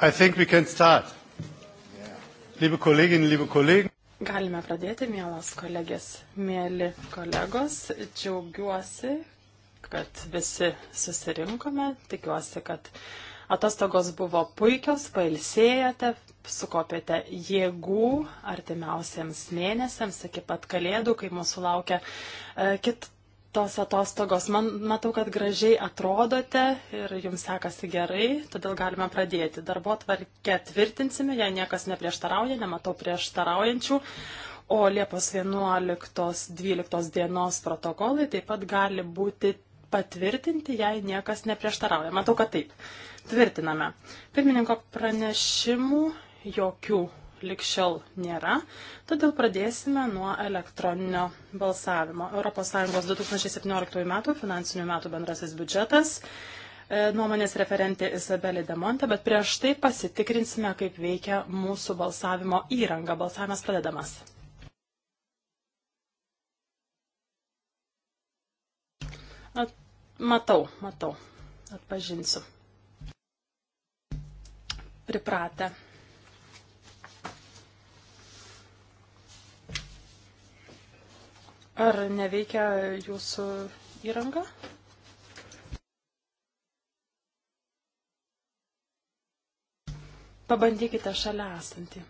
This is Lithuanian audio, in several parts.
I think we can start. Liebe Kolleginnen, liebe Kollegen. Galime pradėti, mielos kolegės, mėly kolegos. Džiaugiuosi, kad visi susirinkome. Tikiuosi, kad atostogos buvo puikios, pailsėjote, sukopėte jėgų artimiausiems mėnesiams iki pat kalėdų, kai mūsų laukia e, kit, tos atostogos. Man, matau, kad gražiai atrodote ir jums sekasi gerai, todėl galime pradėti. Darbo tvarkę tvirtinsime, jei niekas neprieštarauja, nematau prieštaraujančių. O Liepos 11-12 dienos protokolai taip pat gali būti patvirtinti, jei niekas neprieštarauja. Matau, kad taip. Tvirtiname. Pirmininko pranešimų jokių likščiau nėra, todėl pradėsime nuo elektroninio balsavimo. ES 2017 metų finansinių metų bendrasis biudžetas, e, nuomonės referentė Isabelė Demonte, bet prieš tai pasitikrinsime, kaip veikia mūsų balsavimo įranga. Balsavimas pradedamas. At, matau, matau, atpažinsiu. Pripratę Ar neveikia jūsų įranga? Pabandykite šalia esantį.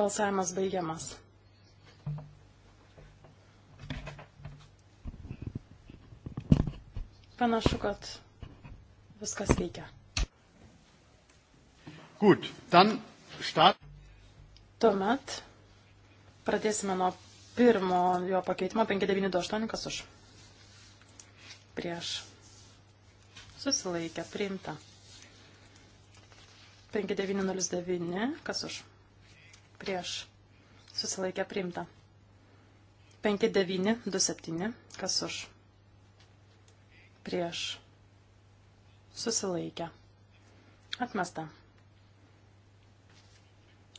Balsavimas baigiamas. Panašu, kad viskas veikia. Gut, dann start. Tuomet pradėsime nuo pirmo jo pakeitimo 5928, kas už. Prieš. Susilaikę, priimta. 5909, kas už. Prieš. Susilaikę, priimta. 5927, kas už. Prieš. Susilaikę. Atmesta.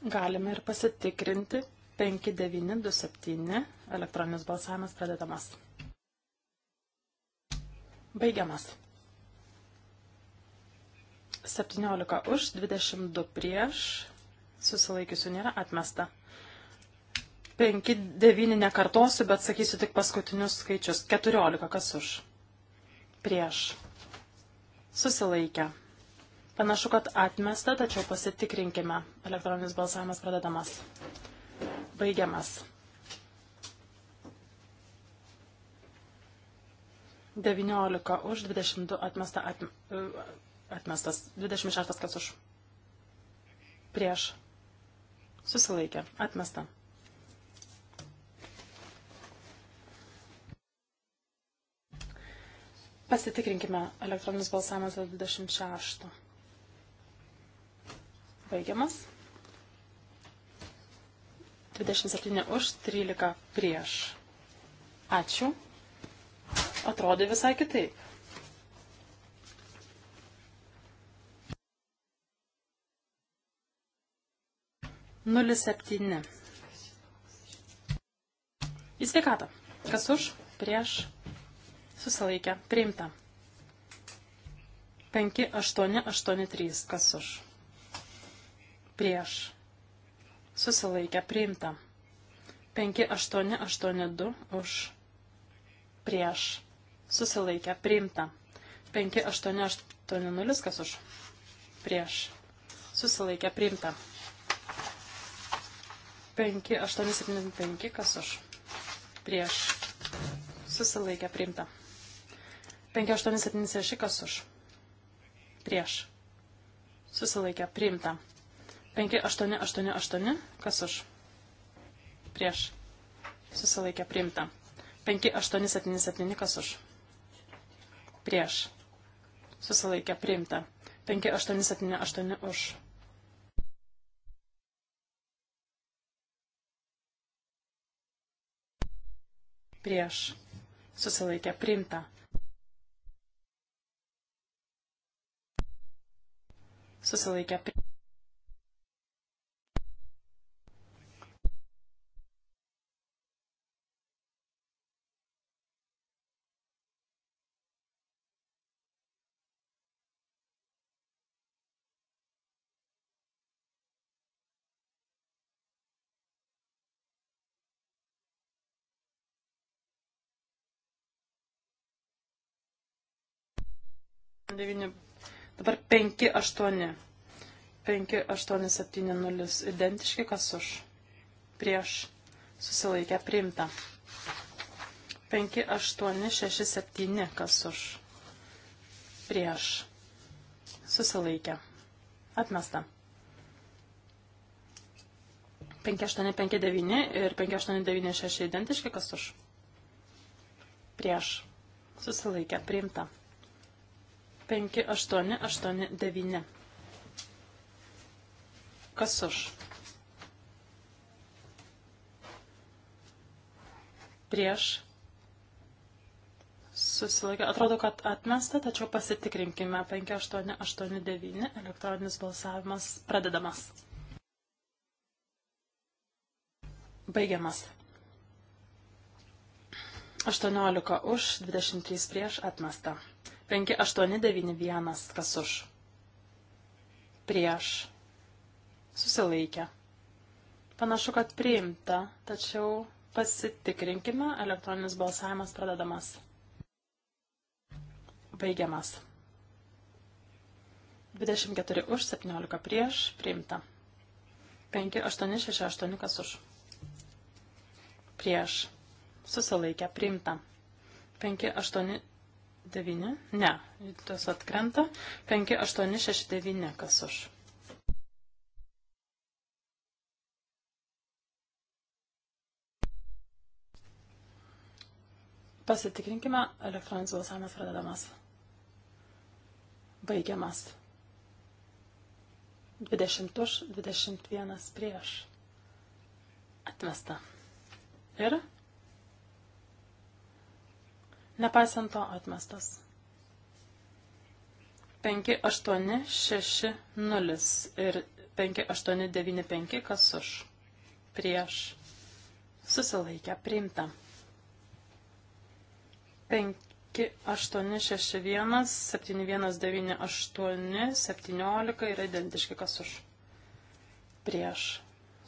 Galime ir pasitikrinti. 5927 elektroninis balsavimas pradedamas. Baigiamas. 17 už, 22 prieš, susilaikiusių nėra atmesta. 5, 9 nekartosiu, bet sakysiu tik paskutinius skaičius. 14 kas už, prieš, susilaikę, Panašu, kad atmesta, tačiau pasitikrinkime. Elektroninis balsavimas pradedamas. Baigiamas. 19 už, 22 atmesta, atm, atmestas, 26 kas už. Prieš. Susilaikė. Atmesta. Pasitikrinkime elektroninis balsavimas dėl 26. Baigiamas. 27 už, 13 prieš. Ačiū. Atrodė visai kitaip. Nulis septyni. Į sveikatą. Kas už, prieš, susilaikę, priimta. 5883. Kas už? prieš, susilaikę priimta. 5882 už, prieš, susilaikę priimta. 5880 kas už, prieš, susilaikę priimta. 5875 kas už, prieš, susilaikę priimta. 5876 kas už, prieš, susilaikę priimta. 5888, kas už? Prieš. Susilaikė priimta. 5877, kas už? Prieš. Susilaikė priimta. 5878 už. Prieš. Susilaikė priimta. Susilaikė priimta. 9. Dabar 5, 8. 5, 8, 7, 0. Identiški kas už. Prieš. Susilaikę priimta. 5, 8, 6, 7. Kas už. Prieš. Susilaikę. Atmesta. 5859 ir 5896 identiški, kas už? Prieš. Susilaikę, priimta. 5889. Kas už? Prieš. Susilaikė. Atrodo, kad atmesta, tačiau pasitikrinkime. 5889 elektroninis balsavimas pradedamas. Baigiamas. 18 už, 23 prieš atmesta. 5891, kas už. Prieš. Susilaikę. Panašu, kad priimta, tačiau pasitikrinkime, elektroninis balsavimas pradedamas. Baigiamas. 24 už, 17 prieš, priimta. 5, 8, 6, 8, kas už. Prieš. Susilaikę, priimta. 5, 8, 9. Ne, tas atkrenta. 5, 8, 6, 9, kas už. Pasitikrinkime, elektroninis balsavimas pradedamas. Baigiamas. 20 už, 21 prieš. Atmesta. Ir Nepaisant to atmestas. 5860 ir 5895 kas už. Prieš. Susilaikę. Priimta. 5861, 7198, 17 yra identiški kas už. Prieš.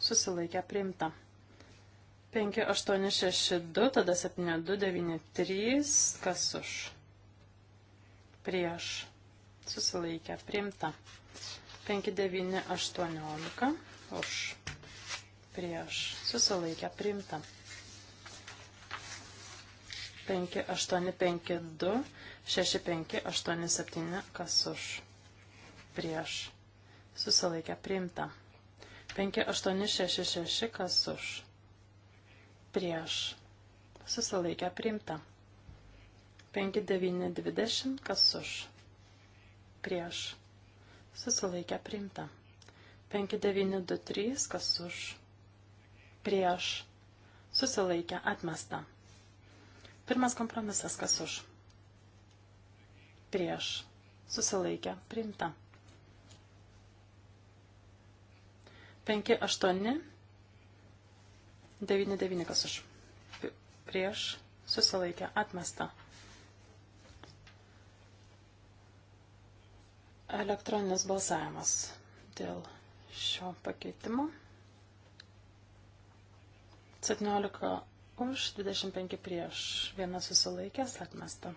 Susilaikę. Priimta. 5861. 5862, tada 7293, kas už, prieš, susilaikę, priimta. 5918, už, prieš, susilaikę, priimta. 5852, 6587, kas už, prieš, susilaikę, priimta. 5866, kas už prieš susilaikę priimta. 5920 kas už prieš susilaikę priimta. 5923 kas už prieš susilaikę atmesta. Pirmas kompromisas kas už prieš susilaikę priimta. 58 99 kas už. Prieš susilaikė atmesta. Elektroninis balsavimas dėl šio pakeitimo. 17 už, 25 prieš, vienas susilaikęs atmesta.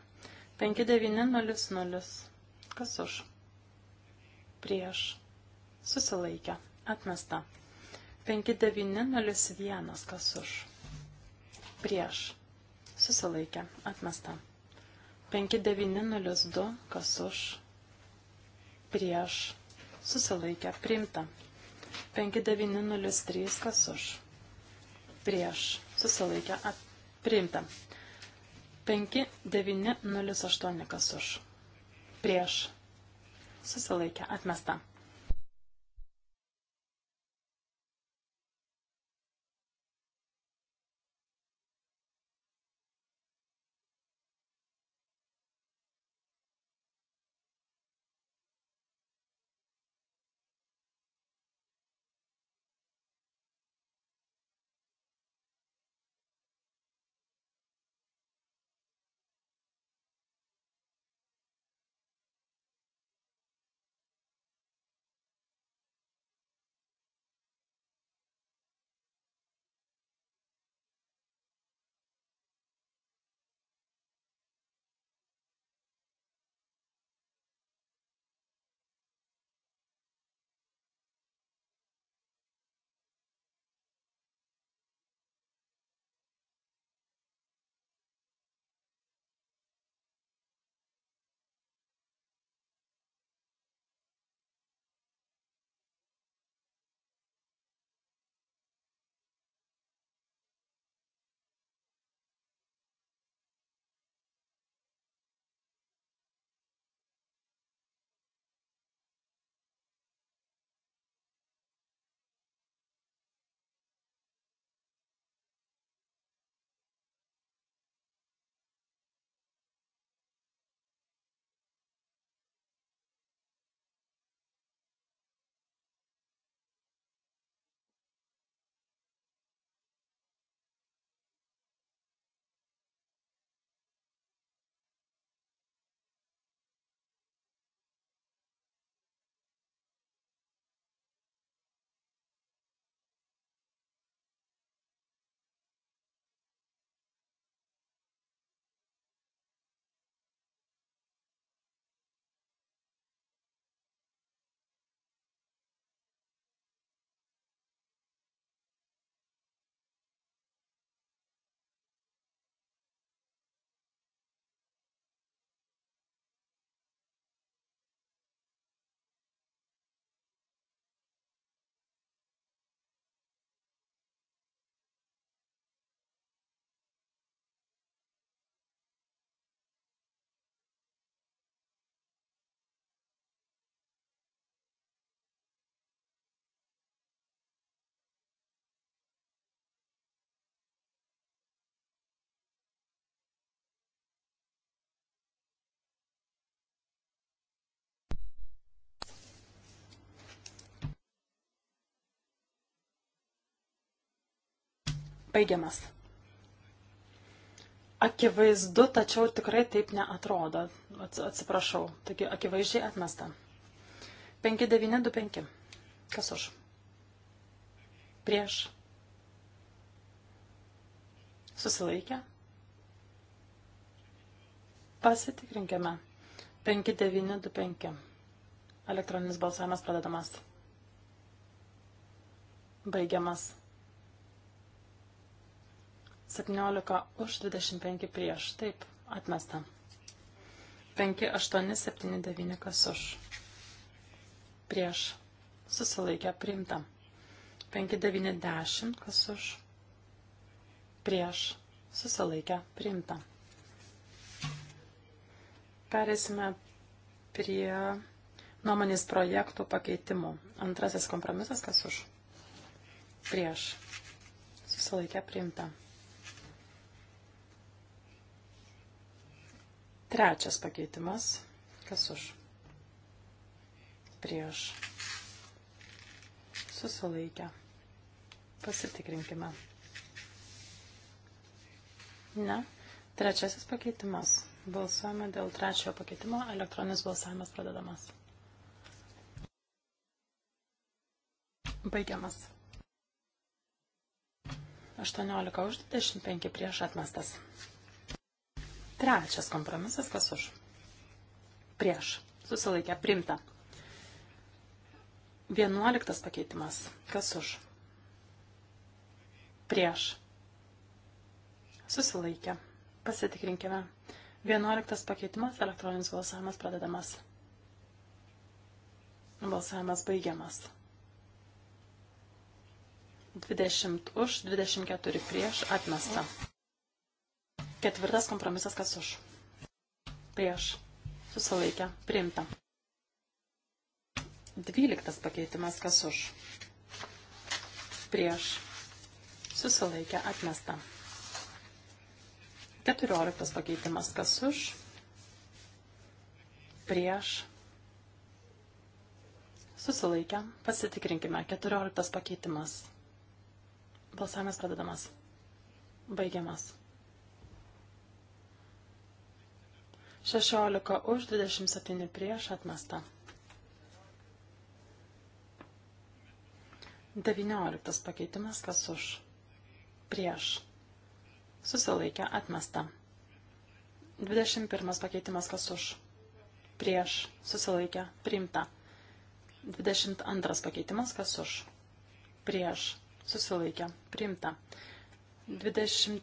5900. Kas už? Prieš. Susilaikę. Atmesta. 5901, kas už. Prieš. Susilaikė. Atmesta. 5902, kas už. Prieš. Susilaikė. Priimta. 5903, kas už. Prieš. Susilaikė. At... Priimta. 5908, kas už. Prieš. Susilaikė. Atmesta. Baigiamas. Akivaizdu, tačiau tikrai taip neatrodo. Atsiprašau. Taigi akivaizdžiai atmesta. 5925. Kas už? Prieš. Susilaikę. Pasitikrinkime. 5925. Elektroninis balsavimas pradedamas. Baigiamas. 17 už 25 prieš. Taip, atmesta. 5, 8, 7, 9 kas už. Prieš. Susilaikę priimta. 5, 9, 10 kas už. Prieš. Susilaikę priimta. Perėsime prie nuomonės projektų pakeitimų. Antrasis kompromisas kas už. Prieš. Susilaikę priimta. Trečias pakeitimas. Kas už? Prieš. Susilaikę. Pasitikrinkime. Ne. Trečiasis pakeitimas. Balsuojame dėl trečiojo pakeitimo. Elektroninis balsavimas pradedamas. Baigiamas. 18 už 25 prieš atmestas. Trečias kompromisas, kas už? Prieš. Susilaikė. Primta. Vienuoliktas pakeitimas. Kas už? Prieš. Susilaikė. Pasitikrinkime. Vienuoliktas pakeitimas. Elektroninis balsavimas pradedamas. Balsavimas baigiamas. 20 už, 24 prieš atmesta. Ketvirtas kompromisas, kas už. Prieš. Susilaikę. Priimta. Dvyliktas pakeitimas, kas už. Prieš. Susilaikę. Atmesta. Keturioliktas pakeitimas, kas už. Prieš. Susilaikę. Pasitikrinkime. Keturioliktas pakeitimas. Balsavimas pradedamas. Baigiamas. 16 už 27 prieš atmesta. 19 pakeitimas kas už. Prieš. Susilaikę atmesta. 21 pakeitimas kas už. Prieš. Susilaikę priimta. 22 pakeitimas kas už. Prieš. Susilaikę priimta. 23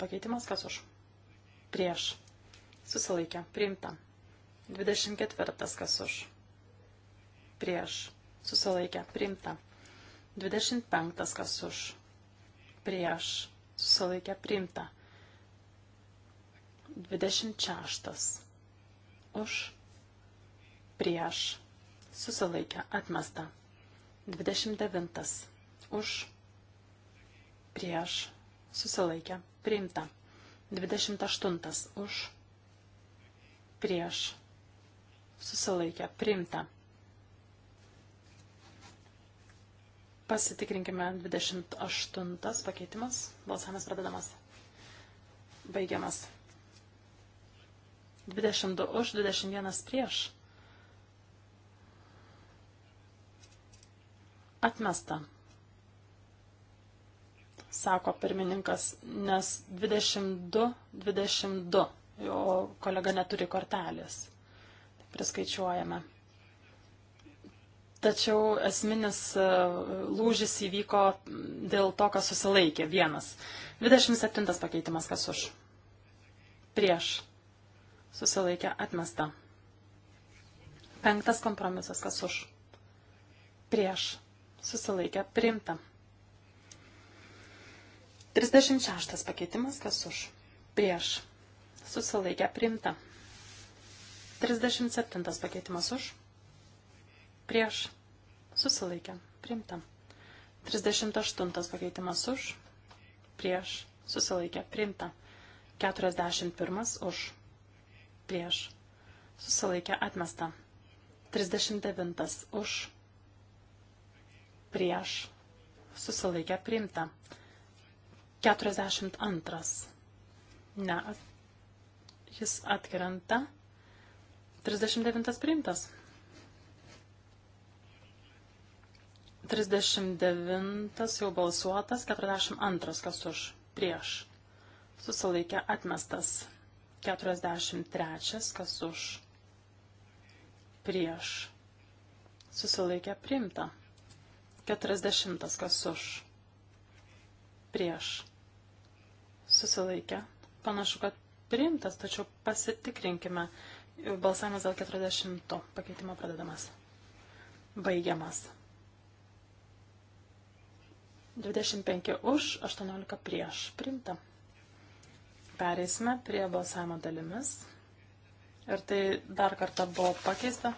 pakeitimas kas už. Prieš Susilaikė. Priimta. 24. Kas už? Prieš. Susilaikė. Priimta. 25. Kas už? Prieš. Susilaikė. Priimta. 26. Už. Prieš. Susilaikė. Atmesta. 29. Už. Prieš. Susilaikė. Priimta. 28. Už prieš susilaikę priimta. Pasitikrinkime 28 pakeitimas. Balsavimas pradedamas. Baigiamas. 22 už, 21 prieš. Atmesta sako pirmininkas, nes 22, 22 jo kolega neturi kortelės. Priskaičiuojame. Tačiau esminis e, lūžis įvyko dėl to, kas susilaikė. Vienas. 27 pakeitimas, kas už. Prieš. Susilaikė atmesta. Penktas kompromisas, kas už. Prieš. Susilaikė priimta. 36 pakeitimas, kas už. Prieš Susilaikę priimta. 37 pakeitimas už. Prieš. Susilaikę priimta. 38 pakeitimas už. Prieš. Susilaikę priimta. 41 už. Prieš. Susilaikę atmesta. 39 už. Prieš. Susilaikę priimta. 42. Ne, Jis atkrenta. 39 priimtas. 39 jau balsuotas, 42 kas už, prieš. Susilaikė atmestas. 43 kas už, prieš. Susilaikė priimta. 40 kas už, prieš. Susilaikė. Panašu, kad priimtas, tačiau pasitikrinkime. Balsavimas dėl 40 pakeitimo pradedamas. Baigiamas. 25 už, 18 prieš. Priimta. Pereisime prie balsavimo dalimis. Ir tai dar kartą buvo pakeista.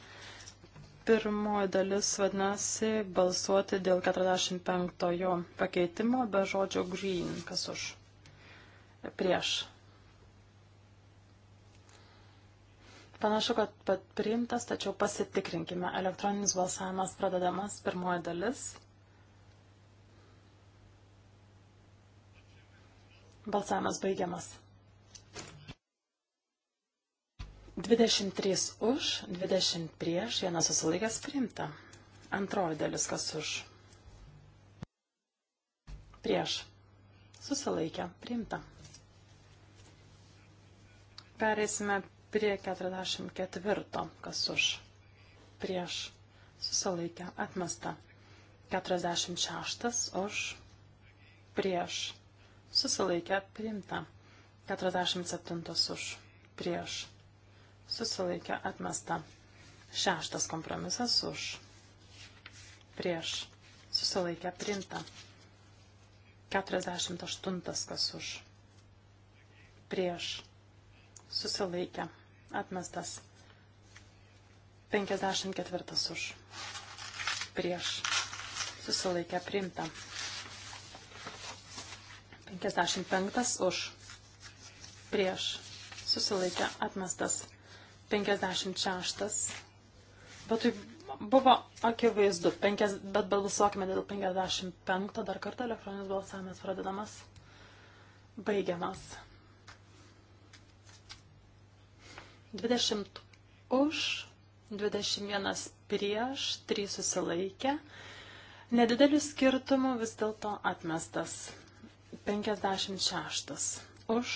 Pirmoji dalis vadinasi balsuoti dėl 45 pakeitimo be žodžio green. Kas už? Prieš Panašu, kad pat priimtas, tačiau pasitikrinkime. Elektroninis balsavimas pradedamas pirmoji dalis. Balsavimas baigiamas. 23 už, 20 prieš, vienas susilaikęs priimta. Antroji dalis kas už. Prieš. Susilaikę, priimta. Pereisime prie 44, kas už, prieš, susilaikė, atmesta. 46 už, prieš, susilaikė, priimta. 47 už, prieš, susilaikė, atmesta. Šeštas kompromisas už, prieš, susilaikė, priimta. 48 kas už, prieš, susilaikė, Atmestas. 54 už. Prieš. Susilaikę priimta. 55 už. Prieš. Susilaikę atmestas. 56. Bet tai buvo akivaizdu. 5, bet balsuokime dėl 55. Dar kartą elektroninis balsavimas pradedamas. Baigiamas. 20 už, 21 prieš, 3 susilaikė. Nedidelių skirtumų vis dėlto atmestas. 56 už,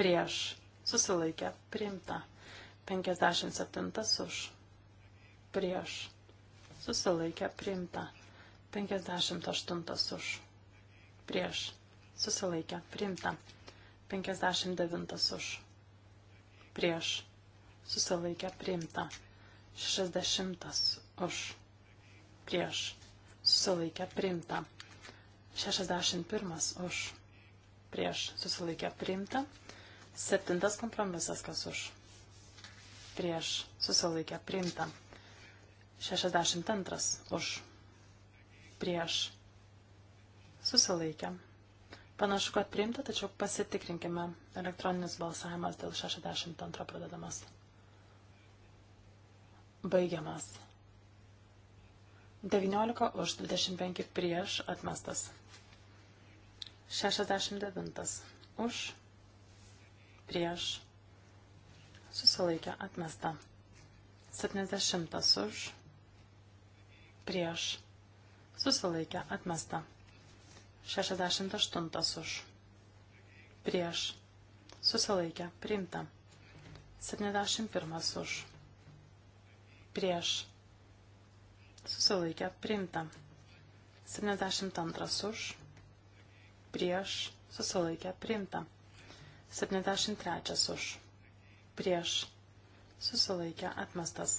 prieš, susilaikė, priimta. 57 už, prieš, susilaikė, priimta. 58 už, prieš, susilaikė, priimta. 59 už prieš susilaikę priimta. 60 už prieš susilaikę priimta. 61 už prieš susilaikę priimta. 7 kompromisas kas už prieš susilaikę priimta. 62 už prieš susilaikę Panašu, kad priimta, tačiau pasitikrinkime. Elektroninis balsavimas dėl 62 pradedamas. Baigiamas. 19 už 25 prieš atmestas. 69 už prieš susilaikė atmesta. 70 už prieš susilaikė atmesta. 68 už. Prieš. Susilaikė. Priimta. 71 už. Prieš. Susilaikė. Priimta. 72 už. Prieš. Susilaikė. Priimta. 73 už. Prieš. Susilaikė. Atmestas.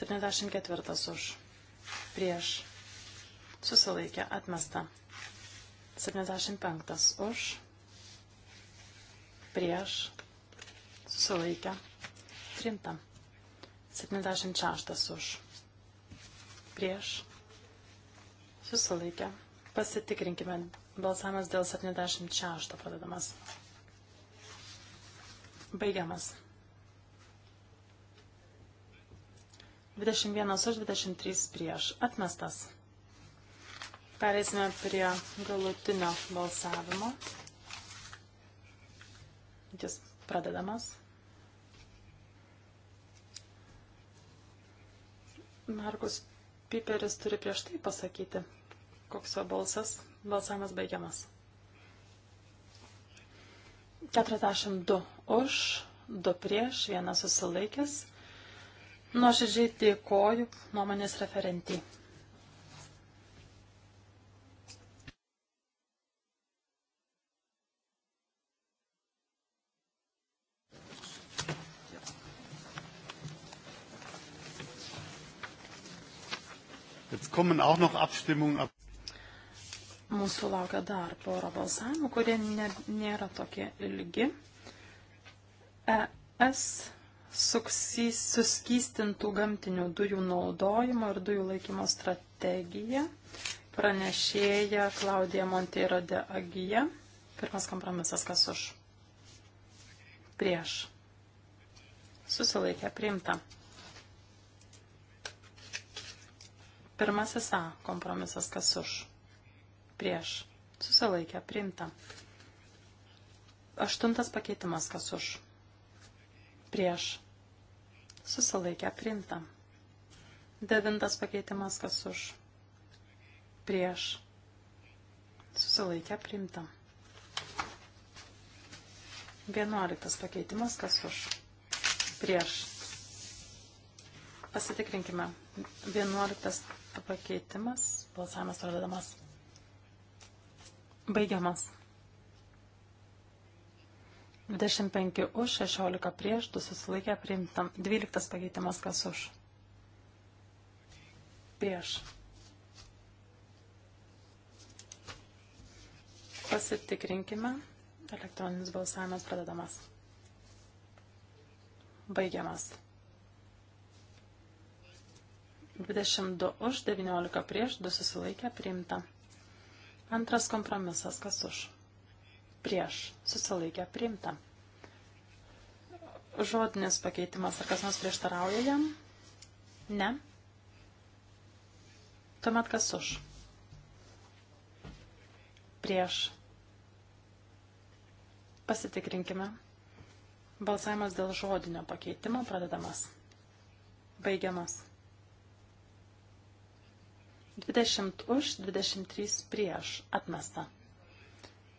74 už. Prieš. Susilaikė. Atmesta. 75 už, prieš, susilaikę, priimta. 76 už, prieš, susilaikę. Pasitikrinkime, balsavimas dėl 76 pradedamas. Baigiamas. 21 už 23 prieš. Atmestas. Pereisime prie galutinio balsavimo. Jis pradedamas. Markus Piperis turi prieš tai pasakyti, koks jo balsas. Balsavimas baigiamas. 42 už, 2 prieš, 1 susilaikęs. Nuoširdžiai dėkoju nuomonės referentį. kommen auch noch Abstimmungen ab. Mūsų laukia dar pora balsavimų, kurie ne, nėra tokie ilgi. ES suksys, suskystintų gamtinių dujų naudojimo ir dujų laikymo strategija. Pranešėja Klaudija Monteiro de Agija. Pirmas kompromisas, kas už? Prieš. Susilaikė, priimta. Pirmasis A kompromisas kas už. Prieš. Susilaikė. Priimta. Aštuntas pakeitimas kas už. Prieš. Susilaikė. Priimta. Devintas pakeitimas kas už. Prieš. Susilaikė. Priimta. Vienuoliktas pakeitimas kas už. Prieš. Pasitikrinkime. Vienuoliktas pakeitimas pakeitimas. Balsavimas pradedamas. Baigiamas. 25 už, 16 prieš, 2 susilaikė priimta. 12 pakeitimas kas už. Prieš. Pasitikrinkime. Elektroninis balsavimas pradedamas. Baigiamas. 22 už, 19 prieš, 2 susilaikę, priimta. Antras kompromisas, kas už? Prieš, susilaikę, priimta. Žodinis pakeitimas, ar kas nors prieštarauja jam? Ne. Tuomet kas už? Prieš. Pasitikrinkime. Balsavimas dėl žodinio pakeitimo pradedamas. Baigiamas. 20 už, 23 prieš atmesta.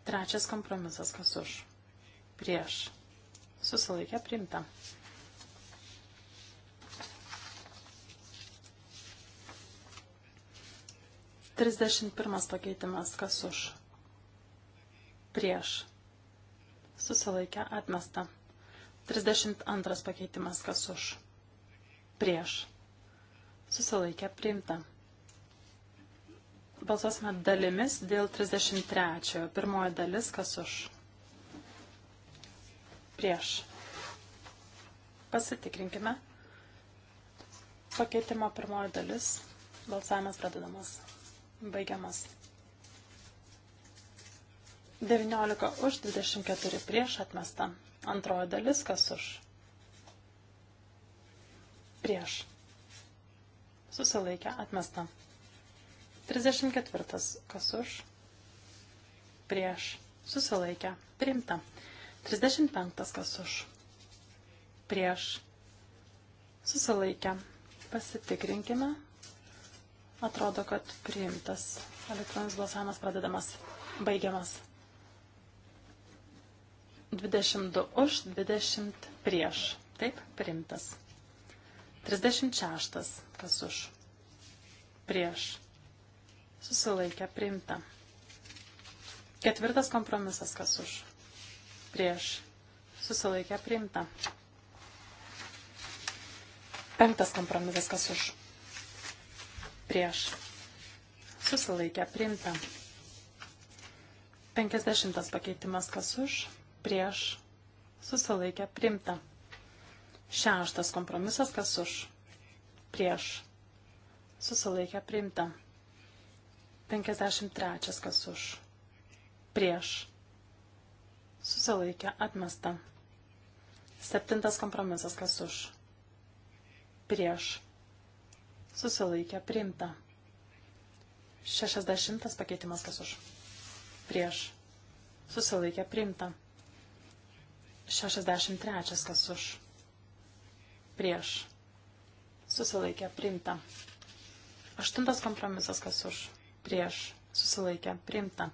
Trečias kompromisas, kas už. Prieš. Susilaikė priimta. Trisdešimt pirmas pakeitimas, kas už. Prieš. Susilaikė atmesta. Trisdešimt antras pakeitimas, kas už. Prieš. Susilaikė priimta. Balsuosime dalimis dėl 33. Pirmoji dalis, kas už. Prieš. Pasitikrinkime. Pakeitimo pirmoji dalis. Balsavimas pradedamas. Baigiamas. 19 už, 24 prieš atmesta. Antroji dalis, kas už. Prieš. Susilaikę atmesta. 34. Kas už? Prieš. Susilaikę. Priimta. 35. Kas už? Prieš. Susilaikę. Pasitikrinkime. Atrodo, kad priimtas. Elektroninis balsavimas pradedamas. Baigiamas. 22 už, 20 prieš. Taip, priimtas. 36. Kas už? Prieš susilaikė priimta. Ketvirtas kompromisas, kas už, prieš, susilaikė priimta. Penktas kompromisas, kas už, prieš, susilaikė priimta. Penkisdešimtas pakeitimas, kas už, prieš, susilaikė priimta. Šeštas kompromisas, kas už, prieš, susilaikė priimta. 53. Kas už? Prieš. Susilaikė. Atmesta. Septintas kompromisas. Kas už? Prieš. Susilaikė. Priimta. 60. Pakeitimas. Kas už? Prieš. Susilaikė. Priimta. 63. Kas už? Prieš. Susilaikė. Priimta. Aštuntas kompromisas. Kas už? prieš susilaikę priimta.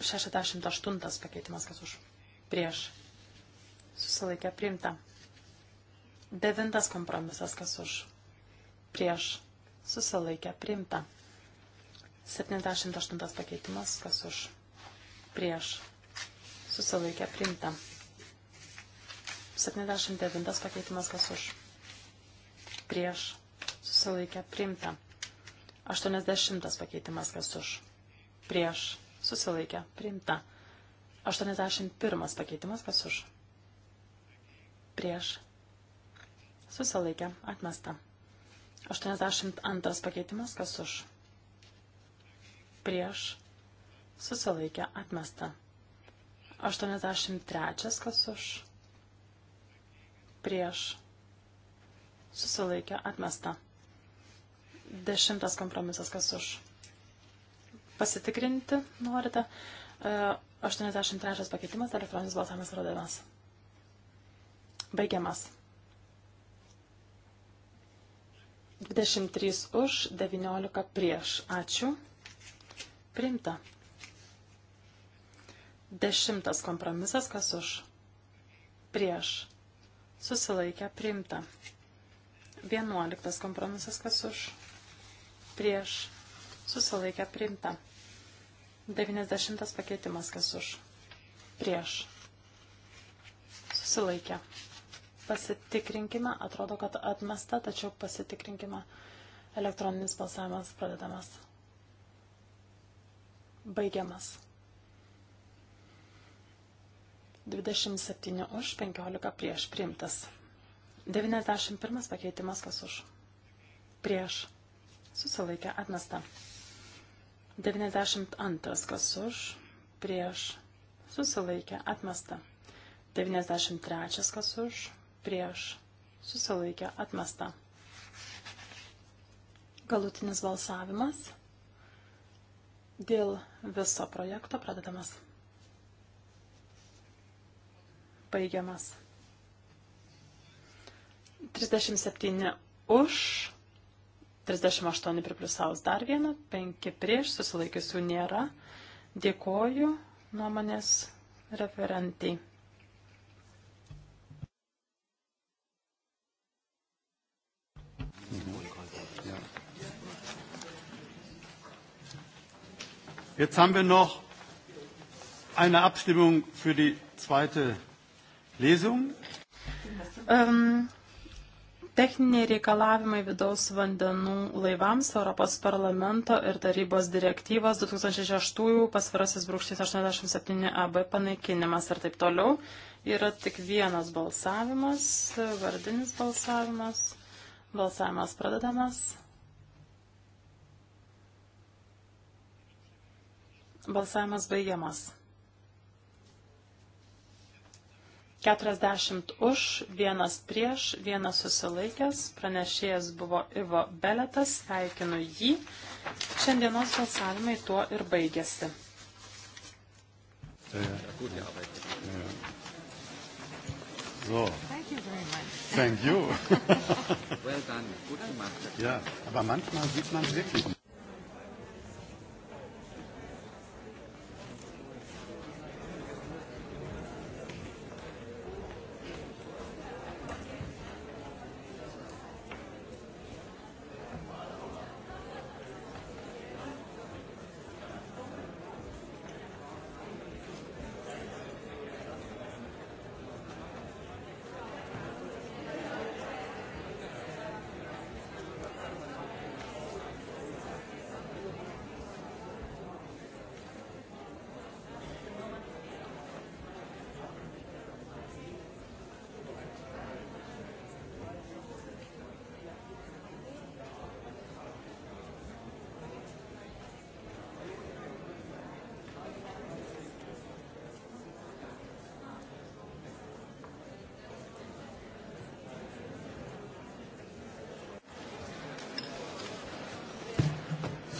68 pakeitimas, kas už prieš susilaikę priimta. Devintas kompromisas, kas už prieš susilaikę priimta. 78 pakeitimas, kas už prieš susilaikę priimta. 79 pakeitimas, kas už prieš susilaikę priimta. 80 pakeitimas kas už. Prieš. Susilaikė. Priimta. 81 pakeitimas kas už. Prieš. Susilaikė. Atmesta. 82 pakeitimas kas už. Prieš. Susilaikė. Atmesta. 83 kas už. Prieš. Susilaikė. Atmesta. Dešimtas kompromisas, kas už. Pasitikrinti norite. 83 e, pakeitimas, elektroninis balsavimas rodamas. Baigiamas. 23 už, 19 prieš. Ačiū. Priimta. Dešimtas kompromisas, kas už. Prieš. Susilaikę priimta. Vienuoliktas kompromisas, kas už prieš susilaikę priimta. 90 pakeitimas kas už prieš susilaikę. Pasitikrinkime, atrodo, kad atmesta, tačiau pasitikrinkime elektroninis balsavimas pradedamas. Baigiamas. 27 už, 15 prieš priimtas. 91 pakeitimas kas už. Prieš Susilaikė atmesta. 92. Kas už? Prieš. Susilaikė atmesta. 93. Kas už? Prieš. Susilaikė atmesta. Galutinis balsavimas. Dėl viso projekto pradedamas. Baigiamas. 37 už, 38 pripliusaus dar vieną, 5 prieš, susilaikiusių nėra. Dėkoju nuomonės referentai. Jetzt haben wir noch eine Abstimmung für die zweite Lesung. Ähm, um techniniai reikalavimai vidaus vandenų laivams Europos parlamento ir tarybos direktyvos 2006 pasvirasis brūkštis 87 AB panaikinimas ir taip toliau. Yra tik vienas balsavimas, vardinis balsavimas. Balsavimas pradedamas. Balsavimas baigiamas. 40 už, vienas prieš, vienas susilaikęs. Pranešėjas buvo Ivo Beletas, sveikinu jį. Šiandienos balsavimai tuo ir baigėsi. Ja, ja. Ja. So. Thank you very much. Thank you. well done. Gut gemacht. Ja, aber manchmal sieht man wirklich.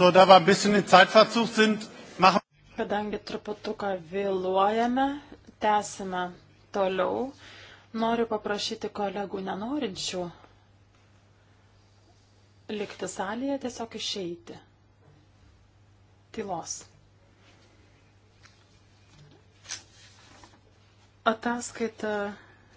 So, da wir ein bisschen in Zeitverzug sind, machen Kadangi truputuką vėluojame, tęsime toliau. Noriu paprašyti kolegų nenorinčių likti salėje, tiesiog išeiti. Tylos. Ataskaita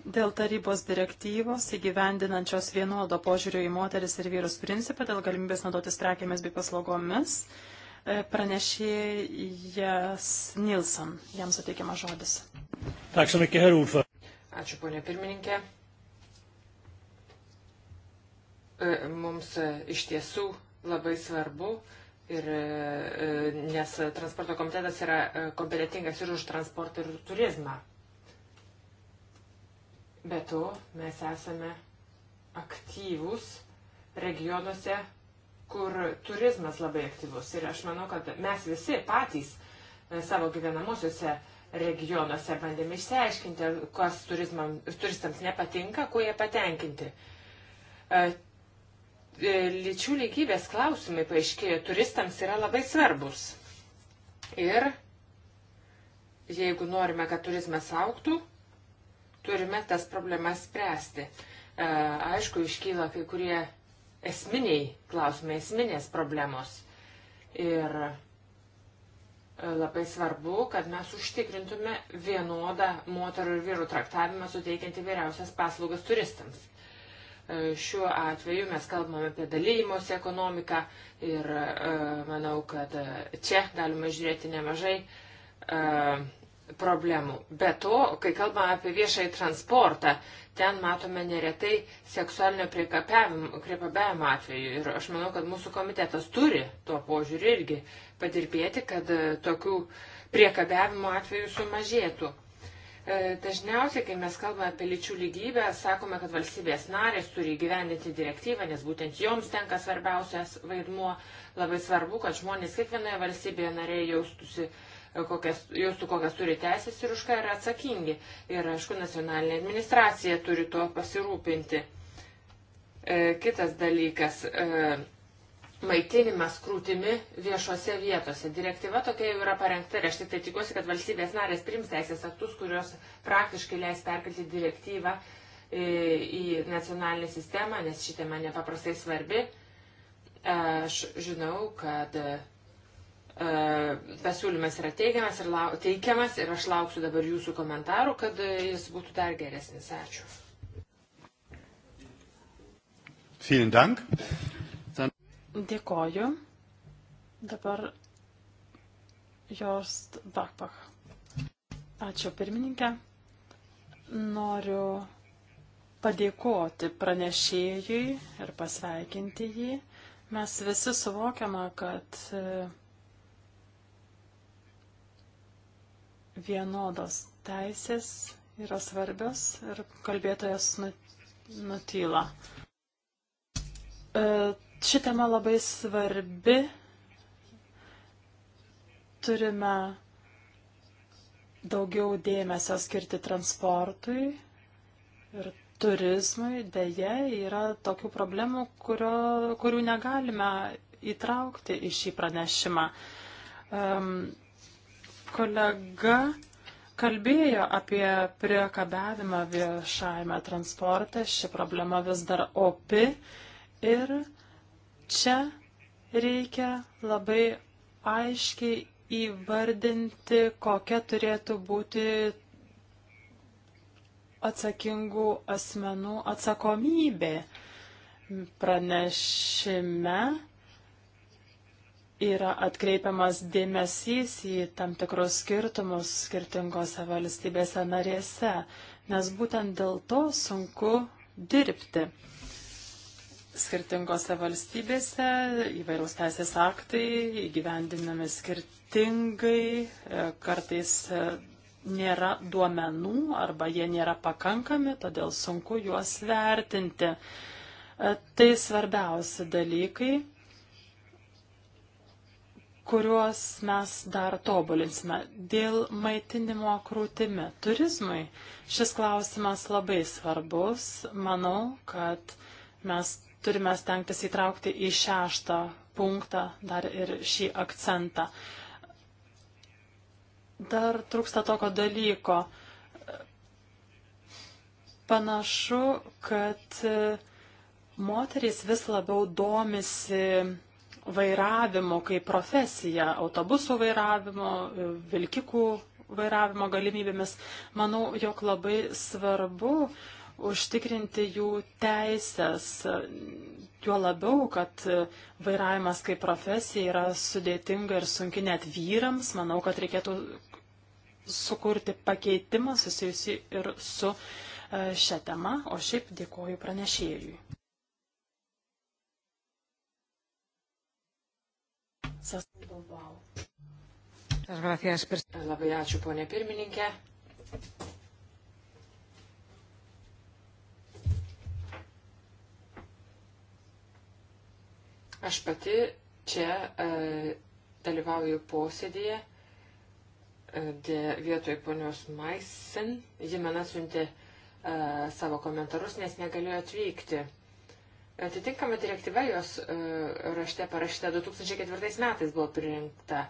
Dėl tarybos direktyvos įgyvendinančios vienodo požiūrio į moteris ir vyrus principą dėl galimybės naudotis prekėmis bei paslaugomis e, pranešėjas Nilsson. Jam suteikiamas žodis. Ačiū, ponė pirmininkė. E, mums e, iš tiesų labai svarbu ir nes transporto komitetas yra kompetitingas ir už transportą ir turizmą. Be to, mes esame aktyvūs regionuose, kur turizmas labai aktyvus. Ir aš manau, kad mes visi patys e, savo gyvenamosiuose regionuose bandėme išsiaiškinti, kas turistams nepatinka, kuo jie patenkinti. E, e, lyčių lygybės klausimai, paaiškėjo, turistams yra labai svarbus. Ir jeigu norime, kad turizmas auktų, turime tas problemas spręsti. E, aišku, iškyla kai kurie esminiai klausimai, esminės problemos. Ir e, labai svarbu, kad mes užtikrintume vienodą moterų ir vyrų traktavimą suteikiant įvairiausias paslaugas turistams. E, šiuo atveju mes kalbame apie dalymosi ekonomiką ir manau, kad čia galima žiūrėti nemažai problemų. Be to, kai kalbame apie viešąjį transportą, ten matome neretai seksualinio priekabiavimo atveju. Ir aš manau, kad mūsų komitetas turi tuo požiūriu irgi padirbėti, kad e, tokių priekabiavimo atvejų sumažėtų. E, dažniausiai, kai mes kalbame apie lyčių lygybę, sakome, kad valstybės narės turi gyvendinti direktyvą, nes būtent joms tenka svarbiausias vaidmuo. Labai svarbu, kad žmonės kiekvienoje valstybėje narėje jaustųsi uh, kokias, jūsų kokias turi teisės ir už ką yra atsakingi. Ir, aišku, nacionalinė administracija turi tuo pasirūpinti. E, kitas dalykas. E, maitinimas krūtimi viešose vietose. Direktyva tokia jau yra parengta ir aš tik tai tikiuosi, kad valstybės narės prims teisės aktus, kurios praktiškai leis perkelti direktyvą e, į nacionalinę sistemą, nes ši tema nepaprastai svarbi. Aš žinau, kad pasiūlymas e, yra teigiamas ir lau, teikiamas ir aš lauksiu dabar jūsų komentarų, kad jis būtų dar geresnis. Ačiū. Dėkoju. Dabar jos Bakbach. Ačiū pirmininkė. Noriu padėkoti pranešėjui ir pasveikinti jį. Mes visi suvokiame, kad vienodos teisės yra svarbios ir kalbėtojas nu, nutyla. E, ši tema labai svarbi. Turime daugiau dėmesio skirti transportui ir turizmui. Deja, yra tokių problemų, kurio, kurių negalime įtraukti į šį pranešimą. Um, Kolega kalbėjo apie priekabiavimą viešajame transporte, ši problema vis dar opi ir čia reikia labai aiškiai įvardinti, kokia turėtų būti atsakingų asmenų atsakomybė. Pranešime yra atkreipiamas dėmesys į tam tikrus skirtumus skirtingose valstybėse narėse, nes būtent dėl to sunku dirbti. Skirtingose valstybėse įvairūs teisės aktai įgyvendinami skirtingai, e, kartais e, nėra duomenų arba jie nėra pakankami, todėl sunku juos vertinti. E, tai svarbiausi dalykai kuriuos mes dar tobulinsime. Dėl maitinimo krūtimi turizmui šis klausimas labai svarbus. Manau, kad mes turime stengtis įtraukti į šeštą punktą dar ir šį akcentą. Dar trūksta tokio dalyko. Panašu, kad moterys vis labiau domisi vairavimo kaip profesija, autobusų vairavimo, vilkikų vairavimo galimybėmis, manau, jog labai svarbu užtikrinti jų teisės. Tuo labiau, kad vairavimas kaip profesija yra sudėtinga ir sunki net vyrams. Manau, kad reikėtų sukurti pakeitimą susijusi ir su e, šią temą. O šiaip dėkoju pranešėjui. Sasnabavau. Labai ačiū, ponė pirmininkė. Aš pati čia e, dalyvauju posėdėje e, vietoj ponios Maisen. Ji man atsiuntė e, savo komentarus, nes negalėjo atvykti. Atitinkama direktyva jos e, rašte parašyta 2004 metais buvo pririnkta.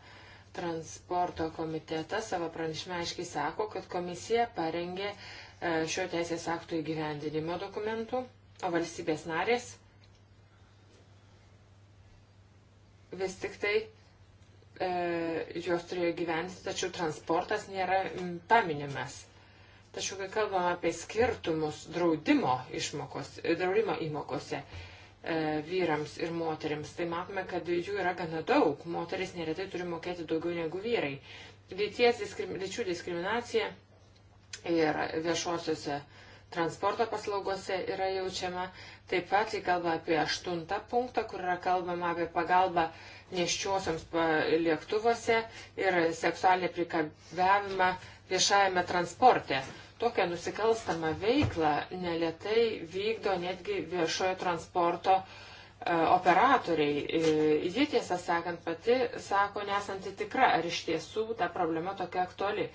Transporto komitetas savo pranešime aiškiai sako, kad komisija parengė e, šio teisės aktų įgyvendinimo dokumentų, o valstybės narės vis tik tai e, juos turėjo gyventi, tačiau transportas nėra m, paminimas. Tačiau, kai kalbam apie skirtumus draudimo išmokos, draudimo įmokose e, vyrams ir moteriams, tai matome, kad jų yra gana daug. Moteris neretai turi mokėti daugiau negu vyrai. Lyties diskrim, lyčių diskriminacija ir viešuosiuose transporto paslaugose yra jaučiama. Taip pat, kai kalba apie aštuntą punktą, kur yra kalbama apie pagalbą neščiosiams lėktuvose ir seksualinį prikabavimą viešajame transporte. Tokią nusikalstamą veiklą neletai vykdo netgi viešojo transporto e, operatoriai. E, ji tiesą sakant pati sako nesanti tikra, ar iš tiesų ta problema tokia aktuali.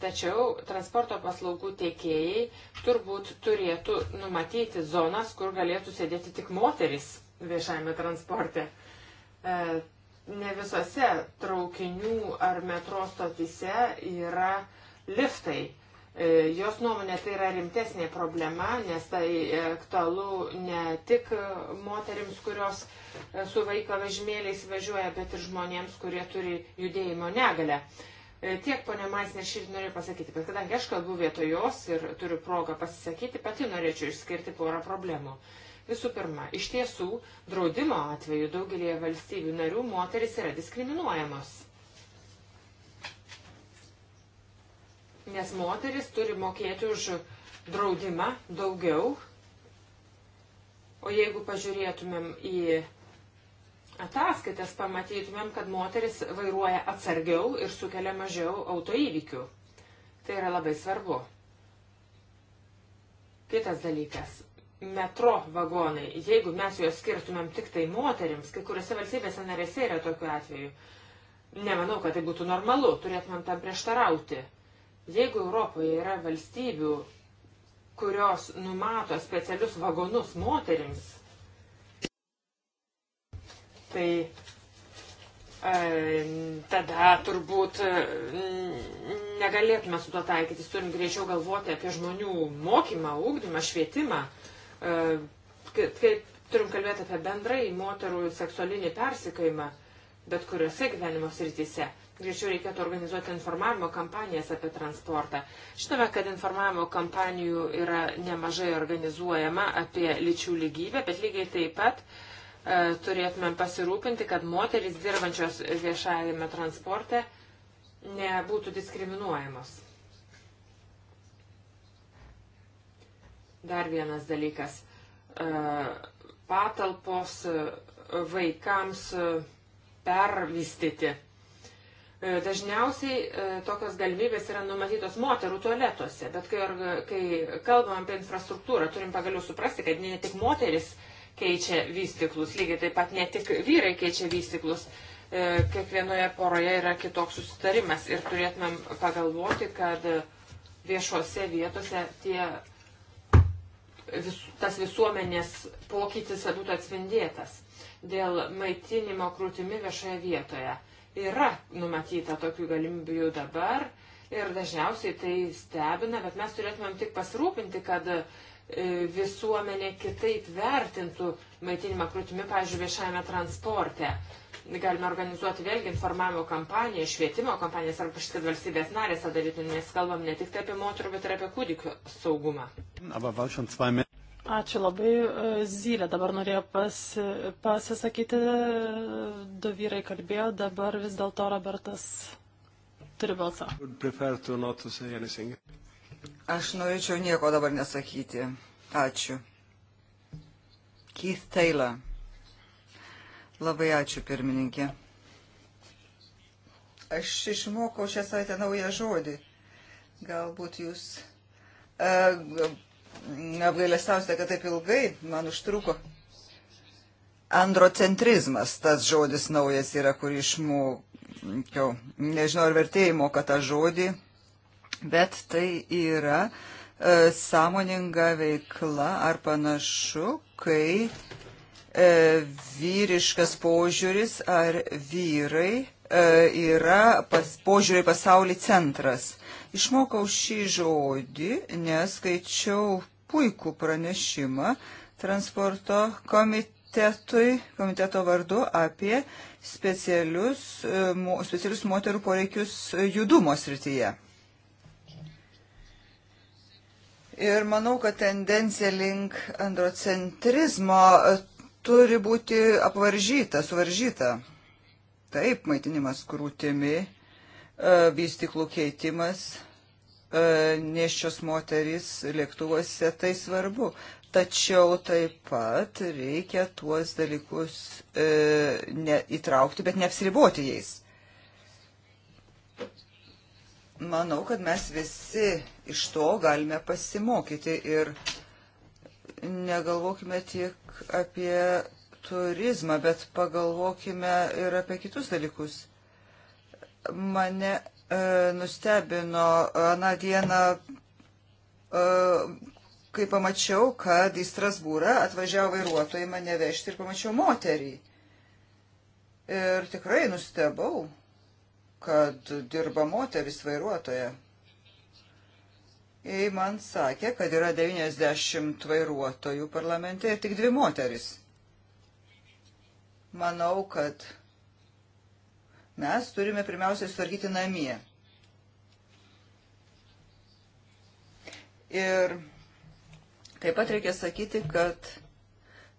Tačiau transporto paslaugų teikėjai turbūt turėtų numatyti zonas, kur galėtų sėdėti tik moteris viešajame transporte. E, ne visose traukinių ar metro stotise yra liftai. E, jos nuomonė tai yra rimtesnė problema, nes tai aktualu ne tik moterims, kurios e, su vaiko vežimėliais važiuoja, bet ir žmonėms, kurie turi judėjimo negalę. E, tiek ponia Maisner šį noriu pasakyti, bet kadangi aš kalbu vietoj jos ir turiu progą pasisakyti, pati norėčiau išskirti porą problemų. Visų pirma, iš tiesų draudimo atveju daugelie valstybių narių moteris yra diskriminuojamos nes moteris turi mokėti už draudimą daugiau. O jeigu pažiūrėtumėm į ataskaitas, pamatytumėm, kad moteris vairuoja atsargiau ir sukelia mažiau autoįvykių. Tai yra labai svarbu. Kitas dalykas. Metro vagonai. Jeigu mes juos skirtumėm tik tai moteriams, kai kuriuose valstybėse narėse yra tokiu atveju, nemanau, kad tai būtų normalu, turėtumėm tam prieštarauti. Jeigu Europoje yra valstybių, kurios numato specialius vagonus moterims, tai e, tada turbūt e, negalėtume su to taikytis. Turim greičiau galvoti apie žmonių mokymą, ūkdymą, švietimą. E, Kaip turim kalbėti apie bendrai moterų seksualinį persikojimą bet kuriuose gyvenimo srityse. Greičiau reikėtų organizuoti informavimo kampanijas apie transportą. Žinome, kad informavimo kampanijų yra nemažai organizuojama apie lyčių lygybę, bet lygiai taip pat e, turėtumėm pasirūpinti, kad moteris dirbančios viešajame transporte nebūtų diskriminuojamos. Dar vienas dalykas. E, patalpos vaikams pervystyti E, dažniausiai e, tokios galimybės yra numatytos moterų tualetuose, bet kai, kai kalbam apie infrastruktūrą, turim pagaliau suprasti, kad ne tik moteris keičia vystiklus, lygiai taip pat ne tik vyrai keičia vystiklus, e, kiekvienoje poroje yra kitoks susitarimas ir turėtumėm pagalvoti, kad viešuose vietose tie, vis, tas visuomenės pokytis būtų atspindėtas dėl maitinimo krūtimi viešoje vietoje Yra numatyta tokių galimybių jau dabar ir dažniausiai tai stebina, bet mes turėtumėm tik pasirūpinti, kad e, visuomenė kitaip vertintų maitinimą krūtimi, pavyzdžiui, viešajame transporte. Galime organizuoti vėlgi informavimo kampaniją, švietimo kampaniją, ar kažkas, kad valstybės narės tą darytų, nes kalbam ne tik tai apie moterų, bet ir apie kūdikių saugumą. Ačiū labai. E, Zylė dabar norėjo pas, pasisakyti, du vyrai kalbėjo, dabar vis dėlto Robertas turi balsą. Aš norėčiau nieko dabar nesakyti. Ačiū. Keith Taylor. Labai ačiū, pirmininkė. Aš išmokau šią savaitę naują žodį. Galbūt jūs. Uh, apgailestausite, kad taip ilgai man užtruko. Androcentrizmas, tas žodis naujas yra, kurį išmokiau. Nežinau, ar vertėjai moka tą žodį, bet tai yra e, sąmoninga veikla ar panašu, kai e, vyriškas požiūris ar vyrai E, yra pas, požiūrį pasaulį centras. Išmokau šį žodį, nes skaičiau puikų pranešimą transporto komitetui, komiteto vardu apie specialius, e, specialius moterų poreikius judumo srityje. Ir manau, kad tendencija link androcentrizmo turi būti apvaržyta, suvaržyta. Taip, maitinimas krūtimi, e, vystiklų keitimas, e, neščios moterys lėktuvuose tai svarbu. Tačiau taip pat reikia tuos dalykus e, ne, įtraukti, bet neapsiriboti jais. Manau, kad mes visi iš to galime pasimokyti ir negalvokime tik apie turizmą, bet pagalvokime ir apie kitus dalykus. Mane e, nustebino aną dieną, e, kai pamačiau, kad į Strasbūrą atvažiavo vairuotojai mane vežti ir pamačiau moterį. Ir tikrai nustebau, kad dirba moteris vairuotoja. Jei man sakė, kad yra 90 vairuotojų parlamente ir tik dvi moteris manau, kad mes turime pirmiausiai sutvarkyti namie. Ir taip pat reikia sakyti, kad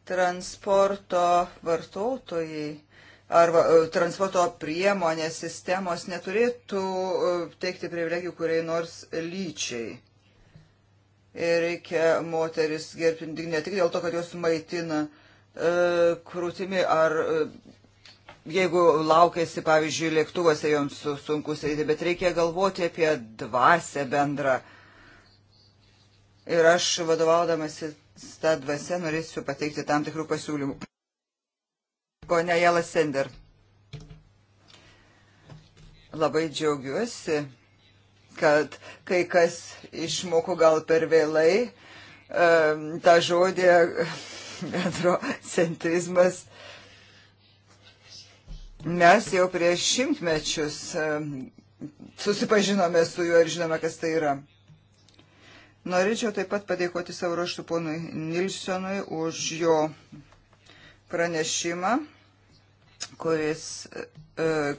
transporto vartotojai ar e, transporto priemonės sistemos neturėtų e, teikti privilegijų kuriai nors lyčiai. Ir reikia moteris gerbti ne tik dėl to, kad jos maitina uh, E, krūtimi, ar e, jeigu laukėsi, pavyzdžiui, lėktuvose joms sunku sėdėti, bet reikia galvoti apie dvasę bendrą. Ir aš vadovaudamasi tą dvasę norėsiu pateikti tam tikrų pasiūlymų. Pone Jela Sender. Labai džiaugiuosi, kad kai kas išmoko gal per vėlai e, tą žodį Eurocentrizmas. Mes jau prieš šimtmečius susipažinome su juo ir žinome, kas tai yra. Norėčiau taip pat padėkoti savo raštų ponui Nilsonui už jo pranešimą kuris e,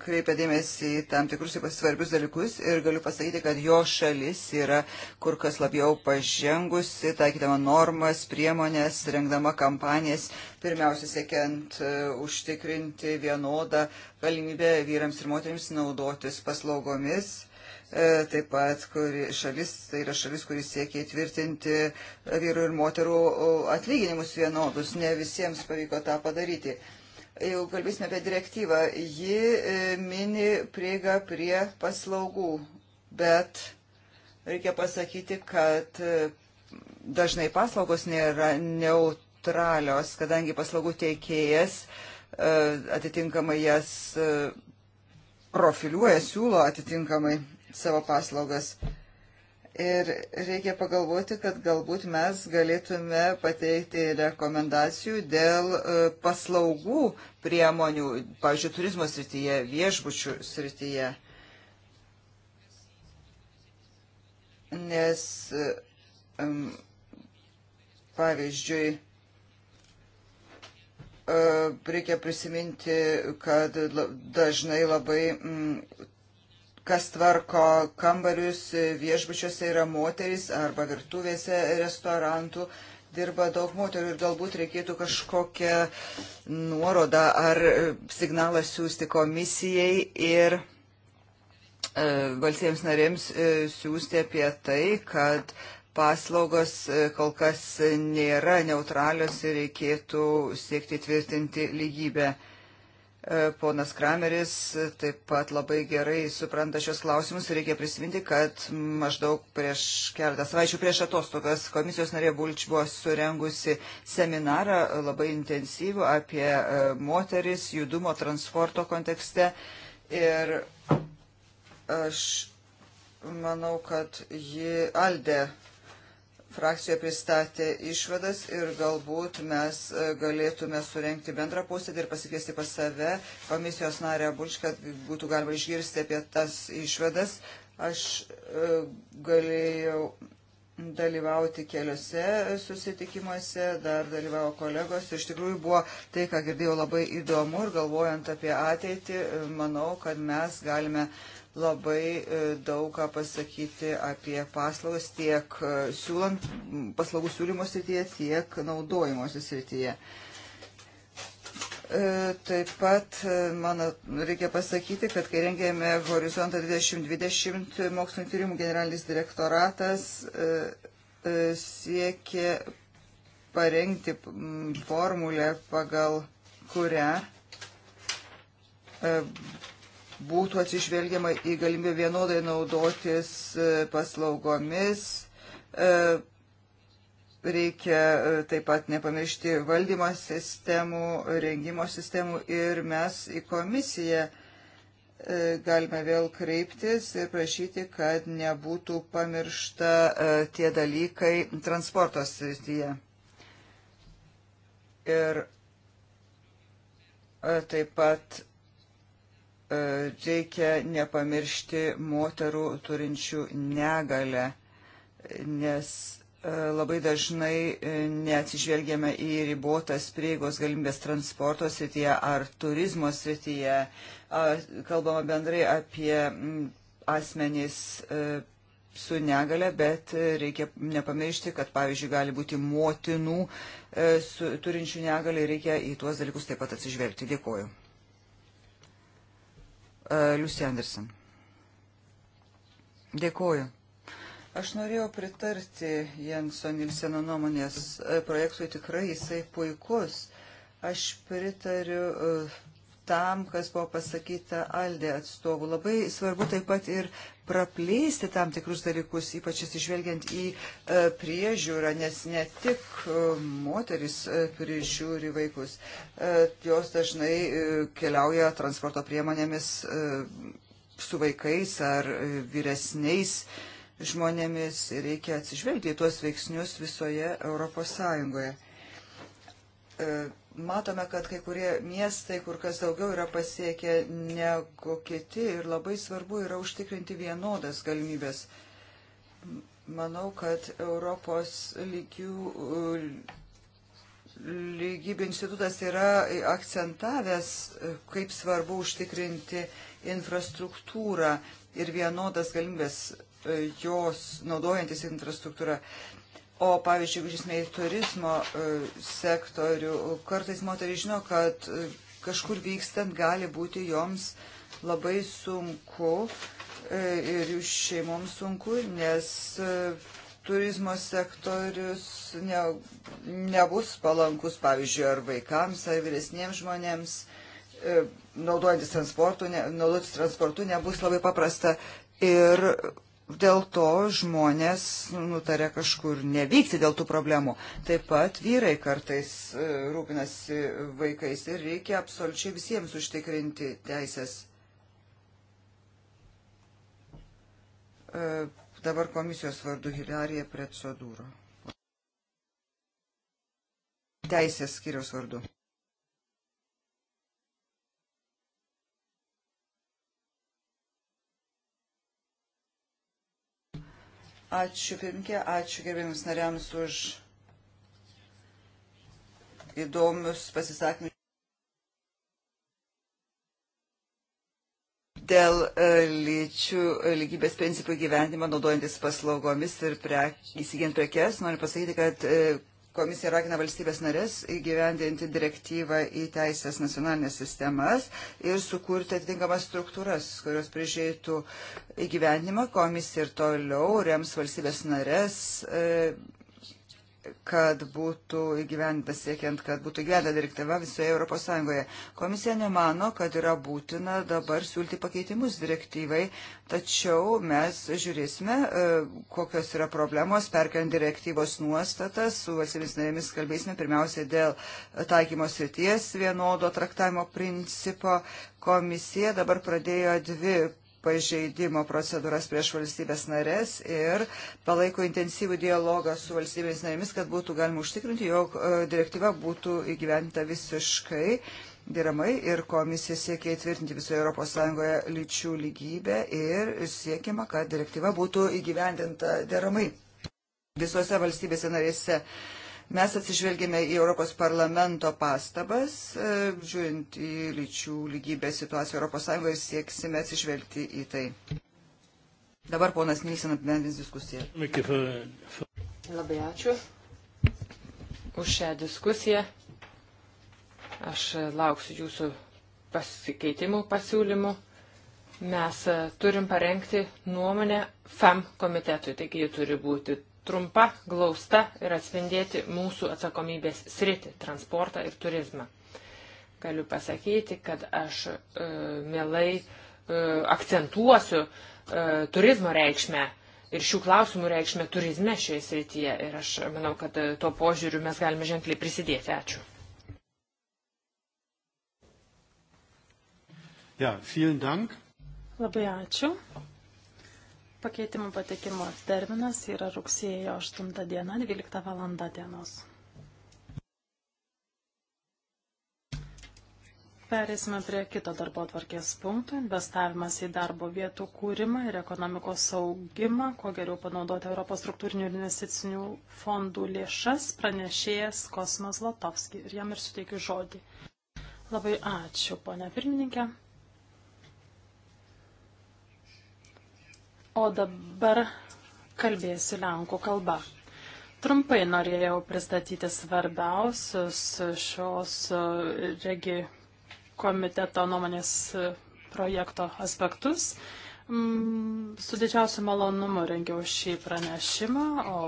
kreipia dėmesį į tam tikrus svarbius dalykus ir galiu pasakyti, kad jo šalis yra kur kas labiau pažengusi, taikydama normas, priemonės, rengdama kampanijas, pirmiausia, siekiant e, užtikrinti vienodą galimybę vyrams ir moteriams naudotis paslaugomis. E, taip pat kuri, šalis, tai yra šalis, kuris siekia įtvirtinti vyrų ir moterų atlyginimus vienodus. Ne visiems pavyko tą padaryti. Jeigu kalbėsime apie direktyvą, ji e, mini prieigą prie paslaugų, bet reikia pasakyti, kad e, dažnai paslaugos nėra neutralios, kadangi paslaugų teikėjas e, atitinkamai jas profiliuoja, siūlo atitinkamai savo paslaugas. Ir reikia pagalvoti, kad galbūt mes galėtume pateikti rekomendacijų dėl e, paslaugų priemonių, pavyzdžiui, turizmo srityje, viešbučių srityje. Nes, e, pavyzdžiui, e, reikia prisiminti, kad dažnai labai kas tvarko kambarius viešbučiuose yra moteris arba virtuvėse restorantų dirba daug moterų ir galbūt reikėtų kažkokią nuorodą ar signalą siūsti komisijai ir e, valstybėms narėms e, siūsti apie tai, kad paslaugos e, kol kas nėra neutralios ir reikėtų siekti tvirtinti lygybę. E, ponas Krameris taip pat labai gerai supranta šios klausimus ir reikia prisiminti, kad maždaug prieš keletą savaičių prieš atostogas komisijos narė Bulč buvo surengusi seminarą labai intensyvų apie e, moteris judumo transporto kontekste. Ir aš manau, kad ji Alde frakcija pristatė išvadas ir galbūt mes e, galėtume surenkti bendrą posėdį ir pasikviesti pas save komisijos narę Bulč, kad būtų galima išgirsti apie tas išvadas. Aš e, galėjau dalyvauti keliose susitikimuose, dar dalyvavo kolegos ir iš tikrųjų buvo tai, ką girdėjau, labai įdomu ir galvojant apie ateitį, e, manau, kad mes galime uh, labai e, daug ką pasakyti apie paslaugas tiek e, siūlant paslaugų siūlymo srityje, tiek naudojimuose srityje. E, taip pat man reikia pasakyti, kad kai rengėme Horizontą 2020, mokslinio tyrimų generalinis direktoratas siekė parengti formulę, pagal kurią būtų atsižvelgiama į galimybę vienodai naudotis e, paslaugomis. E, reikia e, taip pat nepamiršti valdymo sistemų, rengimo sistemų ir mes į komisiją galime vėl kreiptis ir prašyti, kad nebūtų pamiršta tie dalykai transporto srityje. Ir taip pat E, reikia nepamiršti moterų turinčių negalę, nes e, labai dažnai e, neatsižvelgiame į ribotas prieigos galimybės transporto srityje ar turizmo srityje. Kalbama bendrai apie asmenys su negale, bet reikia nepamiršti, kad pavyzdžiui gali būti motinų su, turinčių negalį ir reikia į tuos dalykus taip pat atsižvelgti. Dėkuoju. Liusi Andersen. Dėkuoju. Aš norėjau pritarti Jenso Nilseno nuomonės э, projektui, tikrai jisai puikus. Aš pritariu э, tam, kas buvo pasakyta Aldė atstovų. Labai svarbu taip pat ir praplėsti tam tikrus dalykus, ypač atsižvelgiant į e, priežiūrą, nes ne tik e, moteris e, prižiūri vaikus, jos dažnai keliauja transporto priemonėmis su vaikais ar vyresniais žmonėmis ir reikia atsižvelgti į tuos veiksnius visoje Europos Sąjungoje matome, kad kai kurie miestai kur kas daugiau yra pasiekę negu kiti ir labai svarbu yra užtikrinti vienodas galimybės. Manau, kad Europos lygių, lygybių institutas yra akcentavęs, kaip svarbu užtikrinti infrastruktūrą ir vienodas galimybės e, jos naudojantis infrastruktūrą. O pavyzdžiui, jeigu žiūrėsime į turizmo e, sektorių, kartais moteris žino, kad e, kažkur vykstant gali būti joms labai sunku e, ir jų šeimoms sunku, nes turizmo sektorius ne, nebus palankus, pavyzdžiui, ar vaikams, ar vyresniems žmonėms, naudojantis transportu, ne, naudotis transportu nebus labai paprasta. Ir dėl to žmonės nutarė kažkur nevykti dėl tų problemų. Taip pat vyrai kartais e, rūpinasi vaikais ir reikia absoliučiai visiems užtikrinti teisės. E, dabar komisijos vardu Hilarija Pretsodūro. Teisės skiriaus vardu. Ačiū pirmkė, ačiū gerbėmis nariams už įdomius pasisakymus. Dėl e, lyčių e, lygybės principų gyvenimo naudojantis paslaugomis ir pre, įsigint prekes, noriu pasakyti, kad e, Komisija ragina valstybės narės įgyvendinti direktyvą į teisės nacionalinės sistemas ir sukurti atitinkamas struktūras, kurios prižiūrėtų įgyvendinimą. Komisija ir toliau rems valstybės narės e, kad būtų įgyvendinta siekiant, kad būtų įgyvendinta direktyva visoje Europos Sąjungoje. Komisija nemano, kad yra būtina dabar siūlyti pakeitimus direktyvai, tačiau mes žiūrėsime, e, kokios yra problemos, perkeliant direktyvos nuostatas, su valstybės narėmis kalbėsime pirmiausia dėl taikymo srities vienodo traktavimo principo. Komisija dabar pradėjo dvi pažeidimo procedūras prieš valstybės narės ir palaiko intensyvų dialogą su valstybės narėmis, kad būtų galima užtikrinti, jog e, direktyva būtų įgyventa visiškai deramai ir komisija siekia įtvirtinti visoje ES lyčių lygybę ir siekiama, kad direktyva būtų įgyvendinta deramai visose valstybėse narėse. Mes atsižvelgėme į Europos parlamento pastabas, e, žiūrint į lyčių lygybės situaciją Europos Sąjungoje, sieksime atsižvelgti į tai. Dabar ponas Nilsen apmendins diskusiją. Labai ačiū už šią diskusiją. Aš lauksiu jūsų pasikeitimų pasiūlymų. Mes turim parengti nuomonę FAM komitetui, taigi ji turi būti trumpa, glausta ir atspindėti mūsų atsakomybės sritį - transportą ir turizmą. Galiu pasakyti, kad aš e, mielai e, akcentuosiu e, turizmo reikšmę ir šių klausimų reikšmę turizme šioje srityje. Ir aš manau, kad e, tuo požiūriu mes galime ženkliai prisidėti. Ačiū. Ja, vielen Dank. Labai ačiū. Pakeitimų patekimo terminas yra rugsėjo 8 diena, 12 valanda dienos. Perėsime prie kito darbo atvarkės punktų - investavimas į darbo vietų kūrimą ir ekonomikos saugimą, kuo geriau panaudoti Europos struktūrinių ir investicinių fondų lėšas, pranešėjas Kosmas Latovski. Ir jam ir suteikiu žodį. Labai ačiū, ponia pirmininkė. O dabar kalbėsiu lenkų kalba. Trumpai norėjau pristatyti svarbiausius šios e, regi komiteto nuomonės e, projekto aspektus. Mm, su didžiausiu malonumu rengiau šį pranešimą, o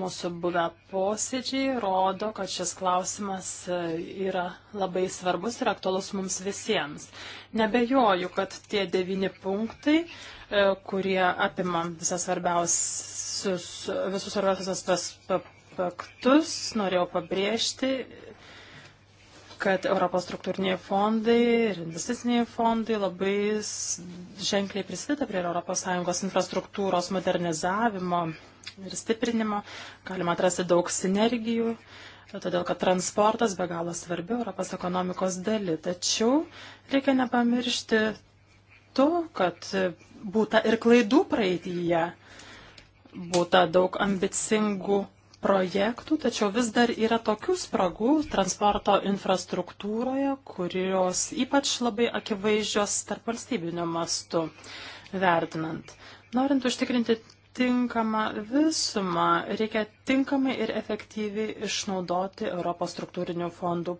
mūsų buvę posėdžiai rodo, kad šis klausimas e, yra labai svarbus ir aktualus mums visiems. Nebejoju, kad tie devyni punktai, e, kurie apima visas svarbiausius, visus svarbiausius aspektus, norėjau pabrėžti kad Europos struktūriniai fondai ir investiciniai fondai labai ženkliai prisideda prie ES infrastruktūros modernizavimo ir stiprinimo. Galima atrasti daug sinergijų, todėl kad transportas be galo svarbi Europos ekonomikos dali. Tačiau reikia nepamiršti to, kad būta ir klaidų praeitįje, būta daug ambicingų projektų, tačiau vis dar yra tokių spragų transporto infrastruktūroje, kurios ypač labai akivaizdžios tarp valstybinio mastu vertinant. Norint užtikrinti tinkamą visumą, reikia tinkamai ir efektyviai išnaudoti Europos struktūrinių fondų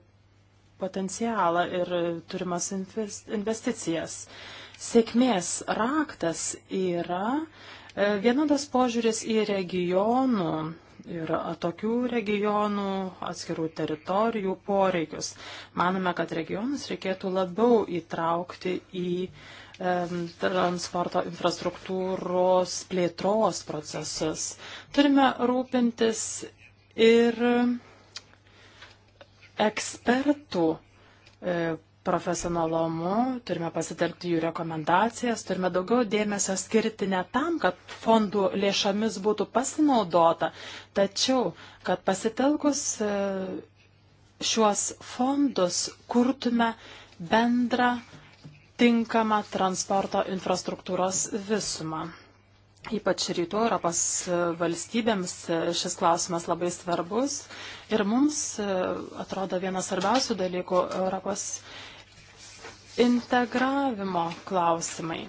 potencialą ir turimas investicijas. Sėkmės raktas yra e, vienodas požiūris į regionų ir tokių regionų, atskirų teritorijų poreikius. Manome, kad regionus reikėtų labiau įtraukti į e, transporto infrastruktūros plėtros procesus. Turime rūpintis ir ekspertų e, profesionalumu, turime pasitelkti jų rekomendacijas, turime daugiau dėmesio skirti ne tam, kad fondų lėšomis būtų pasinaudota, tačiau, kad pasitelkus e, šiuos fondus kurtume bendrą tinkamą transporto infrastruktūros visumą. Ypač rytų Europos valstybėms e, šis klausimas labai svarbus ir mums e, atrodo vienas svarbiausių dalykų Europos integravimo klausimai.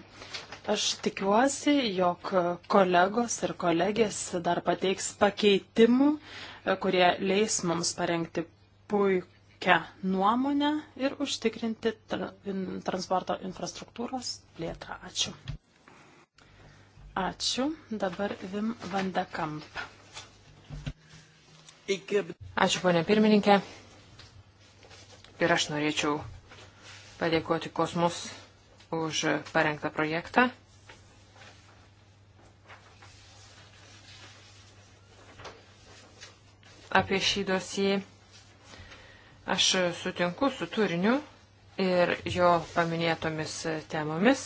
Aš tikiuosi, jog kolegos ir kolegės dar pateiks pakeitimų, kurie leis mums parengti puikią nuomonę ir užtikrinti tra transporto infrastruktūros plėtrą. Ačiū. Ačiū. Dabar Vim Vandekamp. Ačiū, ponė pirmininkė. Ir aš norėčiau padėkoti Kosmus už parengtą projektą. Apie šį dosiją aš sutinku su turiniu ir jo paminėtomis temomis,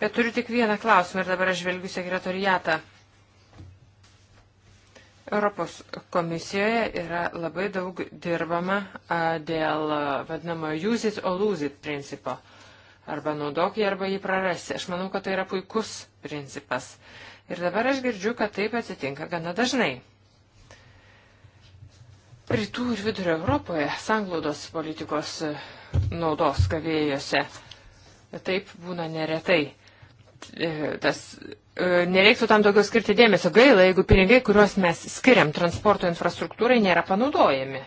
bet turiu tik vieną klausimą ir dabar aš žvelgiu sekretoriatą. Europos komisijoje yra labai daug dirbama dėl vadinamo use it or lose it principo. Arba naudok jį, arba jį prarasi. Aš manau, kad tai yra puikus principas. Ir dabar aš girdžiu, kad taip atsitinka gana dažnai. Rytų ir vidurio Europoje, sanglaudos politikos naudos gavėjose, taip būna neretai. E, tas, e, nereiktų tam daugiau skirti dėmesio gaila, jeigu pinigai, kuriuos mes skiriam transporto infrastruktūrai, nėra panaudojami.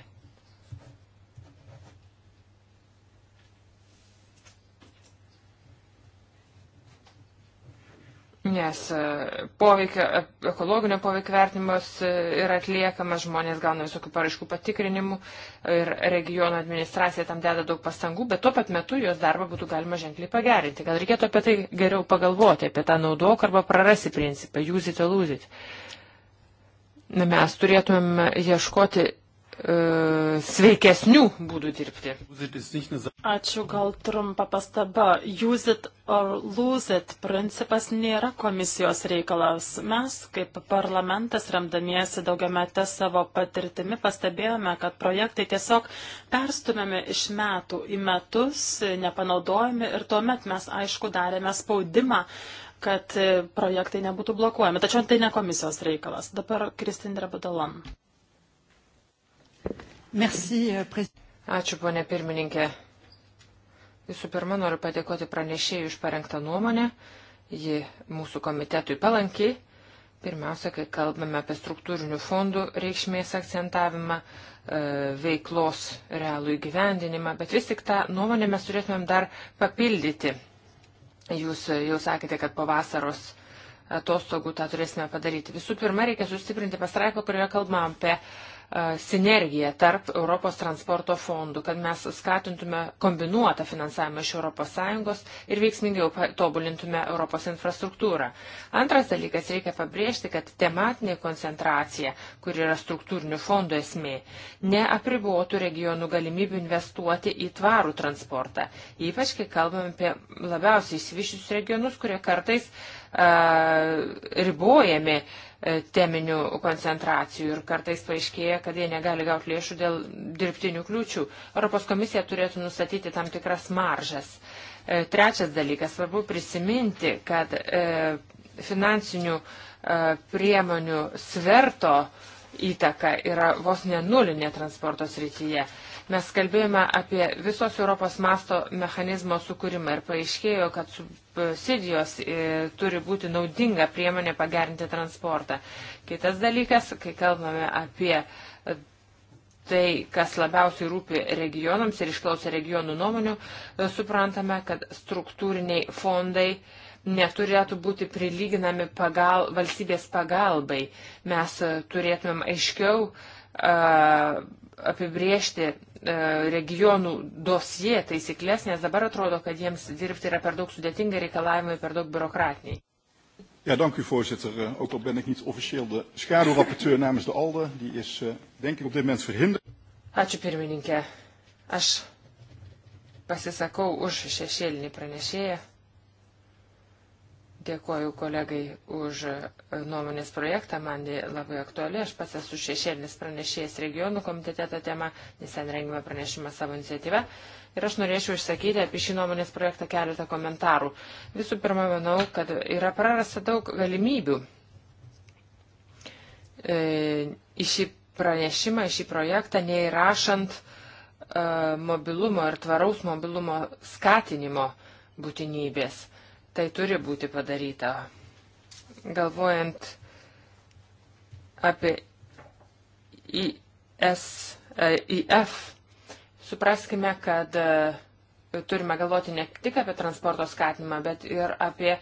nes e, poveikio, e, ekologinio poveikio vertinimas e, yra atliekamas, žmonės gauna visokių paraiškų patikrinimų ir regiono administracija tam deda daug pastangų, bet tuo pat metu jos darbą būtų galima ženkliai pagerinti. Gal reikėtų apie tai geriau pagalvoti, apie tą naudok arba prarasi principą, use it or lose it. Mes turėtumėm ieškoti E, sveikesnių būdų dirbti. Ačiū, gal trumpa pastaba. Use it or lose it principas nėra komisijos reikalas. Mes, kaip parlamentas, remdamiesi daugiametę savo patirtimi, pastebėjome, kad projektai tiesiog perstumėme iš metų į metus, nepanaudojami ir tuomet mes, aišku, darėme spaudimą kad projektai nebūtų blokuojami. Tačiau tai ne komisijos reikalas. Dabar Kristin Drabudalon. Merci, euh, Ačiū, ponė pirmininkė. Visų pirma, noriu padėkoti pranešėjui už parengtą nuomonę. Ji mūsų komitetui palankiai. Pirmiausia, kai kalbame apie struktūrinių fondų reikšmės akcentavimą, e, veiklos realų įgyvendinimą, bet vis tik tą nuomonę mes turėtumėm dar papildyti. Jūs jau sakėte, kad po vasaros atostogų tą turėsime padaryti. Visų pirma, reikia sustiprinti pastraipą, kurioje kalbam apie uh, sinergiją tarp Europos transporto fondų, kad mes skatintume kombinuotą finansavimą iš ES ir veiksmingiau tobulintume Europos infrastruktūrą. Antras dalykas, reikia pabrėžti, kad tematinė koncentracija, kur yra struktūrinių fondų esmė, neapribuotų regionų galimybių investuoti į tvarų transportą, ypač kai kalbame apie labiausiai išsivyščius regionus, kurie kartais uh, ribojami uh, E, teminių koncentracijų ir kartais paaiškėja, kad jie negali gauti lėšų dėl dirbtinių kliūčių. Europos komisija turėtų nustatyti tam tikras maržas. E, trečias dalykas, svarbu prisiminti, kad e, finansinių priemonių sverto įtaka yra vos nenulinė transporto srityje. Mes kalbėjome apie visos Europos masto mechanizmo sukūrimą ir paaiškėjo, kad subsidijos e, turi būti naudinga priemonė pagerinti transportą. Kitas dalykas, kai kalbame apie e, tai, kas labiausiai rūpi regionams ir išklausė regionų nuomonių, e, suprantame, kad struktūriniai fondai neturėtų būti prilyginami pagal, valstybės pagalbai. Mes turėtumėm aiškiau a, apibriežti E, regionų dosie taisyklės, nes dabar atrodo, kad jiems dirbti yra per daug sudėtinga, reikalavimai per daug biurokratiniai. Ja, dank u voorzitter. Uh, ook al ben ik niet officieel de schaduwrapporteur namens de ALDE, die is uh, denk ik op dit moment verhinderd. Ačiū pirmininkė. Aš pasisakau už šešėlinį pranešėją. Dėkoju kolegai už e, nuomonės projektą, man labai aktuali, aš pats esu šešėlinis pranešėjas regionų komiteteto tema, nesen rengime pranešimą savo iniciatyvę. Ir aš norėčiau išsakyti apie šį nuomonės projektą keletą komentarų. Visų pirma, manau, kad yra prarasta daug galimybių. E, į šį pranešimą, į šį projektą neįrašant e, mobilumo ir tvaraus mobilumo skatinimo būtinybės Tai turi būti padaryta. Galvojant apie ISIF, e, supraskime, kad e, turime galvoti ne tik apie transporto skatinimą, bet ir apie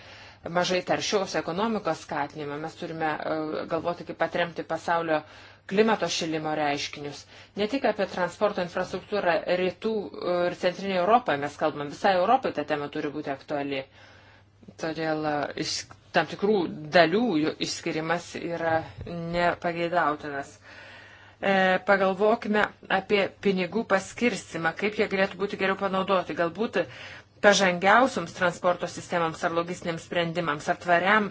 mažai taršiaus ekonomikos skatinimą. Mes turime e, galvoti, kaip atremti pasaulio klimato šilimo reiškinius. Ne tik apie transporto infrastruktūrą rytų ir centrinė Europoje mes kalbam, visai Europai ta tema turi būti aktuali. Uh, Todėl iš, tam tikrų dalių jų išskirimas yra nepageidautinas. E, pagalvokime apie pinigų paskirstimą, kaip jie galėtų būti geriau panaudoti. Galbūt pažangiausioms transporto sistemams ar logistiniams sprendimams, ar tvariam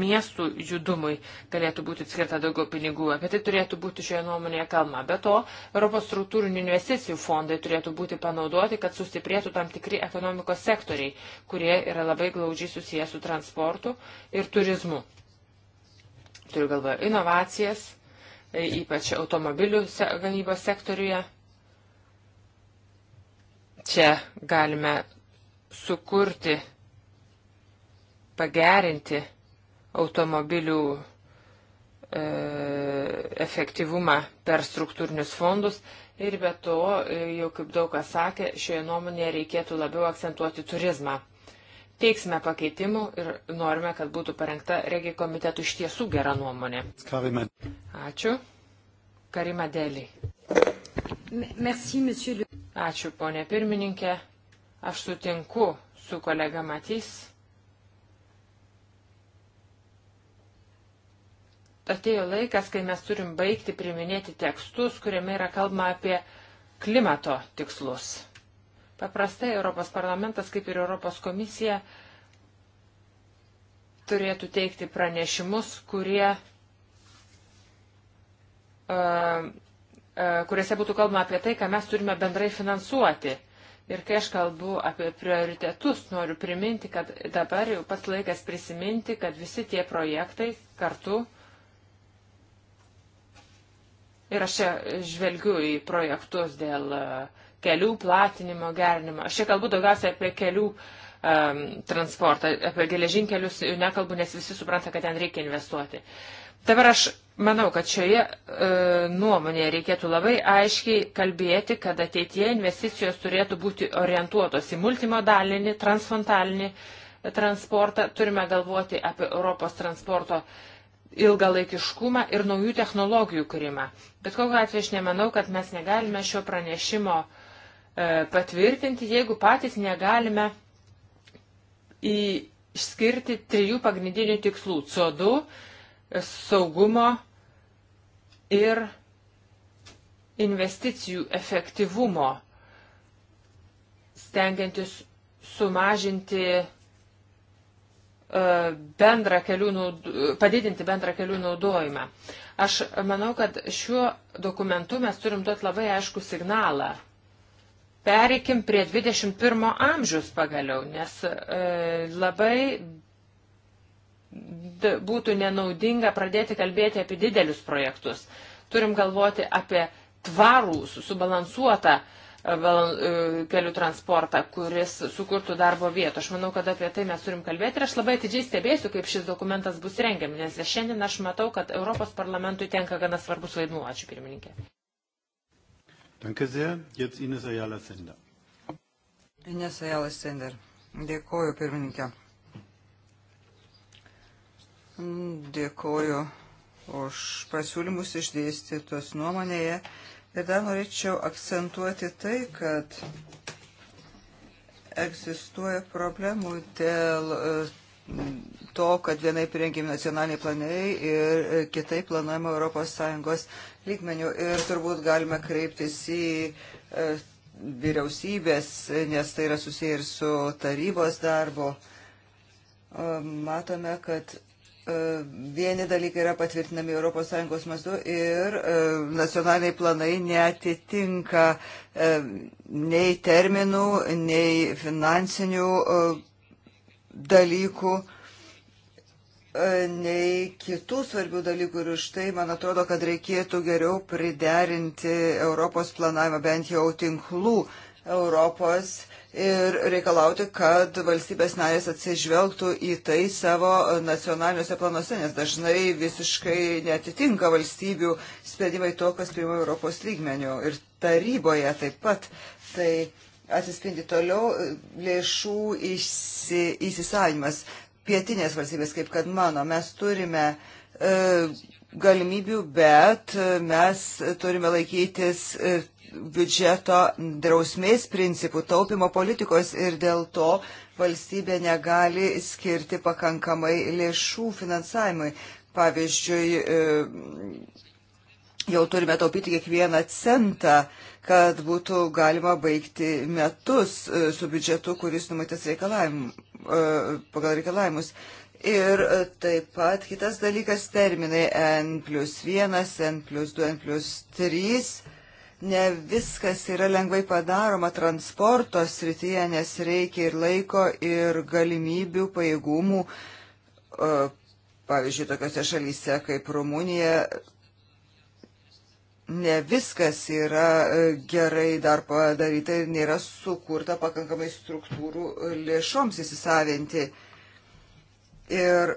miestų judumui galėtų būti skirta daugiau pinigų. Apie tai turėtų būti šioje nuomonėje kalba. Be to, Europos struktūrinių investicijų fondai turėtų būti panaudoti, kad sustiprėtų tam tikri ekonomikos sektoriai, kurie yra labai glaudžiai susiję su transportu ir turizmu. Turiu galvoje inovacijas, e, ypač automobilių se gamybos sektoriuje. Čia galime sukurti, pagerinti automobilių e, efektyvumą per struktūrinius fondus ir be to, e, jau kaip daug kas sakė, šioje nuomonėje reikėtų labiau akcentuoti turizmą. Teiksime pakeitimų ir norime, kad būtų parengta regi komitetų iš tiesų gera nuomonė. Ačiū. Karima Deli. Ačiū, ponė pirmininkė. Aš sutinku su kolega Matys. Atėjo laikas, kai mes turim baigti priminėti tekstus, kuriame yra kalbama apie klimato tikslus. Paprastai Europos parlamentas, kaip ir Europos komisija, turėtų teikti pranešimus, kurie, uh, uh, kuriuose būtų kalbama apie tai, ką mes turime bendrai finansuoti. Uh, Ir kai aš kalbu apie prioritetus, noriu priminti, kad dabar jau pats laikas prisiminti, kad visi tie projektai kartu. Ir aš čia žvelgiu į projektus dėl e, kelių platinimo, gerinimo. Aš čia kalbu daugiausiai apie kelių um, transportą, apie geležinkelius nekalbu, nes visi supranta, kad ten reikia investuoti. Dabar aš Manau, kad šioje e, nuomonėje reikėtų labai aiškiai kalbėti, kad ateitie investicijos turėtų būti orientuotos į multimodalinį, transfrontalinį e, transportą. Turime galvoti apie Europos transporto ilgalaikiškumą ir naujų technologijų kūrimą. Bet kokiu atveju aš nemanau, kad mes negalime šio pranešimo e, patvirtinti, jeigu patys negalime išskirti trijų pagrindinių tikslų - CO2, saugumo ir investicijų efektyvumo, stengiantis sumažinti e, bendrą kelių naud... padidinti bendrą kelių naudojimą. Aš manau, kad šiuo dokumentu mes turim duoti labai aišku signalą. Pereikim prie 21 amžiaus pagaliau, nes e, labai būtų nenaudinga pradėti kalbėti apie didelius projektus. Turim galvoti apie tvarų, subalansuotą e, e, kelių transportą, kuris sukurtų darbo vietų. Aš manau, kad apie tai mes turim kalbėti ir aš labai atidžiai stebėsiu, kaip šis dokumentas bus rengiamas, nes šiandien aš matau, kad Europos parlamentui tenka gana svarbus vaidmuo. Ačiū pirmininkė. Danke sehr. Jetzt Ines Ayala Sender. Ines Ayala Sender. Dėkuoju pirmininkė. Dėkoju už pasiūlymus išdėstytos nuomonėje. Ir dar norėčiau akcentuoti tai, kad egzistuoja problemų dėl e, to, kad vienai prirengiami nacionaliniai planai ir kitai planuojama ES lygmenių. Ir turbūt galime kreiptis į e, vyriausybės, nes tai yra susiję ir su tarybos darbo. E, matome, kad E, vieni dalykai yra patvirtinami ES mastu ir e, nacionaliniai planai neatitinka e, nei terminų, nei finansinių dalykų nei kitų svarbių dalykų ir už tai, man atrodo, kad reikėtų geriau priderinti Europos planavimą, bent jau tinklų Europos ir reikalauti, kad valstybės narės atsižvelgtų į tai savo nacionaliniuose planuose, nes dažnai visiškai netitinka valstybių sprendimai to, kas priima Europos lygmenių ir taryboje taip pat. Tai atsispindi toliau lėšų įsi, įsisavinimas. Pietinės valstybės, kaip kad mano, mes turime e, galimybių, bet e, mes turime laikytis e, biudžeto drausmės principų, taupimo politikos ir dėl to valstybė negali skirti pakankamai lėšų finansavimui. Pavyzdžiui, e, jau turime taupyti kiekvieną centą, kad būtų galima baigti metus e, su biudžetu, kuris numatytas reikalavim, e, pagal reikalavimus. Ir taip pat kitas dalykas terminai N plus 1, N plus 2, N plus 3 ne viskas yra lengvai padaroma transporto srityje, nes reikia ir laiko, ir galimybių, pajėgumų. Pavyzdžiui, tokiuose šalyse kaip Rumunija ne viskas yra e, gerai dar padaryta ir nėra sukurta pakankamai struktūrų lėšoms įsisavinti. Ir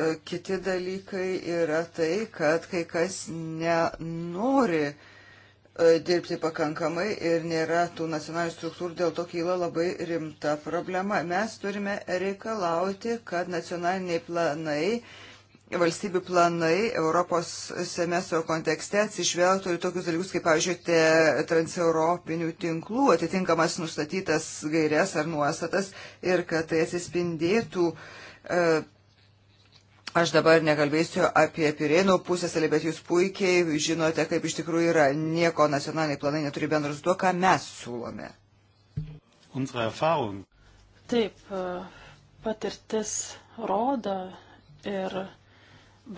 E, kiti dalykai yra tai, kad kai kas nenori e, dirbti pakankamai ir nėra tų nacionalinių struktūrų, dėl to kyla labai rimta problema. Mes turime reikalauti, kad nacionaliniai planai, valstybių planai Europos semestro kontekste atsižvelgtų į tokius dalykus, kaip, pavyzdžiui, transeuropinių tinklų atitinkamas nustatytas gairias ar nuostatas ir kad tai atsispindėtų. Uh, Aš dabar nekalbėsiu apie Pirėnų pusėsalį, bet jūs puikiai žinote, kaip iš tikrųjų yra. Nieko nacionaliniai planai neturi bendras tuo, ką mes siūlome. Taip, e, patirtis rodo ir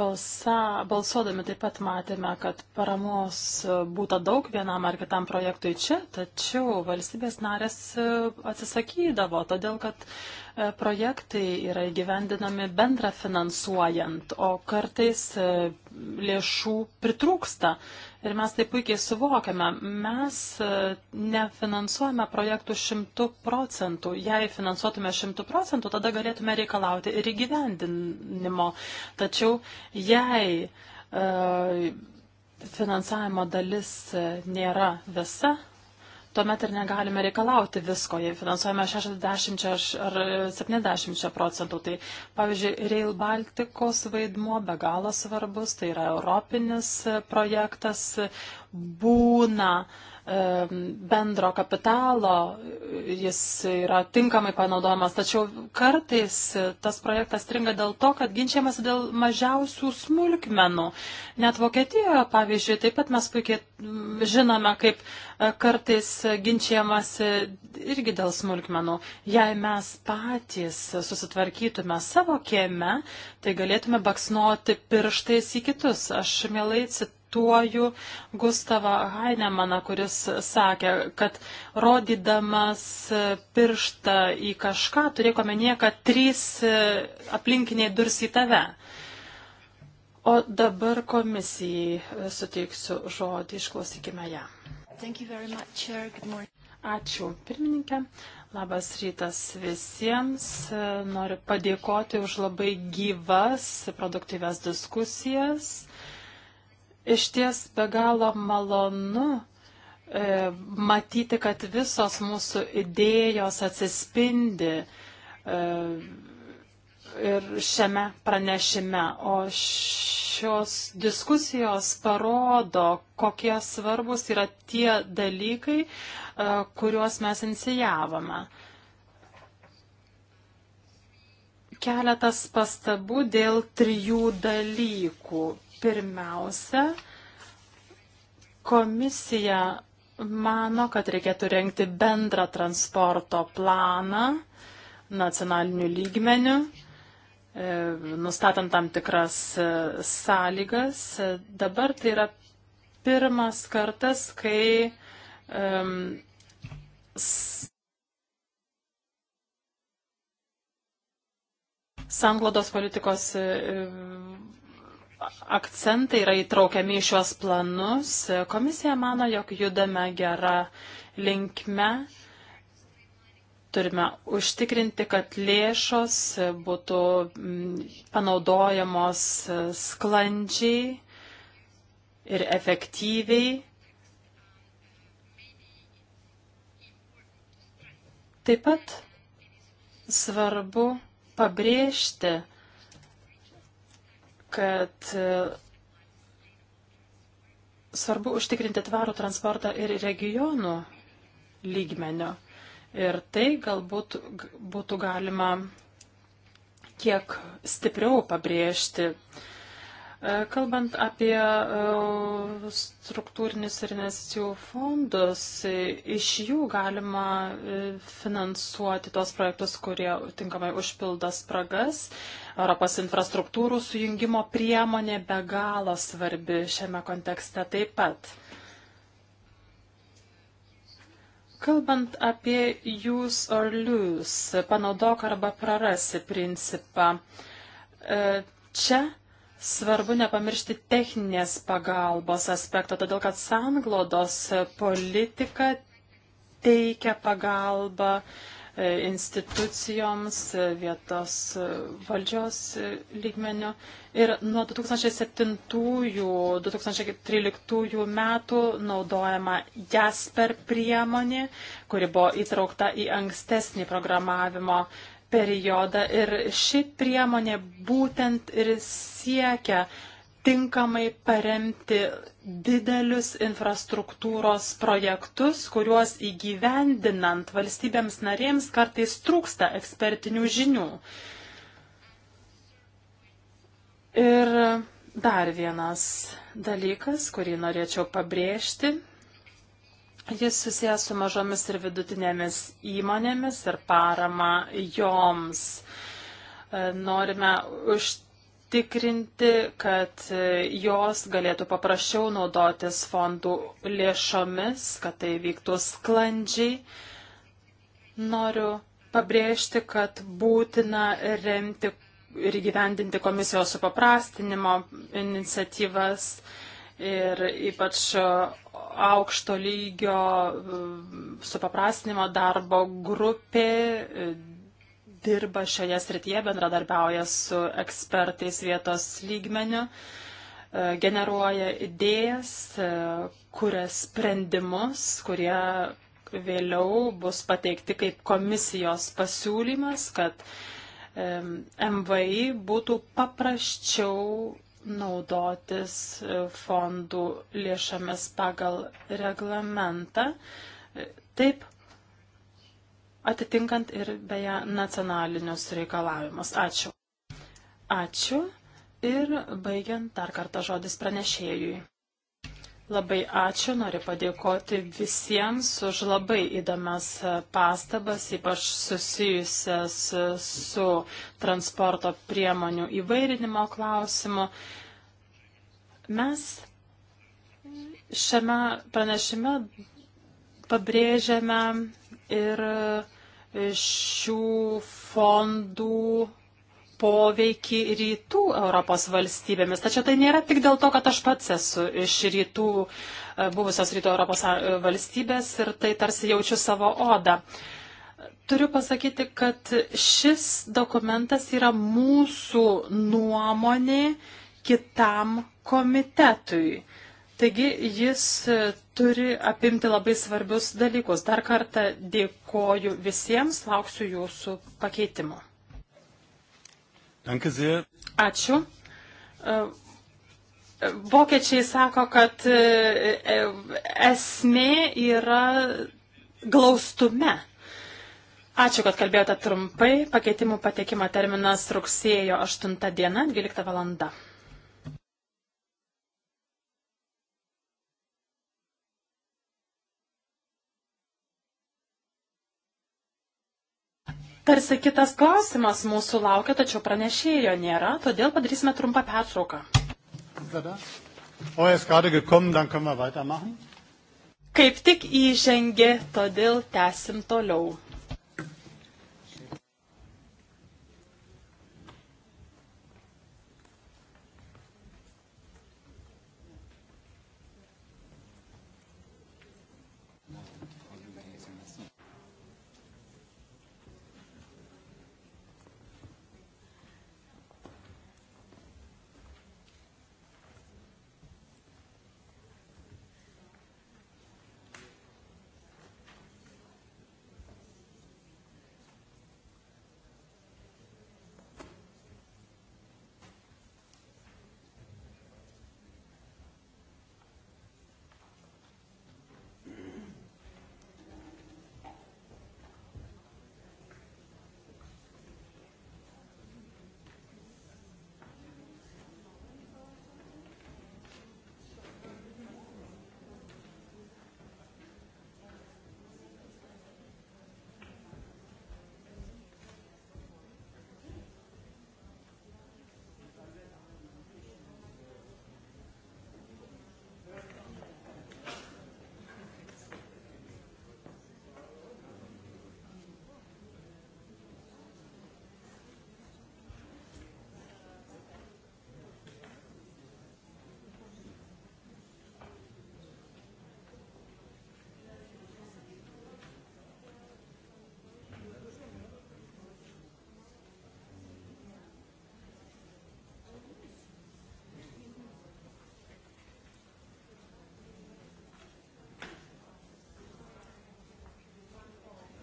balsa, balsuodami taip pat matėme, kad paramos būtų daug vienam ar kitam projektui čia, tačiau valstybės narės e, atsisakydavo, todėl kad uh, E, projektai yra įgyvendinami bendra finansuojant, o kartais e, lėšų pritrūksta. Ir mes tai puikiai suvokiame. Mes e, nefinansuojame projektų šimtų procentų. Jei finansuotume šimtų procentų, tada galėtume reikalauti ir įgyvendinimo. Tačiau jei e, finansavimo dalis nėra visa, tuomet ir negalime reikalauti visko, jei finansuojame 60 ar 70 procentų. Tai pavyzdžiui, Rail Baltikos vaidmuo be galo svarbus, tai yra europinis projektas, būna uh, bendro kapitalo, jis yra tinkamai panaudojamas, tačiau kartais tas projektas stringa dėl to, kad ginčiamasi dėl mažiausių smulkmenų. Net Vokietijoje, pavyzdžiui, taip pat mes puikiai žinome, kaip e, kartais ginčiamasi irgi dėl smulkmenų. Jei mes patys susitvarkytume savo kieme, tai galėtume baksnuoti pirštais į kitus. Aš mielai cituoju cituoju Gustavą Hainemaną, kuris sakė, kad rodydamas pirštą į kažką turėk omenyje, kad trys aplinkiniai durs į tave. O dabar komisijai suteiksiu žodį, išklausykime ją. Much, Ačiū, pirmininkė. Labas rytas visiems. Noriu padėkoti už labai gyvas, produktyves diskusijas iš ties be galo malonu e, matyti, kad visos mūsų idėjos atsispindi e, ir šiame pranešime. O šios diskusijos parodo, kokie svarbus yra tie dalykai, e, kuriuos mes inicijavome. Keletas pastabų dėl trijų dalykų. Pirmiausia, komisija mano, kad reikėtų renkti bendrą transporto planą nacionaliniu lygmeniu, e, nustatant tam tikras e, sąlygas. Dabar tai yra pirmas kartas, kai um, Sanglodos politikos e, akcentai yra įtraukiami į šios planus. Komisija mano, jog judame gerą linkme. Turime užtikrinti, kad lėšos būtų mm, panaudojamos sklandžiai ir efektyviai. Taip pat svarbu pabrėžti, kad e, svarbu užtikrinti tvarų transportą ir regionų lygmenio. Ir tai galbūt būtų galima kiek stipriau pabrėžti uh, E, kalbant apie e, struktūrinius ir investicijų fondus, iš jų galima e, finansuoti tos projektus, kurie tinkamai užpilda spragas. Europos infrastruktūrų sujungimo priemonė be galo svarbi šiame kontekste taip pat. Kalbant apie use or lose, panaudok arba prarasi principą, čia Svarbu nepamiršti techninės pagalbos aspekto, todėl kad sanglodos politika teikia pagalbą e, institucijoms, e, vietos e, valdžios lygmenio. Ir nuo 2007-2013 metų naudojama JASPER priemonė, kuri buvo įtraukta į ankstesnį programavimo periodą ir ši priemonė būtent ir siekia tinkamai paremti didelius infrastruktūros projektus, kuriuos įgyvendinant valstybėms narėms kartais trūksta ekspertinių žinių. Ir dar vienas dalykas, kurį norėčiau pabrėžti, Jis susijęs su mažomis ir vidutinėmis įmonėmis ir parama joms. E, norime užtikrinti, kad jos galėtų paprasčiau naudotis fondų lėšomis, kad tai vyktų sklandžiai. Noriu pabrėžti, kad būtina remti ir įgyvendinti komisijos supaprastinimo iniciatyvas ir ypač aukšto lygio e, supaprastinimo darbo grupė e, dirba šioje srityje, bendradarbiauja su ekspertais vietos lygmeniu, e, generuoja idėjas, kuria sprendimus, kurie vėliau bus pateikti kaip komisijos pasiūlymas, kad MVI būtų paprasčiau naudotis e, fondų lėšomis pagal reglamentą, e, taip atitinkant ir beje nacionalinius reikalavimus. Ačiū. Ačiū. Ir baigiant dar kartą žodis pranešėjui. Labai ačiū, noriu padėkoti visiems už labai įdomias e, pastabas, ypač susijusias e, su transporto priemonių įvairinimo klausimu. Mes šiame pranešime pabrėžiame ir e, šių fondų poveikį rytų Europos valstybėmis. Tačiau tai nėra tik dėl to, kad aš pats esu iš rytų, e, buvusios rytų Europos e, valstybės ir tai tarsi jaučiu savo odą. Turiu pasakyti, kad šis dokumentas yra mūsų nuomonė kitam komitetui. Taigi jis e, turi apimti labai svarbius dalykus. Dar kartą dėkoju visiems, lauksiu jūsų pakeitimo. Ačiū. E, e, vokiečiai sako, kad e, esmė yra glaustume. Ačiū, kad kalbėjote trumpai. Pakeitimų patekimo terminas rugsėjo 8 diena, 12 valanda. Tarsi kitas klausimas mūsų laukia, tačiau pranešėjo nėra, todėl padarysime trumpą pertrauką. Er Kaip tik įžengė, todėl tęsim toliau.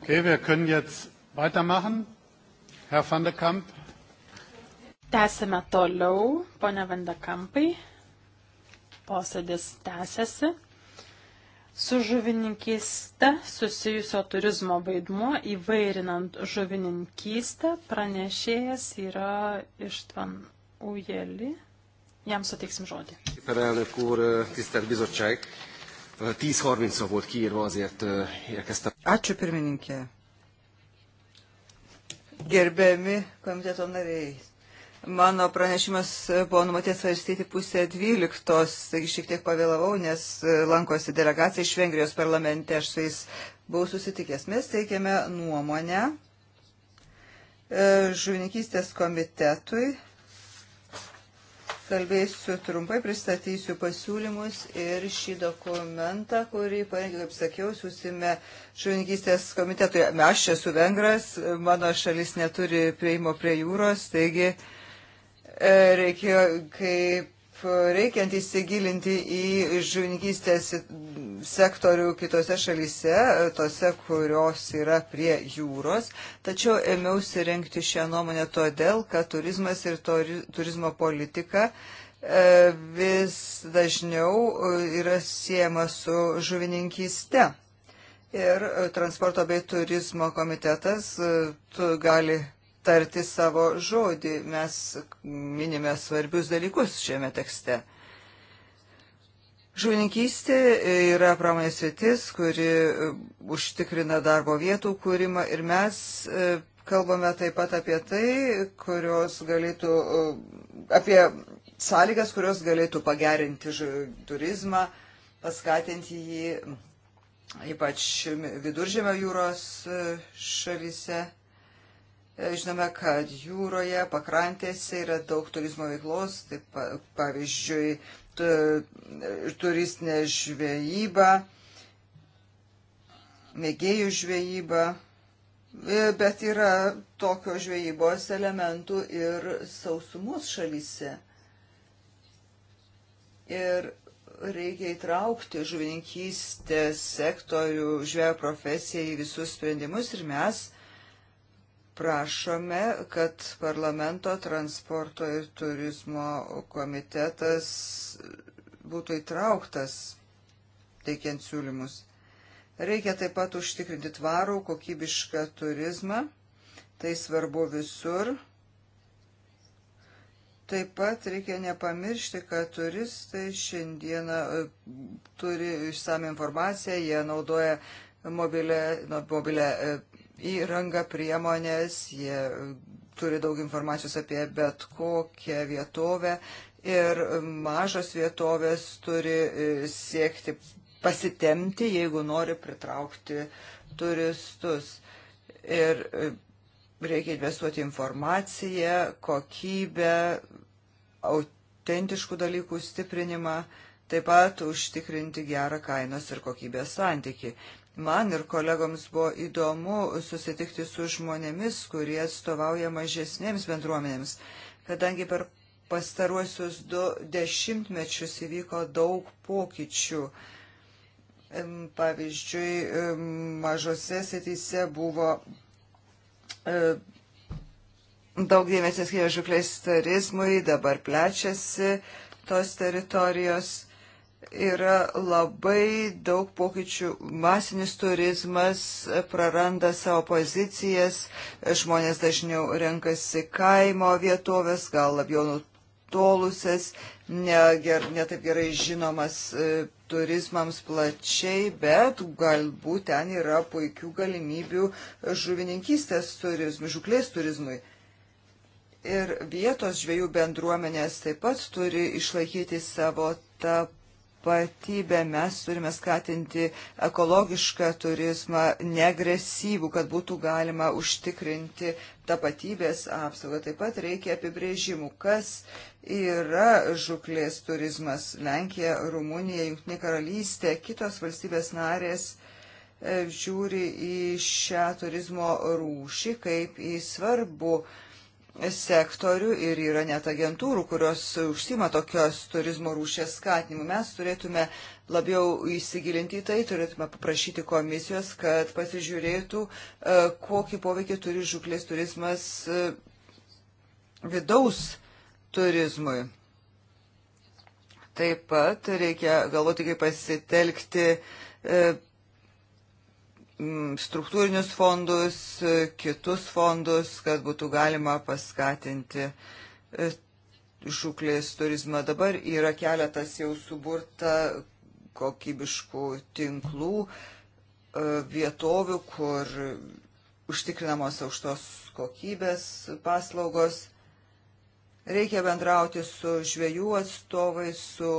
Okay, wir können jetzt weitermachen. Herr van de Kamp. Tęsime toliau, ponia Vandekampai. Posėdis tęsiasi. Su žuvininkyste susijusio turizmo vaidmuo įvairinant žuvininkystę pranešėjas yra Ištvan Ujeli. Jam suteiksim žodį. Perelnök úr, tisztelt bizottság! 10.30-ra volt kiírva, azért érkeztem. Ačiū pirmininkė. Gerbiami komiteto nariai. Mano pranešimas buvo numatęs svarstyti pusę dvyliktos, taigi šiek tiek pavėlavau, nes e, lankosi delegacija iš Vengrijos parlamente, aš su jais buvau susitikęs. Mes teikėme nuomonę e, žuvininkystės komitetui Kalbėsiu trumpai, pristatysiu pasiūlymus ir šį dokumentą, kurį, parengiau, kaip sakiau, susime žuvininkystės komitetui. Aš esu vengras, mano šalis neturi prieimo prie jūros, taigi e, reikėjo kaip reikiant įsigilinti į žuvininkystės sektorių kitose šalyse, tose, kurios yra prie jūros. Tačiau ėmiausi renkti šią nuomonę todėl, kad turizmas ir turizmo politika e, vis dažniau e, yra siejama su žuvininkyste. Ir transporto bei turizmo komitetas e, gali tarti savo žodį. Mes minime svarbius dalykus šiame tekste. Žuvininkystė yra pramonės sritis, kuri užtikrina darbo vietų kūrimą ir mes e, kalbame taip pat apie tai, kurios galėtų, e, apie sąlygas, kurios galėtų pagerinti turizmą, paskatinti jį ypač viduržėmio jūros e, šalyse. E, žinome, kad jūroje, pakrantėse yra daug turizmo veiklos, taip pavyzdžiui, e, turistinė žvejyba, mėgėjų žvejyba, e, bet yra tokio žvejybos elementų ir sausumos šalyse. Ir reikia įtraukti žuvininkystės sektorių žvėjo profesiją į visus sprendimus ir mes prašome, kad parlamento transporto ir turizmo komitetas būtų įtrauktas teikiant siūlymus. Reikia taip pat užtikrinti tvarų, kokybišką turizmą. Tai svarbu visur. Taip pat reikia nepamiršti, kad turistai šiandieną e, turi išsame informaciją, jie naudoja mobilę, mobilę e, įrangą, priemonės, jie turi daug informacijos apie bet kokią vietovę ir mažos vietovės turi e, siekti pasitemti, jeigu nori pritraukti turistus. Ir e, reikia investuoti informaciją, kokybę, autentiškų dalykų stiprinimą, taip pat užtikrinti gerą kainos ir kokybės santyki man ir kolegoms buvo įdomu susitikti su žmonėmis, kurie atstovauja mažesnėms bendruomenėms, kadangi per pastaruosius du dešimtmečius įvyko daug pokyčių. Pavyzdžiui, mažose sėtyse buvo e, daug dėmesio skiria žuklės turizmui, dabar plečiasi tos teritorijos yra labai daug pokyčių. Masinis turizmas praranda savo pozicijas, žmonės dažniau renkasi kaimo vietovės, gal labiau nutolusias, netaip ne gerai žinomas e, turizmams plačiai, bet galbūt ten yra puikių galimybių žuvininkystės turizmui, žuklės turizmui. Ir vietos žvėjų bendruomenės taip pat turi išlaikyti savo tą tapatybę. Mes turime skatinti ekologišką turizmą, negresyvų, kad būtų galima užtikrinti tapatybės apsaugą. Taip pat reikia apibrėžimų, kas yra žuklės turizmas. Lenkija, Rumunija, Junktinė karalystė, kitos valstybės narės e, žiūri į šią turizmo rūšį kaip į svarbu uh, sektorių ir yra net agentūrų, kurios užsima tokios turizmo rūšės skatinimu. Mes turėtume labiau įsigilinti į tai, turėtume paprašyti komisijos, kad pasižiūrėtų, e, kokį poveikį turi žuklės turizmas e, vidaus turizmui. Taip pat reikia galvoti, kaip pasitelkti e, Mm, struktūrinius fondus, kitus fondus, kad būtų galima paskatinti e, žuklės turizmą. Dabar yra keletas jau suburta kokybiškų tinklų e, vietovių, kur užtikrinamos aukštos kokybės paslaugos. Reikia bendrauti su žvėjų atstovais, su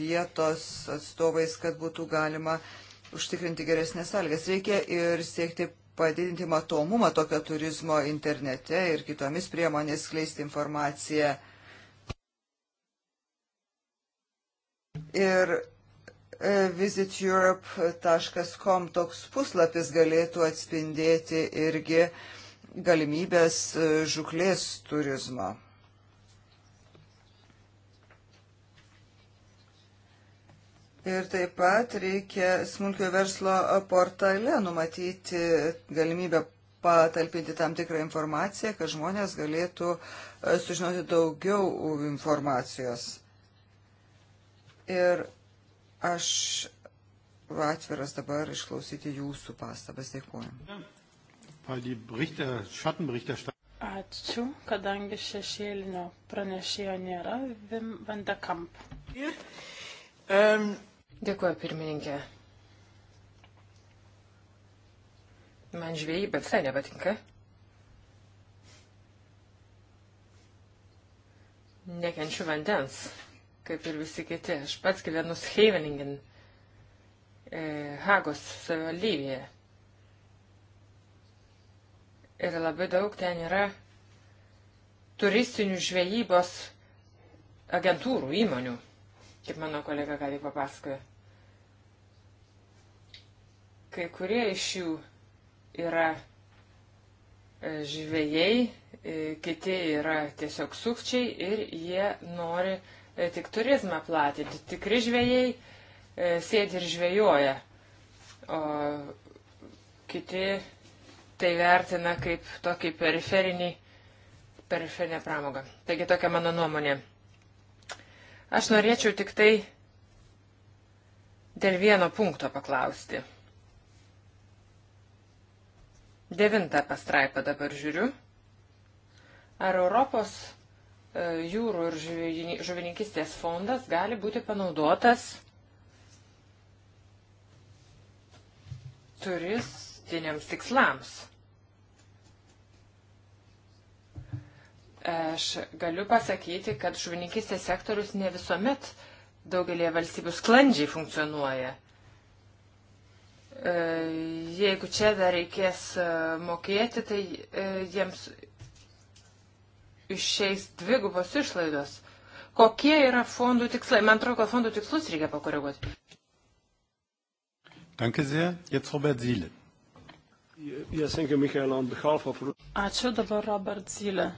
vietos atstovais, kad būtų galima uh, užtikrinti geresnės sąlygas. Reikia ir siekti padidinti matomumą tokio turizmo internete ir kitomis priemonės skleisti informaciją. Ir e, visiteurope.com toks puslapis galėtų atspindėti irgi galimybės e, žuklės turizmo. Ir taip pat reikia smulkio verslo portale numatyti galimybę patalpinti tam tikrą informaciją, kad žmonės galėtų e, sužinoti daugiau informacijos. Ir aš atviras dabar išklausyti jūsų pastabas. Dėkuoju. Ačiū, kadangi šešėlinio pranešėjo nėra, Vim Vandekamp. Um. Dėkuoju, pirmininkė. Man žvėjybė visai nepatinka. Nekenčiu vandens, kaip ir visi kiti. Aš pats gyvenu Scheivelingen, e, Hagos savivaldybėje. Ir labai daug ten yra turistinių žvejybos agentūrų įmonių kaip mano kolega ką tik papasakojo. Kai kurie iš jų yra e, žvėjai, e, kiti yra tiesiog sukčiai ir jie nori e, tik turizmą platinti. Tikri žvėjai sėdi ir žvėjoja, o kiti tai vertina kaip tokį periferinį, periferinę pramogą. Taigi tokia mano nuomonė. Aš norėčiau tik tai dėl vieno punkto paklausti. Devinta pastraipa dabar žiūriu. Ar Europos e, jūrų ir žuvininkistės fondas gali būti panaudotas turistiniams tikslams? Aš galiu pasakyti, kad žuvininkistės sektorius ne visuomet daugelie valstybių sklandžiai funkcionuoja. E, jeigu čia dar reikės e, mokėti, tai e, jiems išeis dvigubos išlaidos. Kokie yra fondų tikslai? Man atrodo, kad fondų tikslus reikia pakoreguoti. Danke sehr. Jetzt Robert Ziele. Yes, thank you, Michael, on behalf of... Ačiū dabar Robert Ziele.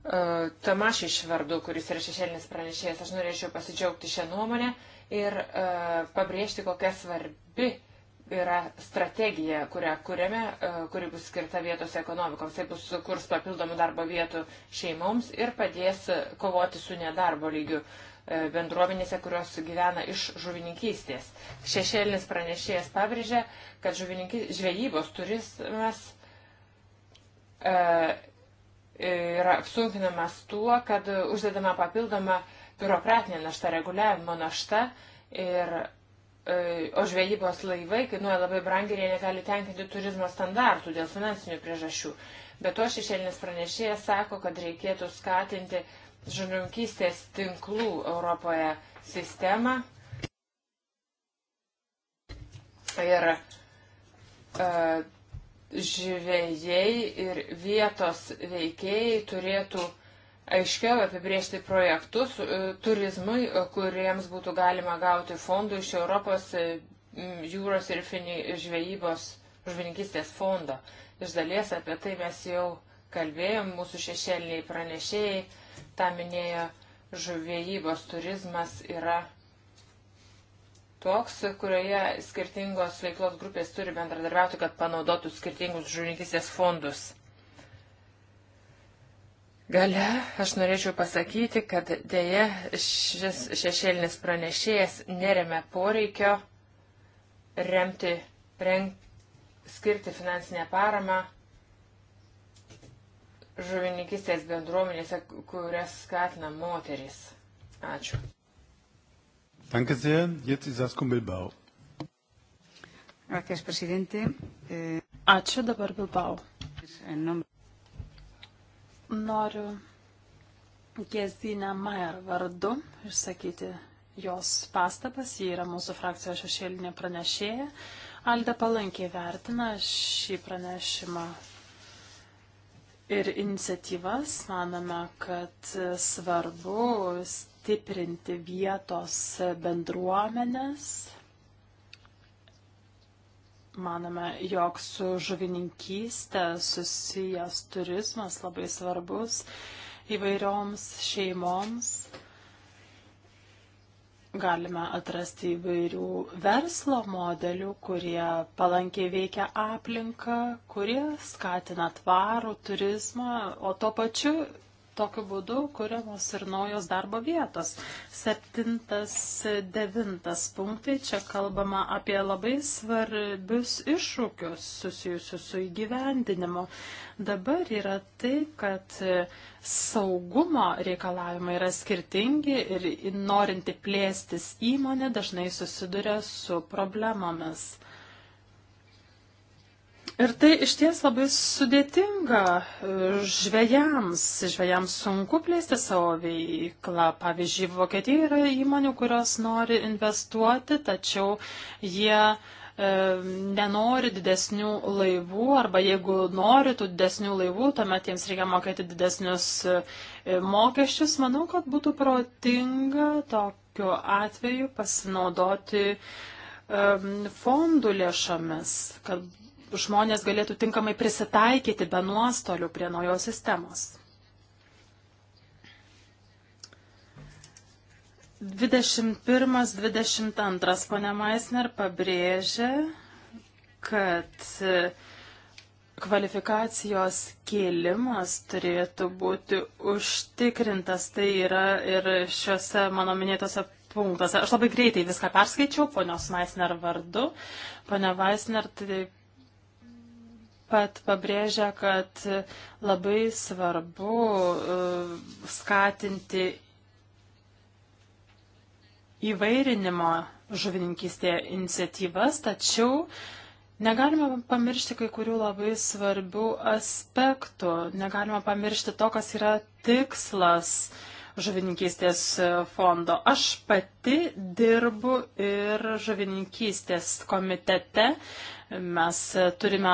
E, Tamašiš vardu, kuris yra šešėlinis pranešėjas. Aš norėčiau pasidžiaugti šią nuomonę ir uh, pabrėžti, kokia svarbi yra strategija, kurią kuriame, uh, kuri bus skirta vietos ekonomikoms. Tai bus kurs papildomų darbo vietų šeimoms ir padės kovoti su nedarbo lygiu uh, bendruomenėse, kurios gyvena iš žuvininkystės. Šešėlinis pranešėjas pabrėžė, kad žvejybos turizmas yra apsunkinamas tuo, kad uždedama papildoma biurokratinė našta, reguliavimo našta ir e, o žvejybos laivai kainuoja labai brangiai ir jie negali tenkinti turizmo standartų dėl finansinių priežasčių. Bet to šešėlinis pranešėjas sako, kad reikėtų skatinti žuvininkystės tinklų Europoje sistemą. Ir uh, žvėjai ir vietos veikėjai turėtų aiškiau apibriežti projektus e, turizmui, e, kuriems būtų galima gauti fondų iš Europos e, jūros ir žvejybos žvininkistės fondo. Iš dalies apie tai mes jau kalbėjom, mūsų šešėliniai pranešėjai, tą minėjo žvejybos turizmas yra toks, kurioje skirtingos veiklos grupės turi bendradarbiauti, kad panaudotų skirtingus žuvininkystės fondus. Gale aš norėčiau pasakyti, kad dėje šis šešėlinis pranešėjas neremia poreikio remti, renk, skirti finansinę paramą žuvininkistės bendruomenėse, kurias skatina moteris. Ačiū. Danke sehr. Jetzt ist Saskum Bilbao. Gracias, presidente. Eh, Ačiū dabar Bilbao. Noriu Gezinę Mayer vardu išsakyti jos pastabas. Ji yra mūsų frakcijos šešėlinė pranešėja. Alda palankiai vertina šį pranešimą ir iniciatyvas. Maname, kad svarbu stiprinti vietos bendruomenės. Manome, jog su žuvininkystė susijęs turizmas labai svarbus įvairioms šeimoms. Galime atrasti įvairių verslo modelių, kurie palankiai veikia aplinką, kurie skatina tvarų turizmą, o tuo pačiu Tokiu būdu kuriamos ir naujos darbo vietos. Septintas, devintas punktai. Čia kalbama apie labai svarbius iššūkius susijusius su įgyvendinimu. Dabar yra tai, kad saugumo reikalavimai yra skirtingi ir norinti plėstis įmonė dažnai susiduria su problemomis. Ir tai iš ties labai sudėtinga e, žvėjams. Žvėjams sunku plėsti savo veiklą. Pavyzdžiui, Vokietijoje yra įmonių, kurios nori investuoti, tačiau jie e, nenori didesnių laivų arba jeigu nori tų didesnių laivų, tuomet jiems reikia mokėti didesnius e, e, mokesčius. Manau, kad būtų protinga tokiu atveju pasinaudoti fondų lėšomis, kad žmonės galėtų tinkamai prisitaikyti be nuostolių prie naujos sistemos. 21-22 ponė Maisner pabrėžė, kad kvalifikacijos kėlimas turėtų būti užtikrintas. Tai yra ir šiuose mano minėtose punktuose. Aš labai greitai viską perskaičiau, ponios Maisner vardu. Pone Maisner taip pat pabrėžia, kad labai svarbu e, skatinti įvairinimo žuvininkystėje iniciatyvas, tačiau negalime pamiršti kai kurių labai svarbių aspektų. Negalime pamiršti to, kas yra tikslas žuvininkystės fondo. Aš pati dirbu ir žuvininkystės komitete. Mes e, turime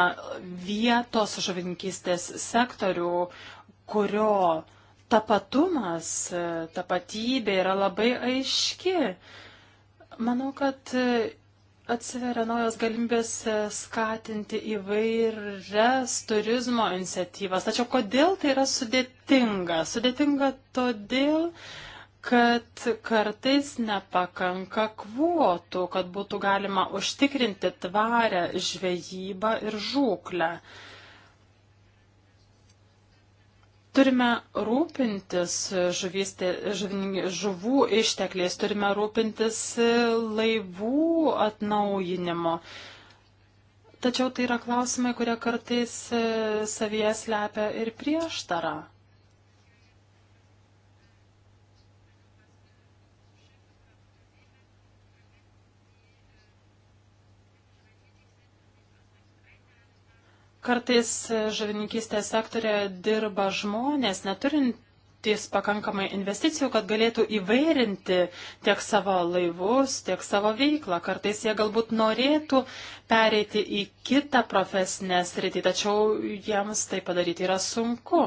vietos žuvininkystės sektorių, kurio tapatumas, e, tapatybė yra labai aiški. Manau, kad e, atsiveria naujos galimybės skatinti įvairias turizmo iniciatyvas. Tačiau kodėl tai yra sudėtinga? Sudėtinga todėl, kad kartais nepakanka kvotų, kad būtų galima užtikrinti tvarę žvejybą ir žūklę. Turime rūpintis žuvystė, žuvų ištekliais, turime rūpintis laivų atnaujinimo. Tačiau tai yra klausimai, kurie kartais e, savies lepia ir prieštarą. Kartais žavininkystės sektorė dirba žmonės, neturintys pakankamai investicijų, kad galėtų įvairinti tiek savo laivus, tiek savo veiklą. Kartais jie galbūt norėtų pereiti į kitą profesinę sritį, tačiau jiems tai padaryti yra sunku.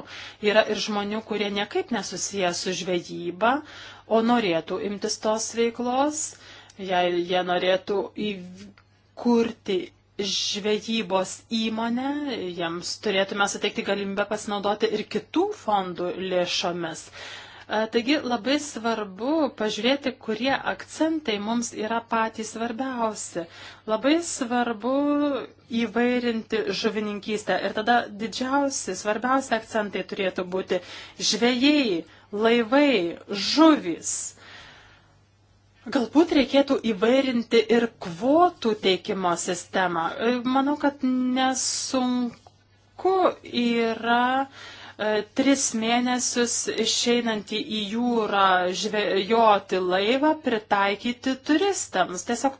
Yra ir žmonių, kurie niekaip nesusiję su žvejyba, o norėtų imtis tos veiklos, jei jie norėtų įkurti žvejybos įmonę, jiems turėtume suteikti galimybę pasinaudoti ir kitų fondų lėšomis. E, taigi labai svarbu pažiūrėti, kurie akcentai mums yra patys svarbiausi. Labai svarbu įvairinti žuvininkystę. Ir tada didžiausi, svarbiausi akcentai turėtų būti žvėjai, laivai, žuvys. Galbūt reikėtų įvairinti ir kvotų teikimo sistemą. E, manau, kad nesunku yra e, tris mėnesius išeinantį į jūrą žvejoti laivą pritaikyti turistams. Tiesiog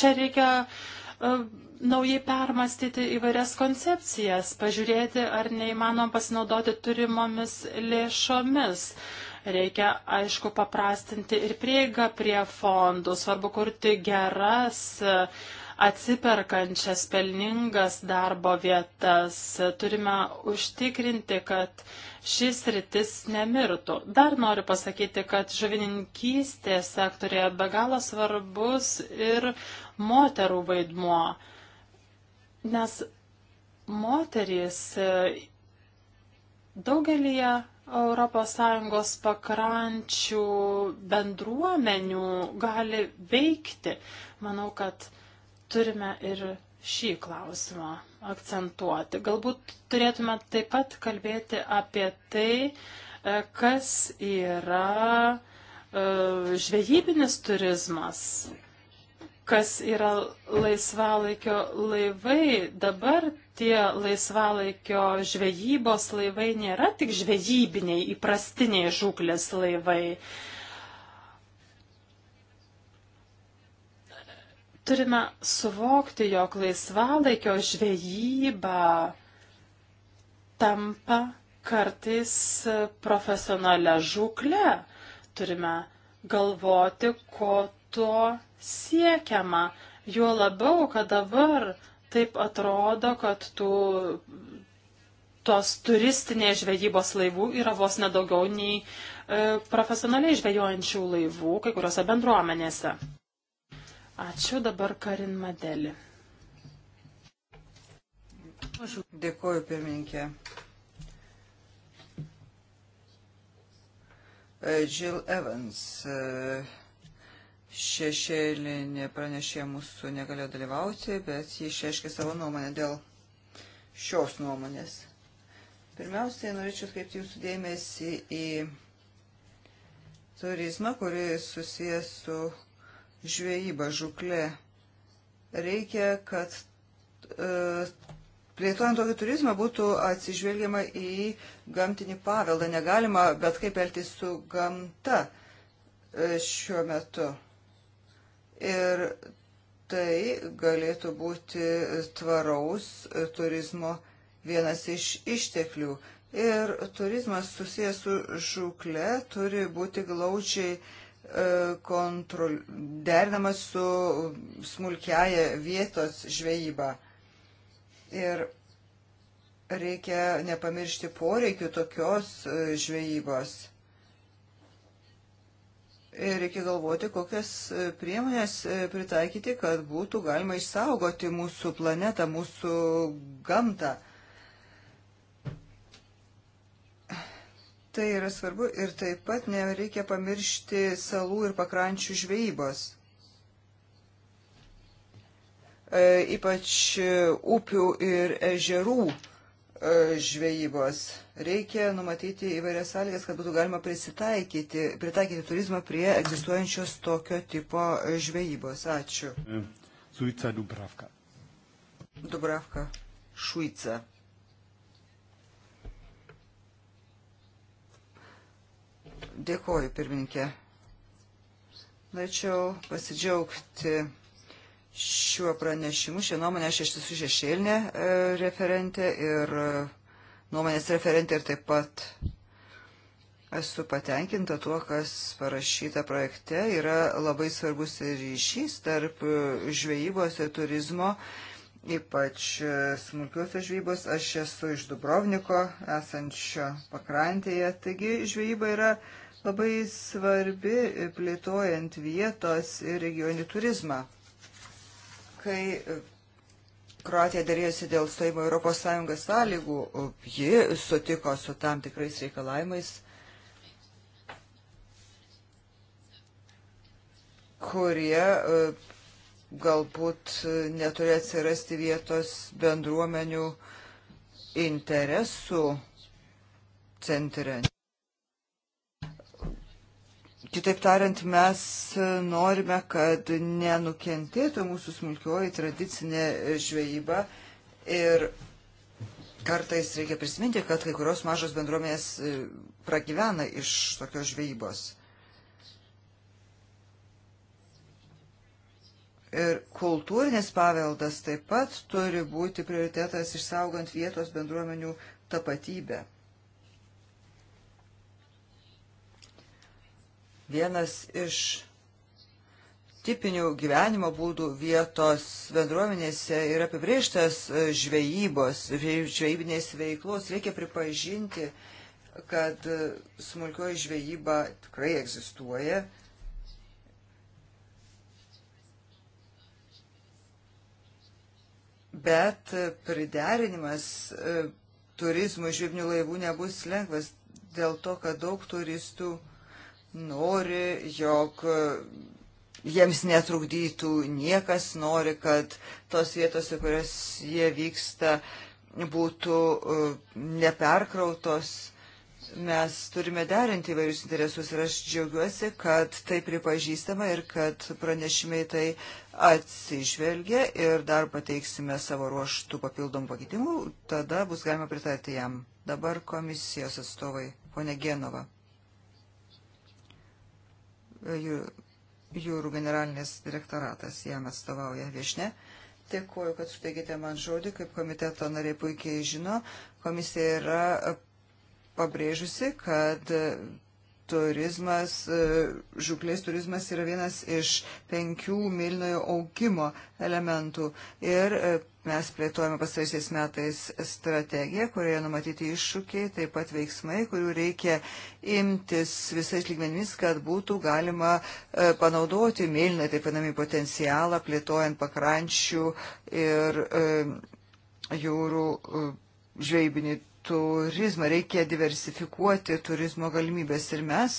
čia reikia e, naujai permastyti įvairias koncepcijas, pažiūrėti, ar neįmanom pasinaudoti turimomis lėšomis. E, Reikia, aišku, paprastinti ir prieigą prie fondų. Svarbu kurti geras atsiperkančias pelningas darbo vietas. Turime užtikrinti, kad šis rytis nemirtų. Dar noriu pasakyti, kad žuvininkystės sektorėje be galo svarbus ir moterų vaidmuo. Nes moterys e, daugelįje ES pakrančių bendruomenių gali veikti. Manau, kad turime ir šį klausimą akcentuoti. Galbūt turėtume taip pat kalbėti apie tai, e, kas yra e, žvejybinis turizmas, kas yra laisvalaikio laivai. Dabar tie laisvalaikio žvejybos laivai nėra tik žvejybiniai, įprastiniai žūklės laivai. Turime suvokti, jog laisvalaikio žvejyba tampa kartais profesionalią žūklę. Turime galvoti, ko to siekiama. Juo labiau, kad dabar taip atrodo, kad tų, tos turistinės žvejybos laivų yra vos nedaugiau nei e, profesionaliai žvejojančių laivų kai kuriuose bendruomenėse. Ačiū dabar Karin Madelį. Dėkuoju, pirmininkė. E, Jill Evans. E, šešėlinė pranešė mūsų negalėjo dalyvauti, bet ji išreiškė savo nuomonę dėl šios nuomonės. Pirmiausiai norėčiau atkreipti jūsų dėmesį į turizmą, kuris susijęs su žvejyba, žuklė. Reikia, kad e, plėtojant tokį turizmą būtų atsižvelgiama į gamtinį paveldą. Negalima bet kaip elgtis su gamta e, šiuo metu. Ir tai galėtų būti tvaraus turizmo vienas iš išteklių. Ir turizmas susijęs su žūkle turi būti glaučiai e, kontrol... derinamas su smulkiaja vietos žvejyba. Ir reikia nepamiršti poreikių tokios e, žvejybos reikia galvoti, kokias e, priemonės e, pritaikyti, kad būtų galima išsaugoti mūsų planetą, mūsų gamtą. Tai yra svarbu ir taip pat nereikia pamiršti salų ir pakrančių žvejybos. E, ypač e, upių ir ežerų E, žvejybos. Reikia numatyti įvairias sąlygas, kad būtų galima prisitaikyti, pritaikyti turizmą prie egzistuojančios tokio tipo žvejybos. Ačiū. E, Suica Dubravka. Dubravka, Šuica. Dėkoju, pirmininkė. Norėčiau pasidžiaugti šiuo pranešimu, šią nuomonę aš iš tiesų šešėlinė e, referentė ir e, nuomonės referentė ir taip pat esu patenkinta tuo, kas parašyta projekte. Yra labai svarbus ryšys tarp e, žvejybos ir turizmo, ypač smulkiosios žvejybos. Aš esu iš Dubrovniko, esančio pakrantėje, taigi žvejyba yra labai svarbi plėtojant vietos ir regionį turizmą kai e, Kroatija dėrėjosi dėl stojimo Europos Sąjungos sąlygų, ji sutiko su tam tikrais reikalavimais, kurie e, galbūt neturi atsirasti vietos bendruomenių interesų centre. Kitaip tariant, mes norime, kad nenukentėtų mūsų smulkioji tradicinė žvejyba ir kartais reikia prisiminti, kad kai kurios mažos bendruomenės e, pragyvena iš tokios žvejybos. Ir kultūrinis paveldas taip pat turi būti prioritetas išsaugant vietos bendruomenių tapatybę. vienas iš tipinių gyvenimo būdų vietos bendruomenėse yra apibrėžtas e, žvejybos, žvejybinės veiklos. Reikia pripažinti, kad e, smulkioji žvejyba tikrai egzistuoja. Bet priderinimas e, turizmų žvybinių laivų nebus lengvas dėl to, kad daug turistų nori, jog e, jiems netrukdytų niekas, nori, kad tos vietos, į kurias jie vyksta, būtų e, neperkrautos mes turime derinti įvairius interesus ir aš džiaugiuosi, kad tai pripažįstama ir kad pranešimiai tai atsižvelgia ir dar pateiksime savo ruoštų papildomų pakeitimų, tada bus galima pritarti jam. Dabar komisijos atstovai, ponė Genova jūrų generalinis direktoratas jam atstovauja viešne. Dėkuoju, kad suteikite man žodį, kaip komiteto nariai puikiai žino. Komisija yra e, pabrėžusi, kad e, turizmas, e, žuklės turizmas yra vienas iš penkių milnojo augimo elementų. Ir Mes plėtojame pasaisiais metais strategiją, kurioje numatyti iššūkiai, taip pat veiksmai, kurių reikia imtis visais lygmenimis, kad būtų galima e, panaudoti mėlyną, taip vadinami, potencialą, plėtojant pakrančių ir e, jūrų e, žvejybinį turizmą. Reikia diversifikuoti turizmo galimybės ir mes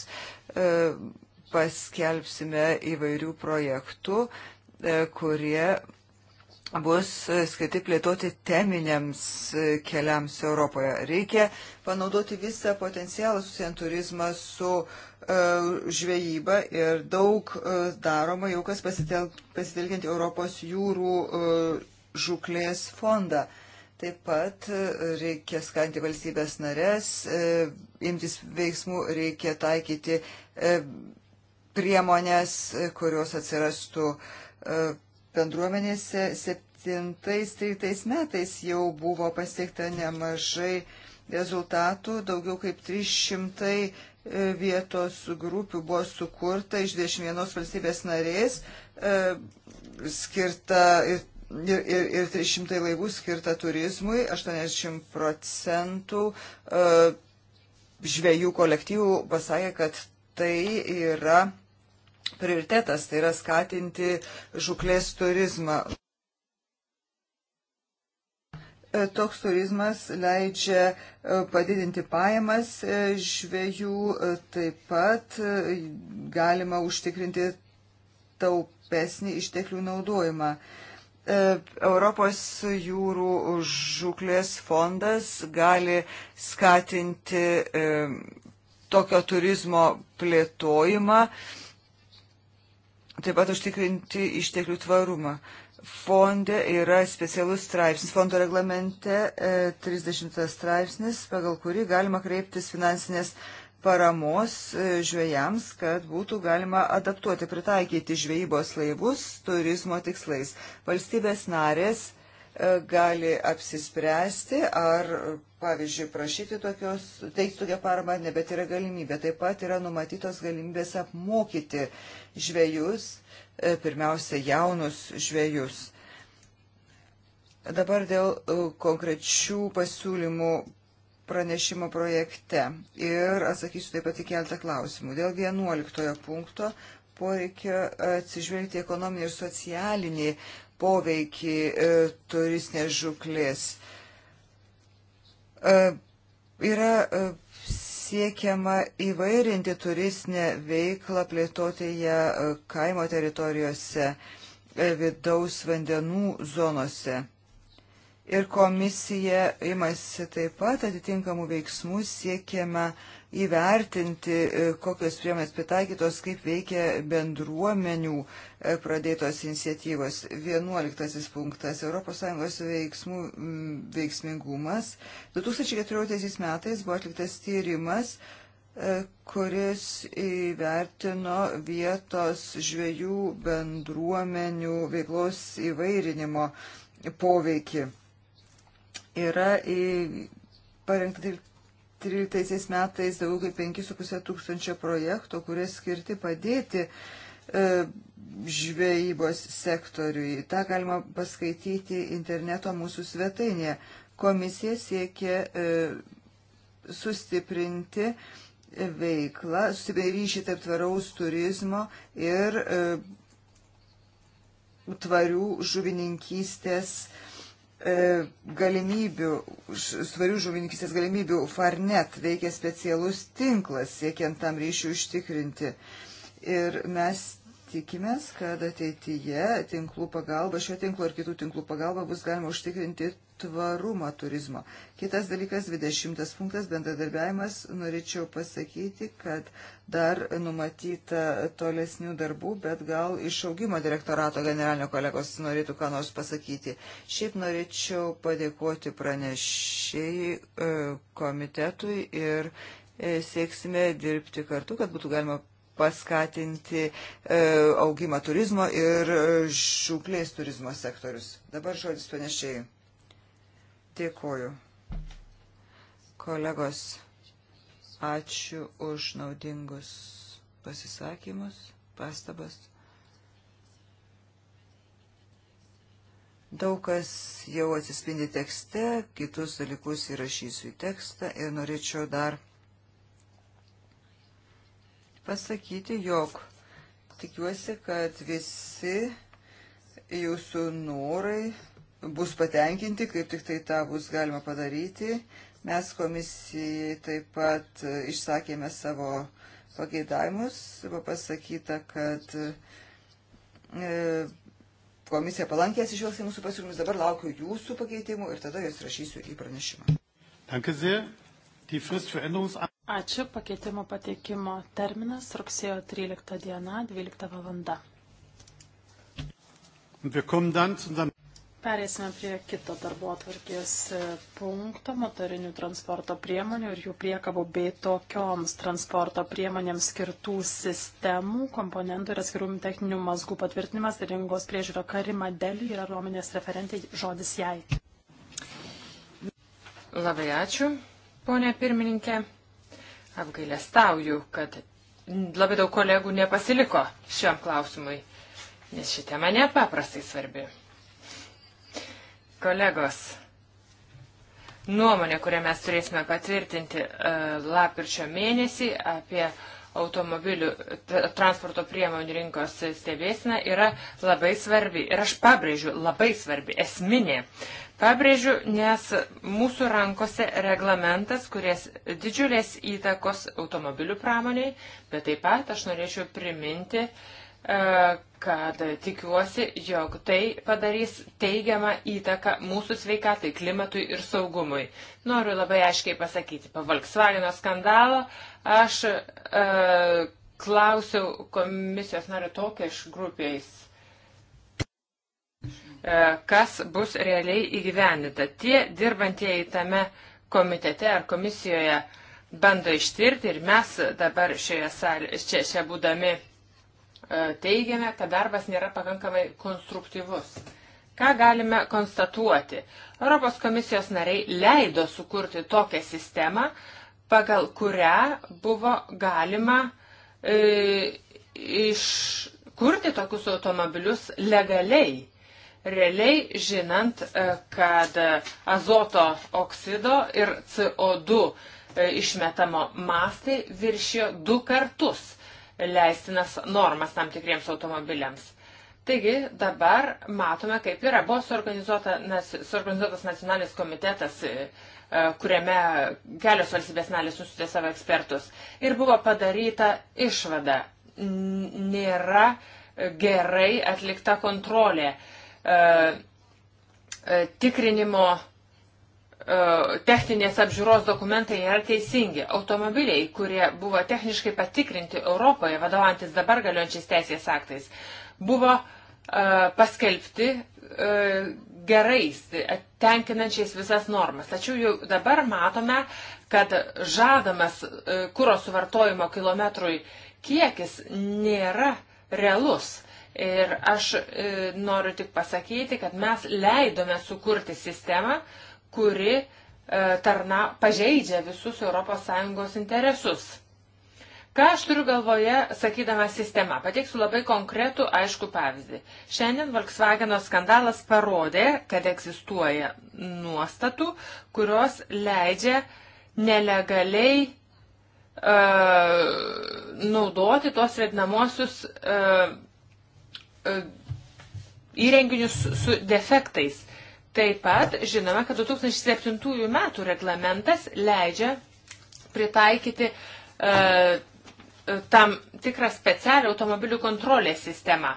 paskelbsime įvairių projektų, kurie bus e, skirti plėtoti teminiams e, keliams Europoje. Reikia panaudoti visą potencialą susijant turizmą su e, žvejyba ir daug daroma jau kas pasitelkiant Europos jūrų žuklės fondą. Taip pat reikia skanti valstybės narės, imtis veiksmų reikia taikyti priemonės, kurios atsirastų bendruomenėse 7-13 metais jau buvo pasiekta nemažai rezultatų, daugiau kaip 300 e, vietos grupių buvo sukurta iš 21 valstybės narės, e, skirta ir, ir, ir 300 laivų skirta turizmui, 80 procentų e, žvėjų kolektyvų pasakė, kad tai yra prioritetas, tai yra skatinti žuklės turizmą. E, toks turizmas leidžia e, padidinti pajamas e, žvėjų, taip pat galima užtikrinti taupesnį išteklių naudojimą. Europos jūrų žuklės fondas gali skatinti tokio turizmo plėtojimą Taip pat užtikrinti išteklių tvarumą. Fonde yra specialus straipsnis, fondo reglamente 30 e, straipsnis, pagal kurį galima kreiptis finansinės paramos e, žvėjams, kad būtų galima adaptuoti, pritaikyti žvejybos laivus turizmo tikslais. Valstybės narės e, gali apsispręsti, ar pavyzdžiui, prašyti tokios, teikti tokią paramą, nebet yra galimybė. Taip pat yra numatytos galimybės apmokyti žvėjus, e, pirmiausia, jaunus žvėjus. Dabar dėl e, konkrečių pasiūlymų pranešimo projekte ir atsakysiu taip pat į keltą klausimų. Dėl 11 punkto poreikio atsižvelgti ekonominį ir socialinį poveikį e, turistinės žuklės. E, E, yra e, siekiama įvairinti turistinę veiklą, plėtoti ją e, kaimo teritorijose, vidaus vandenų zonose ir komisija imasi taip pat atitinkamų veiksmų, siekiama įvertinti, e, kokios priemonės pritaikytos, kaip veikia bendruomenių e, pradėtos iniciatyvos. Vienuoliktasis punktas - ES veiksmų veiksmingumas. 2014 metais buvo atliktas tyrimas, e, kuris įvertino vietos žviejų bendruomenių veiklos įvairinimo poveikį yra parengta 13 metais daugiau kaip 5,5 tūkstančio projektų, kurie skirti padėti e, žvejybos sektoriui. Ta galima paskaityti interneto mūsų svetainėje. Komisija siekia e, sustiprinti veiklą, ryšį tarp tvaraus turizmo ir e, tvarių žuvininkystės uh, E, galimybių, svarių žuvininkistės galimybių Farnet veikia specialus tinklas siekiant tam ryšių užtikrinti. Ir mes tikimės, kad ateityje tinklų pagalba, šio tinklo ir kitų tinklų pagalba bus galima užtikrinti tvarumą turizmo. Kitas dalykas, 20 punktas, bendradarbiavimas, norėčiau pasakyti, kad dar numatyta tolesnių darbų, bet gal iš augimo direktorato generalinio kolegos norėtų ką nors pasakyti. Šiaip norėčiau padėkoti pranešėjai e, komitetui ir e, sieksime dirbti kartu, kad būtų galima paskatinti e, augimą turizmo ir e, žūklės turizmo sektorius. Dabar žodis panešėjai. Dėkoju. Kolegos, ačiū už naudingus pasisakymus, pastabas. Daug kas jau atsispindi tekste, kitus dalykus įrašysiu į tekstą ir norėčiau dar pasakyti, jog tikiuosi, kad visi jūsų norai bus patenkinti, kaip tik tai tą bus galima padaryti. Mes komisijai taip pat išsakėme savo pageidavimus, buvo pasakyta, kad e, komisija palankiai atsižvelgs į mūsų pasiūlymus, dabar laukiu jūsų pakeitimų ir tada juos rašysiu į pranešimą. Danke sehr. Die Frist für Änderungsantrag. Ačiū. Pakeitimo pateikimo terminas rugsėjo 13 diena, 12 valanda. Perėsime prie kito darbo atvarkės e, punkto motorinių transporto priemonių ir jų priekabų bei tokioms transporto priemonėms skirtų sistemų, komponentų ir atskirų techninių mazgų patvirtinimas ir rinkos priežiūro karima dėlį yra ruomenės referentai žodis jai. Labai ačiū, ponė pirmininkė. Apgailestauju, kad labai daug kolegų nepasiliko šiam klausimui, nes ši tema nepaprastai svarbi. Kolegos, nuomonė, kurią mes turėsime patvirtinti uh, lapkričio mėnesį apie automobilių transporto priemonių rinkos stebėsina yra labai svarbi. Ir aš pabrėžiu, labai svarbi, esminė. Pabrėžiu, nes mūsų rankose reglamentas, kuris didžiulės įtakos automobilių pramoniai, bet taip pat aš norėčiau priminti, e, kad tikiuosi, jog tai padarys teigiamą įtaką mūsų sveikatai, klimatui ir saugumui. Noriu labai aiškiai pasakyti, po Volkswageno skandalo aš e, klausiau komisijos nario tokia iš grupės E, kas bus realiai įgyvendita. Tie dirbantieji tame komitete ar komisijoje bando ištirti ir mes dabar šioje salėje, čia, čia būdami e, teigiame, kad darbas nėra pakankamai konstruktyvus. Ką galime konstatuoti? Europos komisijos nariai leido sukurti tokią sistemą, pagal kurią buvo galima e, iškurti tokius automobilius legaliai realiai žinant, e, kad azoto oksido ir CO2 e, išmetamo mastai viršijo du kartus leistinas normas tam tikriems automobiliams. Taigi dabar matome, kaip yra. Buvo suorganizuota, nes, suorganizuotas nacionalinis komitetas, e, kuriame kelios valstybės narės nusitė savo ekspertus. Ir buvo padaryta išvada. Nėra gerai atlikta kontrolė E, e, tikrinimo e, techninės apžiūros dokumentai yra teisingi. Automobiliai, kurie buvo techniškai patikrinti Europoje, vadovantis dabar galiojančiais teisės aktais, buvo paskelbti gerais, tenkinančiais visas normas. Tačiau jau dabar matome, kad žadamas kūro suvartojimo kilometrui kiekis nėra realus. Ir aš e, noriu tik pasakyti, kad mes leidome sukurti sistemą, kuri e, tarna, pažeidžia visus ES interesus. Ką aš turiu galvoje, sakydama sistema? Pateiksiu labai konkretų, aišku pavyzdį. Šiandien Volkswageno skandalas parodė, kad egzistuoja nuostatų, kurios leidžia nelegaliai uh, naudoti tos vadinamosius uh, E, įrenginius su defektais. Taip pat žinome, kad 2007 metų reglamentas leidžia pritaikyti e, e, tam tikrą specialią automobilių kontrolės sistemą.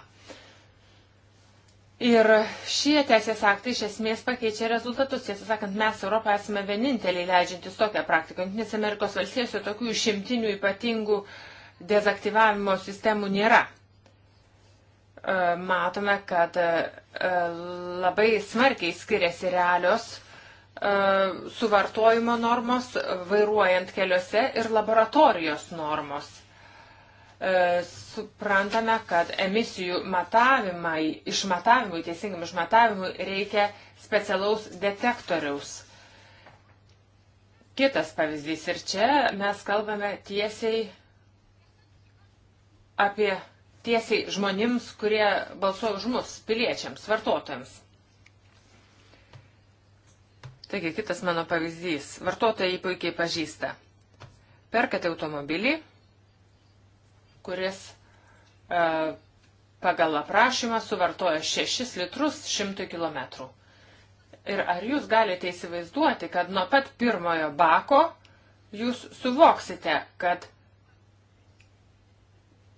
Ir šie teisės aktai iš esmės pakeičia rezultatus. Tiesą sakant, mes Europoje esame vieninteliai leidžiantis tokią praktiką. Junktinės Amerikos valstijose tokių išimtinių ypatingų dezaktyvavimo sistemų nėra. E, matome, kad e, e, labai smarkiai skiriasi realios suvartojimo normos vairuojant keliuose ir laboratorijos normos. Suprantame, kad emisijų matavimai, išmatavimui, teisingam išmatavimui reikia specialaus detektoriaus. Kitas pavyzdys ir čia mes kalbame tiesiai apie tiesiai žmonėms, kurie balsuoja už mus, piliečiams, vartotojams. Taigi, kitas mano pavyzdys. Vartotojai puikiai pažįsta. Perkate automobilį, kuris e, pagal aprašymą suvartoja 6 litrus 100 km. Ir ar jūs galite įsivaizduoti, kad nuo pat pirmojo bako jūs suvoksite, kad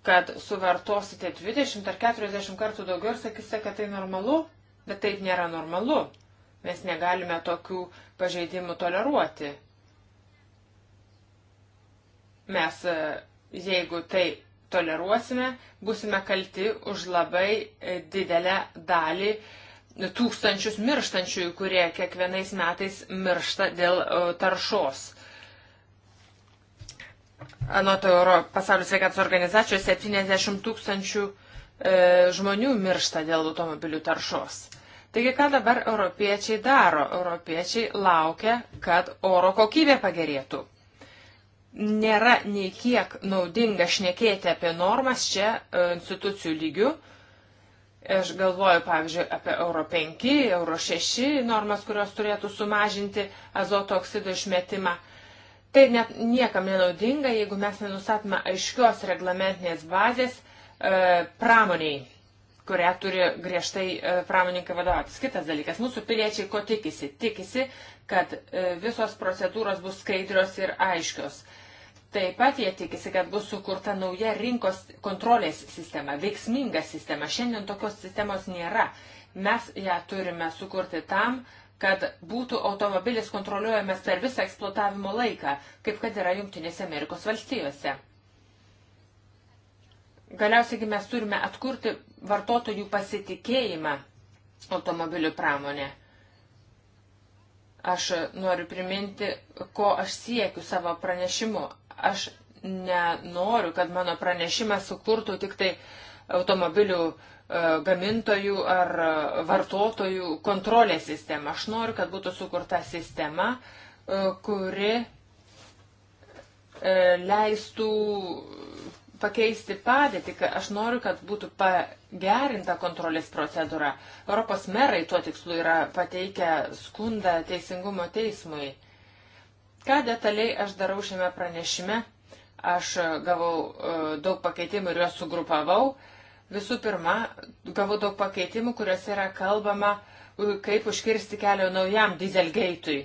kad suvartosite 20 ar 40 kartų daugiau ir sakysite, kad tai normalu, bet taip nėra normalu. Mes negalime tokių pažeidimų toleruoti. Mes, e, jeigu tai toleruosime, busime kalti už labai e, didelę dalį tūkstančius mirštančiųjų, kurie kiekvienais metais miršta dėl e, taršos. Anot Euro pasaulio sveikatos organizacijos 70 tūkstančių e, žmonių miršta dėl automobilių taršos. Taigi, ką dabar europiečiai daro? Europiečiai laukia, kad oro kokybė pagerėtų. Nėra nei kiek naudinga šnekėti apie normas čia e, institucijų lygių. Aš galvoju, pavyzdžiui, apie Euro 5, Euro 6 normas, kurios turėtų sumažinti azoto oksido išmetimą Tai ne, niekam nenaudinga, jeigu mes nenustatome aiškios reglamentinės bazės e, pramoniai, kurią turi griežtai e, pramoninkai vadovautis. Kitas dalykas, mūsų piliečiai ko tikisi? Tikisi, kad e, visos procedūros bus skaidrios ir aiškios. Taip pat jie tikisi, kad bus sukurta nauja rinkos kontrolės sistema, veiksminga sistema. Šiandien tokios sistemos nėra. Mes ją turime sukurti tam, kad būtų automobilis kontroliuojamas per visą eksploatavimo laiką, kaip kad yra Junktinėse Amerikos valstijose. Galiausiai mes turime atkurti vartotojų pasitikėjimą automobilių pramonė. Aš noriu priminti, ko aš siekiu savo pranešimu. Aš nenoriu, kad mano pranešimas sukurtų tik tai automobilių uh, E, gamintojų ar vartotojų kontrolės sistema. Aš noriu, kad būtų sukurta sistema, e, kuri e, leistų pakeisti padėtį, kad aš noriu, kad būtų pagerinta kontrolės procedūra. Europos merai tuo tikslu yra pateikę skundą Teisingumo teismui. Ką detaliai aš darau šiame pranešime? Aš gavau daug pakeitimų ir juos sugrupavau. Uh, Visų pirma, gavau daug pakeitimų, kuriuose yra kalbama, kaip užkirsti kelio naujam dizelgeitui.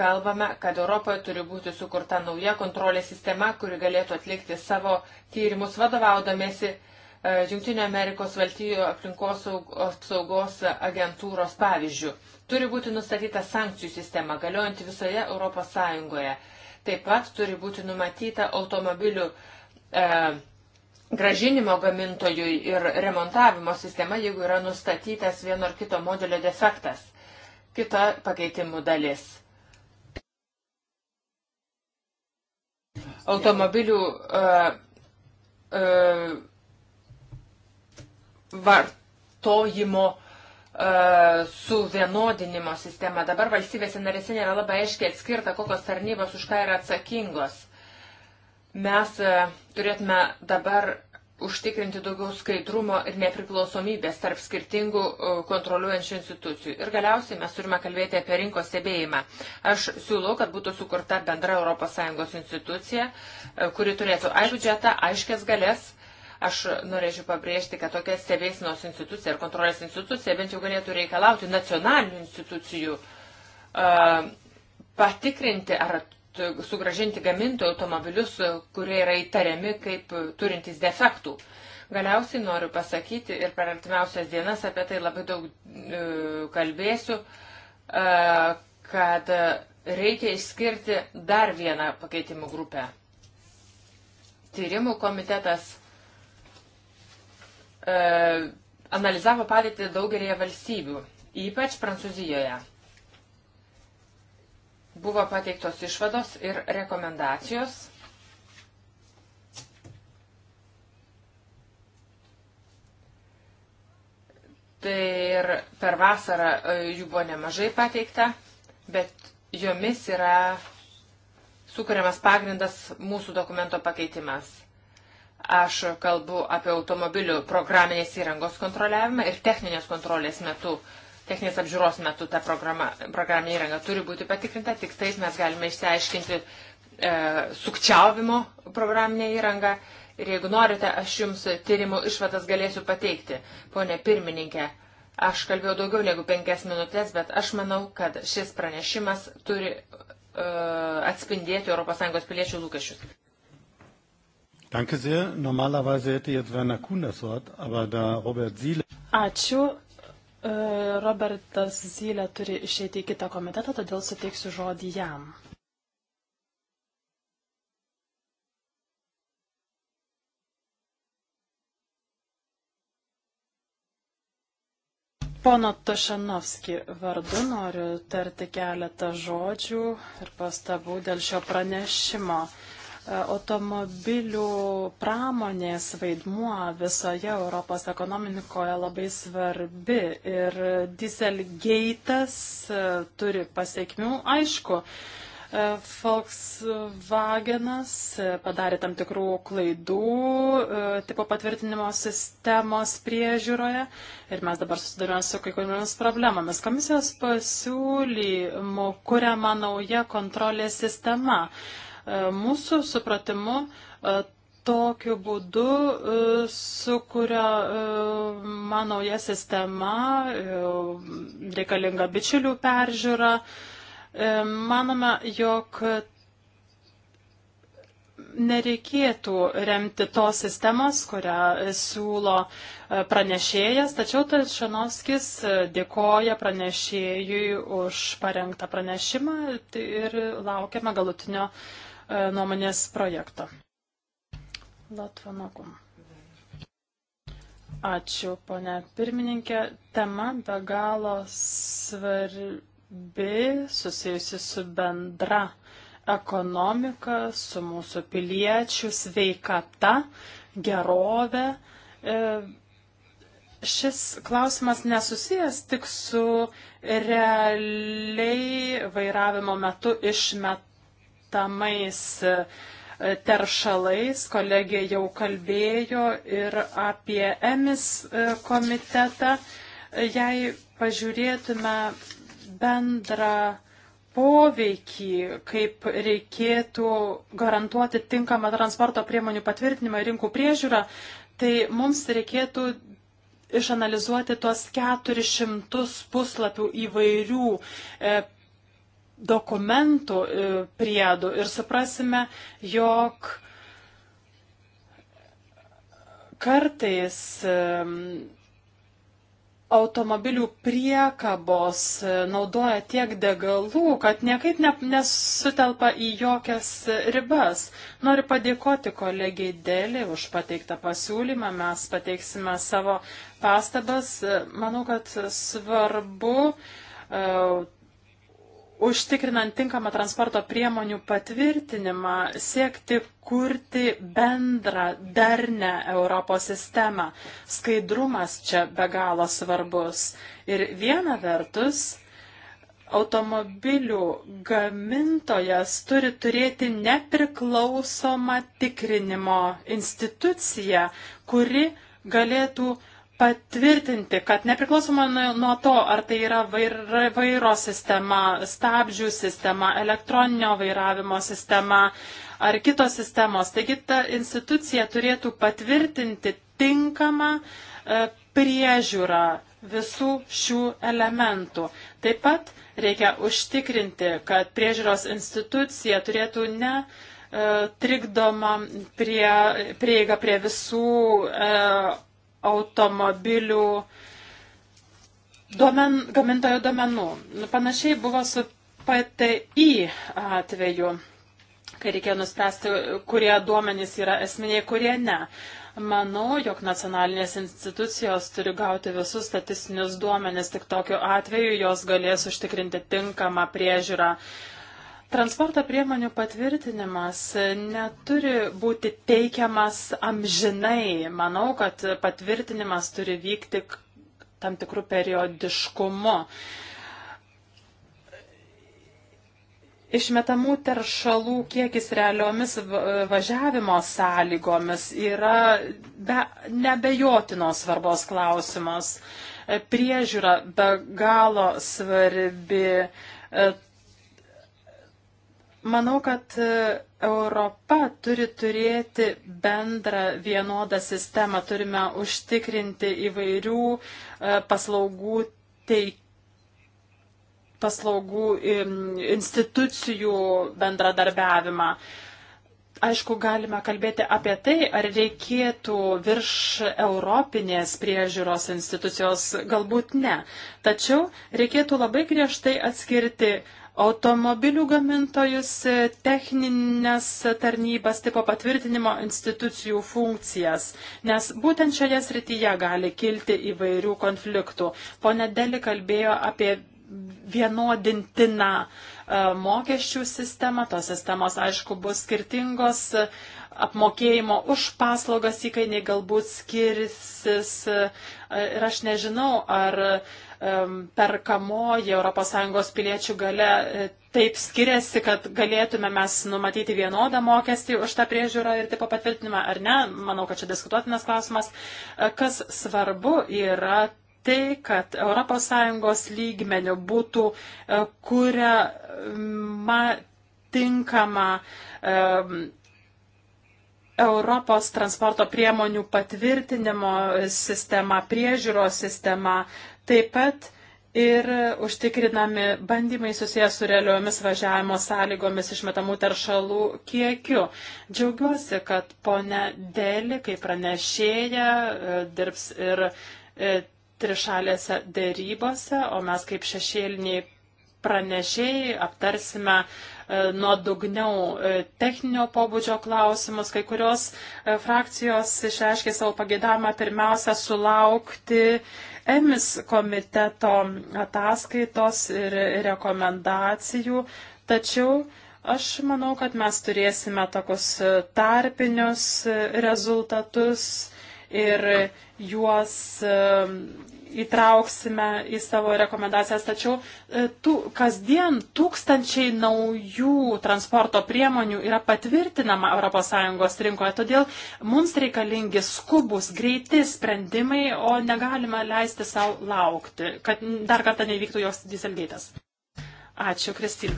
Kalbame, kad Europoje turi būti sukurta nauja kontrolės sistema, kuri galėtų atlikti savo tyrimus vadovaudomėsi e, Junktinio Amerikos valstybių aplinkos apsaugos agentūros pavyzdžių. Turi būti nustatyta sankcijų sistema, galiojanti visoje Europos Sąjungoje. Taip pat turi būti numatyta automobilių e, gražinimo gamintojui ir remontavimo sistema, jeigu yra nustatytas vieno ar kito modelio defektas. Kita pakeitimų dalis. Automobilių uh, uh, vartojimo uh, suvienodinimo sistema. Dabar valstybėse narėse nėra labai aiškiai atskirta, kokios tarnybos už ką yra atsakingos Mes e, turėtume dabar užtikrinti daugiau skaidrumo ir nepriklausomybės tarp skirtingų e, kontroliuojančių institucijų. Ir galiausiai mes turime kalbėti apie rinkos stebėjimą. Aš siūlau, kad būtų sukurta bendra ES institucija, e, kuri turėtų ai biudžetą, aiškės galės. Aš norėčiau pabrėžti, kad tokia stebėsinos institucija ir kontrolės institucija bent jau galėtų reikalauti nacionalinių institucijų uh, patikrinti, ar sugražinti gamintojų automobilius, kurie yra įtariami kaip turintys defektų. Galiausiai noriu pasakyti ir per artimiausias dienas apie tai labai daug e, kalbėsiu, e, kad reikia išskirti dar vieną pakeitimų grupę. Tyrimų komitetas e, analizavo padėtį daugelėje valstybių, ypač Prancūzijoje. Buvo pateiktos išvados ir rekomendacijos. Tai ir per vasarą e, jų buvo nemažai pateikta, bet jomis yra sukūriamas pagrindas mūsų dokumento pakeitimas. Aš kalbu apie automobilių programinės įrangos kontroliavimą ir techninės kontrolės metu uh, techninės apžiūros metu ta programa, programinė įranga turi būti patikrinta, tik taip mes galime išsiaiškinti e, sukčiavimo programinę įrangą. Ir jeigu norite, aš jums tyrimų išvadas galėsiu pateikti. Pone pirmininkė, aš kalbėjau daugiau negu penkias minutės, bet aš manau, kad šis pranešimas turi uh, atspindėti ES piliečių lūkesčius. Danke sehr. Normalerweise hätte jetzt Werner Kuhn das Wort, aber da Robert Ziele. Ačiū. E, Robertas Zylė turi išeiti į kitą komitetą, todėl suteiksiu žodį jam. Pono Tošanovski vardu noriu tarti keletą žodžių ir pastabų dėl šio pranešimo automobilių pramonės vaidmuo visoje Europos ekonomikoje labai svarbi ir dieselgeitas e, turi pasiekmių. Aišku, e, Volkswagenas e, padarė tam tikrų klaidų tipo patvirtinimo sistemos priežiūroje ir mes dabar susidurime su kai kuriomis problemomis. Komisijos pasiūlymų kuriama nauja kontrolės sistema. E, mūsų supratimu e, tokiu būdu e, sukuria nauja sistema, reikalinga bičiulių peržiūra. Manome, jog nereikėtų remti tos sistemos, kurią siūlo pranešėjas, tačiau Tašanovskis dėkoja pranešėjui už parengtą pranešimą tai ir laukiame galutinio uh, E, nuomonės projekto. Latvanokum. Ačiū, ponė pirmininkė. Tema be galo svarbi, susijusi su bendra ekonomika, su mūsų piliečių sveikata, gerovė. E, šis klausimas nesusijęs tik su realiai vairavimo metu išmet kintamais e, teršalais. Kolegė jau kalbėjo ir apie EMIS e, komitetą. Jei pažiūrėtume bendrą poveikį, kaip reikėtų garantuoti tinkamą transporto priemonių patvirtinimą ir rinkų priežiūrą, tai mums reikėtų išanalizuoti tuos 400 puslapių įvairių e, dokumentų e, priedų ir suprasime, jog kartais e, automobilių priekabos e, naudoja tiek degalų, kad niekaip ne, nesutelpa į jokias ribas. Noriu padėkoti kolegiai Dėlį už pateiktą pasiūlymą, mes pateiksime savo pastabas. Manau, kad svarbu uh, užtikrinant tinkamą transporto priemonių patvirtinimą, siekti kurti bendrą, darnę Europos sistemą. Skaidrumas čia be galo svarbus. Ir viena vertus, automobilių gamintojas turi turėti nepriklausomą tikrinimo instituciją, kuri galėtų patvirtinti, kad nepriklausomai nuo to, ar tai yra vairo sistema, stabdžių sistema, elektroninio vairavimo sistema ar kitos sistemos. Taigi ta institucija turėtų patvirtinti tinkamą e, priežiūrą visų šių elementų. Taip pat reikia užtikrinti, kad priežiūros institucija turėtų ne e, trikdoma prie, prieiga prie visų e, automobilių duomen, gamintojų duomenų. Nu, panašiai buvo su PTI atveju, kai reikėjo nuspręsti, kurie duomenys yra esminiai, kurie ne. Manau, jog nacionalinės institucijos turi gauti visus statistinius duomenis, tik tokiu atveju jos galės užtikrinti tinkamą priežiūrą uh, Transporto priemonių patvirtinimas neturi būti teikiamas amžinai. Manau, kad patvirtinimas turi vykti tam tikrų periodiškumu. Išmetamų teršalų kiekis realiomis važiavimo sąlygomis yra be, nebejotinos svarbos klausimas. Priežiūra be galo svarbi. E, Manau, kad e, Europa turi turėti bendrą vienodą sistemą. Turime užtikrinti įvairių e, paslaugų teikimą paslaugų institucijų bendradarbiavimą. Aišku, galime kalbėti apie tai, ar reikėtų virš Europinės priežiūros institucijos, galbūt ne. Tačiau reikėtų labai griežtai atskirti automobilių gamintojus, e, techninės tarnybas, tipo patvirtinimo institucijų funkcijas, nes būtent šioje srityje gali kilti įvairių konfliktų. Pone Deli kalbėjo apie vienodintiną e, mokesčių sistemą, tos sistemos aišku bus skirtingos, apmokėjimo už paslaugas įkainiai galbūt skirsis. E, ir aš nežinau, ar perkamoji ES piliečių gale taip skiriasi, kad galėtume mes numatyti vienodą mokestį už tą priežiūrą ir tipo patvirtinimą ar ne. Manau, kad čia diskutuotinas klausimas. E, kas svarbu yra tai, kad ES lygmenių būtų e, kuriama tinkama Europos transporto priemonių patvirtinimo sistema, priežiūros sistema, taip pat ir užtikrinami bandymai susijęs su realiomis važiavimo sąlygomis išmetamų teršalų kiekiu. Džiaugiuosi, kad ponia Deli, kaip pranešėja, e, dirbs ir e, trišalėse dėrybose, o mes kaip šešėliniai pranešėjai aptarsime uh, E, nuodugniau e, techninio pobūdžio klausimus. Kai kurios e, frakcijos išreiškė savo pagėdavimą pirmiausia sulaukti EMIS komiteto ataskaitos ir rekomendacijų. Tačiau Aš manau, kad mes turėsime tokius tarpinius rezultatus ir juos įtrauksime į savo rekomendacijas, tačiau e, tų, kasdien tūkstančiai naujų transporto priemonių yra patvirtinama ES rinkoje, todėl mums reikalingi skubus, greiti sprendimai, o negalime leisti savo laukti, kad dar kartą nevyktų jos diselgeitas. Ačiū, Kristin.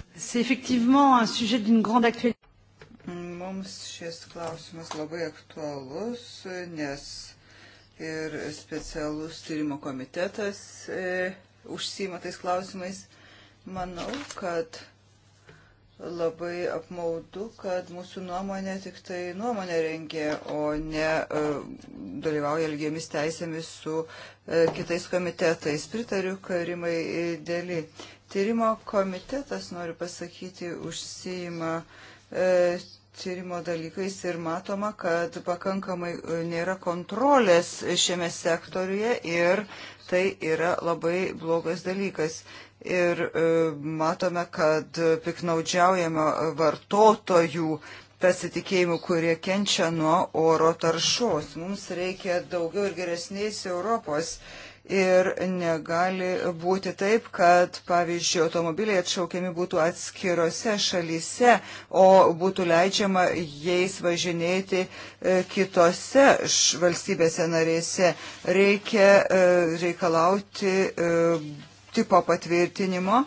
Mums šis klausimas labai aktualus, nes ir specialus tyrimo komitetas e, užsima tais klausimais. Manau, kad labai apmaudu, kad mūsų nuomonė tik tai nuomonė rengė, o ne e, dalyvauja ilgėmis teisėmis su e, kitais komitetais. Pritariu Karimai dėlį. Tyrimo komitetas, noriu pasakyti, užsijima e, tyrimo dalykais ir matoma, kad pakankamai e, nėra kontrolės šiame sektoriuje ir tai yra labai blogas dalykas. Ir e, matome, kad piknaudžiaujama vartotojų pasitikėjimų, kurie kenčia nuo oro taršos. Mums reikia daugiau ir geresnės Europos. Uh, Ir negali būti taip, kad, pavyzdžiui, automobiliai atšaukiami būtų atskirose šalyse, o būtų leidžiama jais važinėti e, kitose valstybėse narėse. Reikia e, reikalauti e, tipo patvirtinimo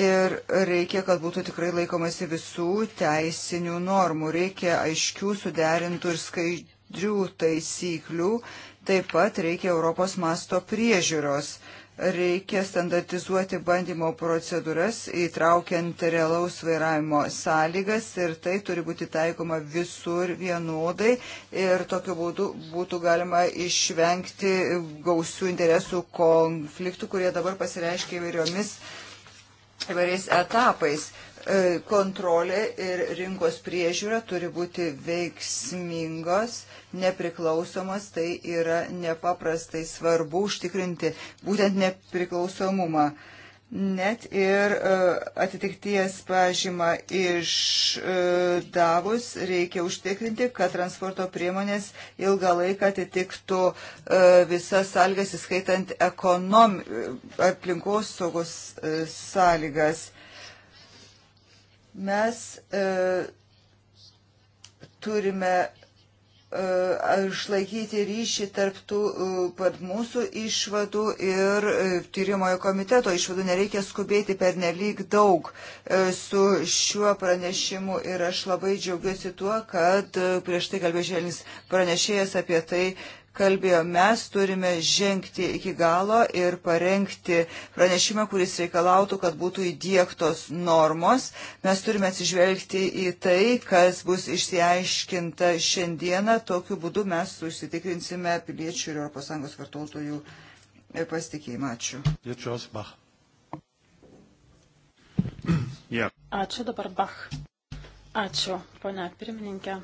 ir reikia, kad būtų tikrai laikomasi visų teisinių normų. Reikia aiškių, suderintų ir skaidžių taisyklių Taip pat reikia Europos masto priežiūros. Reikia standartizuoti bandymo procedūras, įtraukiant realaus vairavimo sąlygas ir tai turi būti taikoma visur vienodai ir tokiu būdu būtų galima išvengti gausių interesų konfliktų, kurie dabar pasireiškia įvairiomis įvairiais etapais. E, kontrolė ir rinkos priežiūra turi būti veiksmingos, nepriklausomos, tai yra nepaprastai svarbu užtikrinti būtent nepriklausomumą. Net ir e, atitikties pažymą išdavus reikia užtikrinti, kad transporto priemonės ilgą laiką atitiktų e, visas sąlygas, įskaitant ekonomi... aplinkos saugos sąlygas Mes e, turime e, išlaikyti ryšį tarptų e, pat mūsų išvadų ir e, tyrimojo komiteto išvadų. Nereikia skubėti per nelik daug su šiuo pranešimu ir aš labai džiaugiuosi tuo, kad prieš tai kalbėjo žėlis pranešėjas apie tai kalbėjo, mes turime žengti iki galo ir parengti pranešimą, kuris reikalautų, kad būtų įdėktos normos. Mes turime atsižvelgti į tai, kas bus išsiaiškinta šiandieną. Tokiu būdu mes užsitikrinsime piliečių ir ES vartotojų pasitikėjimą. Ačiū. Ačiū dabar Bach. Ačiū, ponia pirmininkė.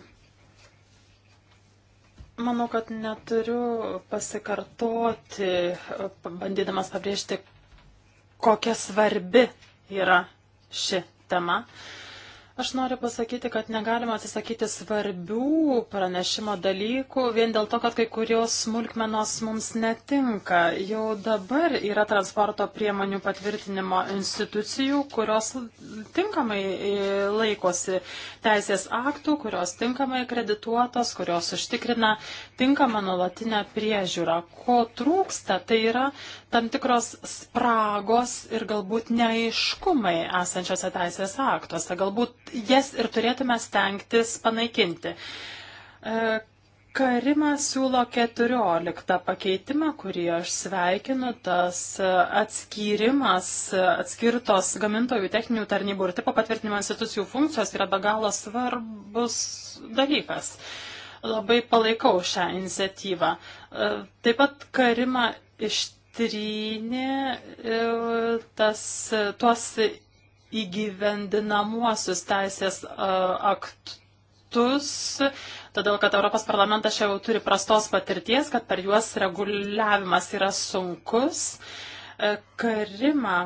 Manau, kad neturiu pasikartoti, bandydamas pabrėžti, kokia svarbi yra ši tema. Uh, Aš noriu pasakyti, kad negalima atsisakyti svarbių pranešimo dalykų vien dėl to, kad kai kurios smulkmenos mums netinka. Jau dabar yra transporto priemonių patvirtinimo institucijų, kurios tinkamai e, laikosi teisės aktų, kurios tinkamai kredituotos, kurios užtikrina tinkamą nuolatinę priežiūrą. Ko trūksta, tai yra tam tikros spragos ir galbūt neaiškumai esančiose teisės aktuose. Galbūt jas ir turėtume stengtis panaikinti. E, Karimas siūlo 14 pakeitimą, kurį aš sveikinu, tas e, atskyrimas, e, atskirtos gamintojų techninių tarnybų ir tipo patvirtinimo institucijų funkcijos yra be galo svarbus dalykas. Labai palaikau šią iniciatyvą. Taip pat karimą ištrynė tas, tuos įgyvendinamuosius teisės aktus, todėl kad Europos parlamentas čia jau turi prastos patirties, kad per juos reguliavimas yra sunkus. E, Karima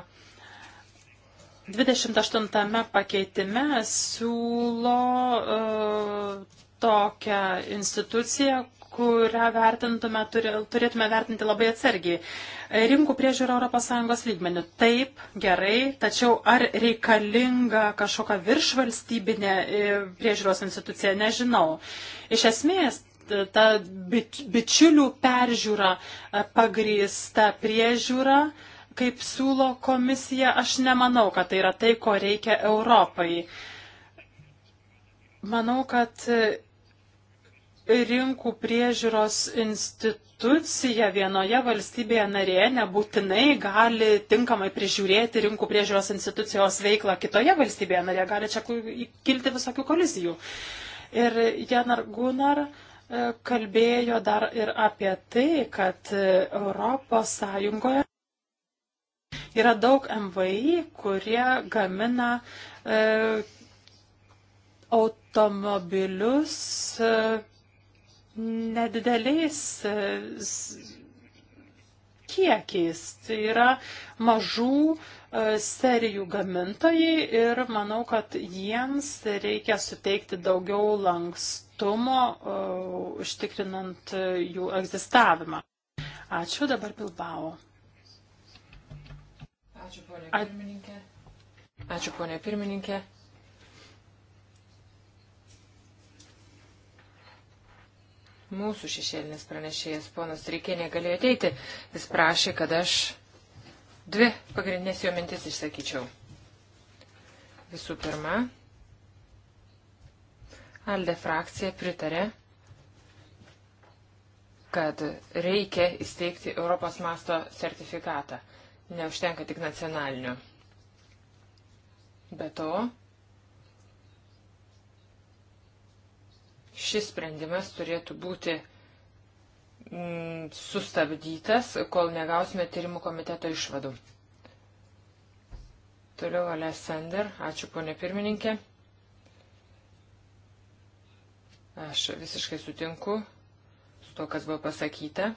28 pakeitime siūlo uh, tokią instituciją, kurią vertintume, turėtume vertinti labai atsargiai. Rinkų priežiūra ES lygmenių. Taip, gerai, tačiau ar reikalinga kažkokia viršvalstybinė e, priežiūros institucija, nežinau. Iš esmės, ta bičiulių peržiūra e, pagrįsta priežiūra kaip siūlo komisija, aš nemanau, kad tai yra tai, ko reikia Europai. Manau, kad e, rinkų priežiūros institucija vienoje valstybėje narėje nebūtinai gali tinkamai prižiūrėti rinkų priežiūros institucijos veiklą kitoje valstybėje narėje, gali čia kilti visokių kolizijų. Ir Janar Gunar e, kalbėjo dar ir apie tai, kad e, Europos Sąjungoje yra daug MVI, kurie gamina e, automobilius. E, nedideliais e, kiekiais. Tai yra mažų e, serijų gamintojai ir manau, kad jiems reikia suteikti daugiau lankstumo, e, užtikrinant jų egzistavimą. Ačiū dabar Bilbao. Ačiū ponė pirmininkė. Ačiū ponė pirmininkė. mūsų šešėlinis pranešėjas, ponas Reikė, negalėjo ateiti. Jis prašė, kad aš dvi pagrindinės jo mintis išsakyčiau. Visų pirma, Alde frakcija pritarė, kad reikia įsteigti Europos masto sertifikatą. Neužtenka tik nacionalinio. Be to, šis sprendimas turėtų būti mm, sustabdytas, kol negausime tyrimų komiteto išvadų. Toliau Alessander, ačiū ponė pirmininkė. Aš visiškai sutinku su to, kas buvo pasakyta,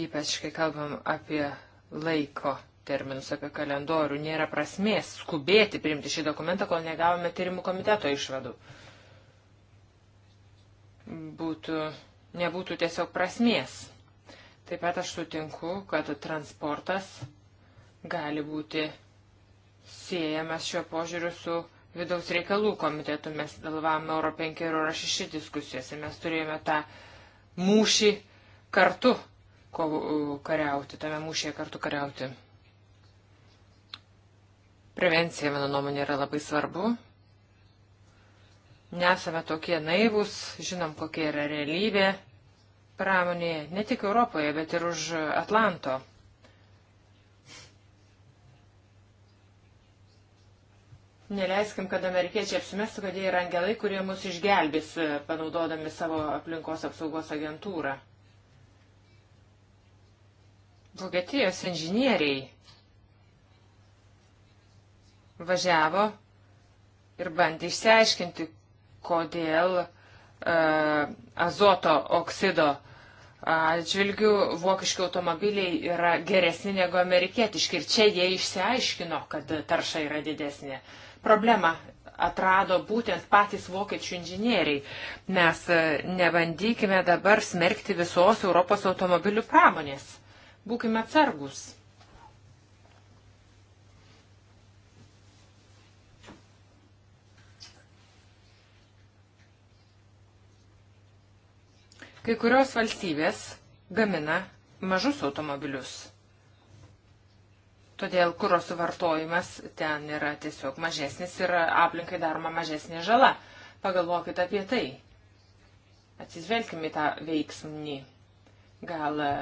ypač kai kalbam apie laiko terminus, apie kalendorių. Nėra prasmės skubėti priimti šį dokumentą, kol negavome tyrimų komiteto išvadų. Uh, būtų, nebūtų tiesiog prasmės. Taip pat aš sutinku, kad transportas gali būti siejamas šio požiūriu su vidaus reikalų komitetu. Mes dalyvavome Euro 5 ir Euro 6 diskusijose. Mes turėjome tą mūšį kartu kariauti, tame mūšyje kartu kariauti. Prevencija, mano nuomonė, yra labai svarbu. Nesame tokie naivus, žinom, kokia yra realybė pramonėje, ne tik Europoje, bet ir už Atlanto. Neleiskim, kad amerikiečiai apsimestų, kad jie yra angelai, kurie mus išgelbės, e, panaudodami savo aplinkos apsaugos agentūrą. Vokietijos inžinieriai važiavo ir bandė išsiaiškinti, kodėl e, azoto oksido atžvilgių vokiški automobiliai yra geresni negu amerikietiški. Ir čia jie išsiaiškino, kad tarša yra didesnė. Problema atrado būtent patys vokiečių inžinieriai. Mes e, nebandykime dabar smerkti visos Europos automobilių pramonės. Būkime atsargus. Kai kurios valstybės gamina mažus automobilius. Todėl kūro suvartojimas ten yra tiesiog mažesnis ir aplinkai daroma mažesnė žala. Pagalvokit apie tai. Atsisvelkime į tą veiksmį. Gal e,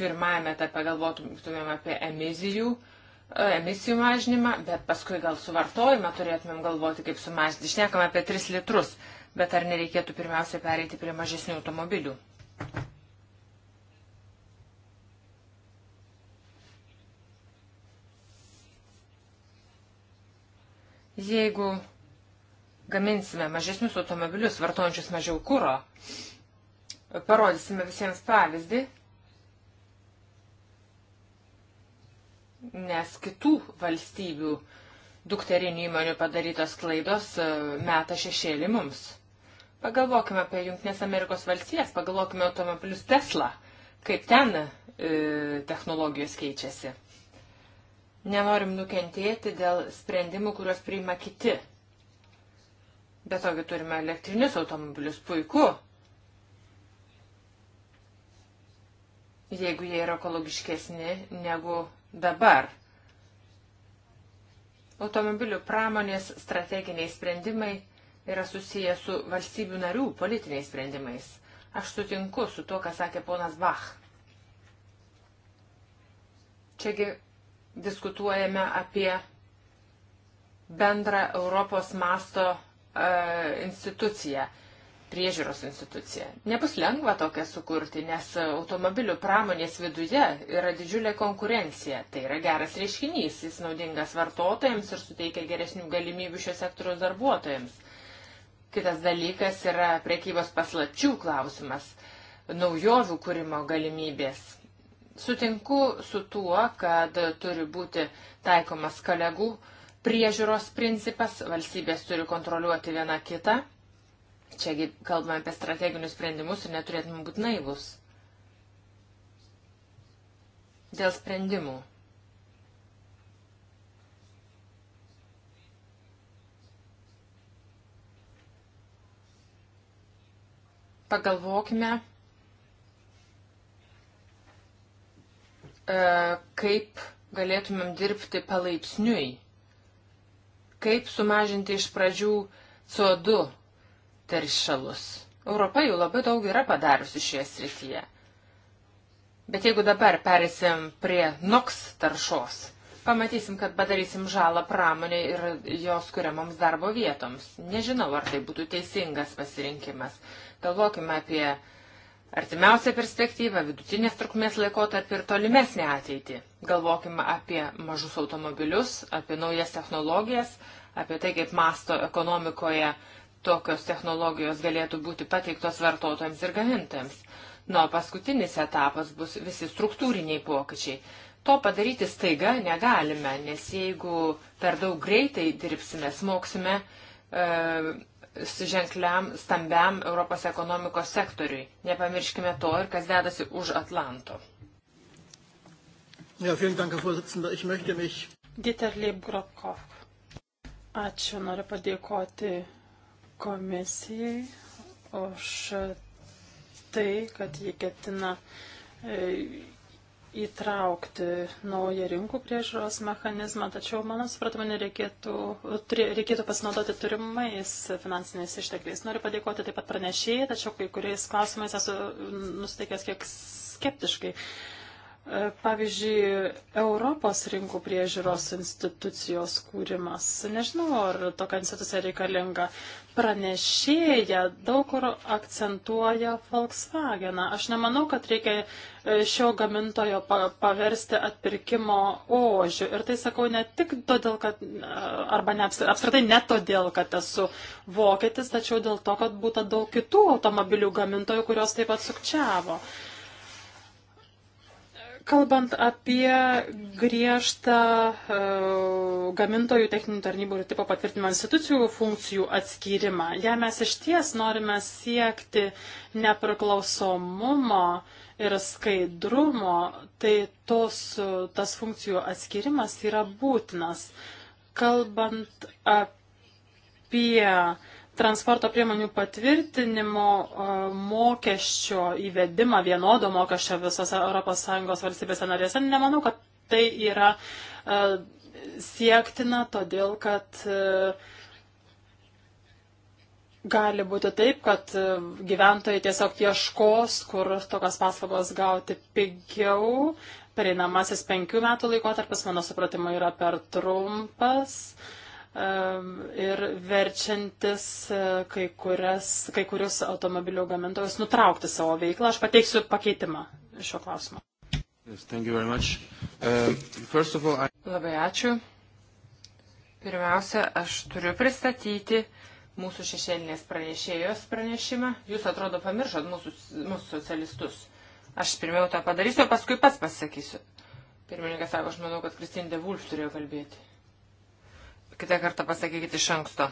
pirmajame etape galvotumėm apie emizijų, e, emisijų mažinimą, bet paskui gal suvartojimą turėtumėm galvoti, kaip sumažinti. Išnekam apie 3 litrus bet ar nereikėtų pirmiausia pereiti prie mažesnių automobilių? Jeigu gaminsime mažesnius automobilius, vartojančius mažiau kūro, parodysime visiems pavyzdį, nes kitų valstybių dukterinių įmonių padarytos klaidos e, meta šešėlį mums. Pagalvokime apie Junktinės Amerikos valstijas, pagalvokime automobilius Tesla, kaip ten e, technologijos keičiasi. Nenorim nukentėti dėl sprendimų, kuriuos priima kiti. Bet togi turime elektrinius automobilius, puiku. Jeigu jie yra ekologiškesni negu dabar. Automobilių pramonės strateginiai sprendimai yra susiję su valstybių narių politiniais sprendimais. Aš sutinku su to, ką sakė ponas Bach. Čiagi diskutuojame apie bendrą Europos masto e, instituciją, priežiūros instituciją. Nebus lengva tokią sukurti, nes automobilių pramonės viduje yra didžiulė konkurencija. Tai yra geras reiškinys, jis naudingas vartotojams ir suteikia geresnių galimybių šio sektoriaus darbuotojams. Kitas dalykas yra priekybos paslačių klausimas, naujovių kūrimo galimybės. Sutinku su tuo, kad turi būti taikomas kolegų priežiūros principas, valstybės turi kontroliuoti viena kitą. Čiagi kalbame apie strateginius sprendimus ir neturėtume būti naivus. Dėl sprendimų. pagalvokime, e, kaip galėtumėm dirbti palaipsniui, kaip sumažinti iš pradžių CO2 teršalus. Europa jau labai daug yra padariusi šioje srityje. Bet jeigu dabar perėsim prie NOX taršos, pamatysim, kad padarysim žalą pramoniai ir jos kuriamoms darbo vietoms. Nežinau, ar tai būtų teisingas pasirinkimas. Galvokime apie artimiausią perspektyvą, vidutinės trukmės laikotarpį ir tolimesnį ateitį. Galvokime apie mažus automobilius, apie naujas technologijas, apie tai, kaip masto ekonomikoje tokios technologijos galėtų būti pateiktos vartotojams ir gamintojams. Nuo paskutinis etapas bus visi struktūriniai pokyčiai. To padaryti staiga negalime, nes jeigu per daug greitai dirbsime, smoksime e, ženkliam, stambiam Europos ekonomikos sektoriui. Nepamirškime to ir kas dedasi už Atlanto. Ja, Dank, ich mich... Dieter Liebgrokov. Ačiū, noriu padėkoti komisijai už tai, kad jie ketina e, įtraukti naują rinkų priežiūros mechanizmą, tačiau, mano supratimu, reikėtų, reikėtų pasinaudoti turimais finansiniais ištekliais. Noriu padėkoti taip pat pranešėjai, tačiau kai kuriais klausimais esu nusteikęs kiek skeptiškai. E, pavyzdžiui, Europos rinkų priežiūros institucijos kūrimas. Nežinau, ar tokia institucija reikalinga pranešėja daug kur akcentuoja Volkswageną. Aš nemanau, kad reikia e, šio gamintojo paversti atpirkimo ožių. Ir tai sakau ne tik todėl, kad, e, arba ne, apskritai ne todėl, kad esu vokietis, tačiau dėl to, kad būtų daug kitų automobilių gamintojų, kurios taip pat sukčiavo. Uh, Kalbant apie griežtą e, gamintojų techninių tarnybų ir tipo patvirtinimo institucijų funkcijų atskyrimą, jei mes iš ties norime siekti nepriklausomumo ir skaidrumo, tai tos, tas funkcijų atskirimas yra būtinas. Kalbant apie transporto priemonių patvirtinimo e, mokesčio įvedimą vienodo mokesčio visose ES valstybėse narėse, nemanau, kad tai yra e, siektina, todėl kad e, gali būti taip, kad gyventojai tiesiog ieškos, kur tokias paslaugos gauti pigiau. Pereinamasis penkių metų laikotarpis, mano supratimu, yra per trumpas. Uh, ir verčiantis e, kai, kurias, kai kurius automobilių gamintojus nutraukti savo veiklą. Aš pateiksiu pakeitimą šio klausimo. Yes, uh, all, I... Labai ačiū. Pirmiausia, aš turiu pristatyti mūsų šešėlinės pranešėjos pranešimą. Jūs atrodo pamiršot mūsų, mūsų socialistus. Aš pirmiau tą padarysiu, o paskui pats pasakysiu. Pirmininkas sako, aš manau, kad Kristin De Vulf turėjo kalbėti. Kitą kartą pasakykit iš anksto.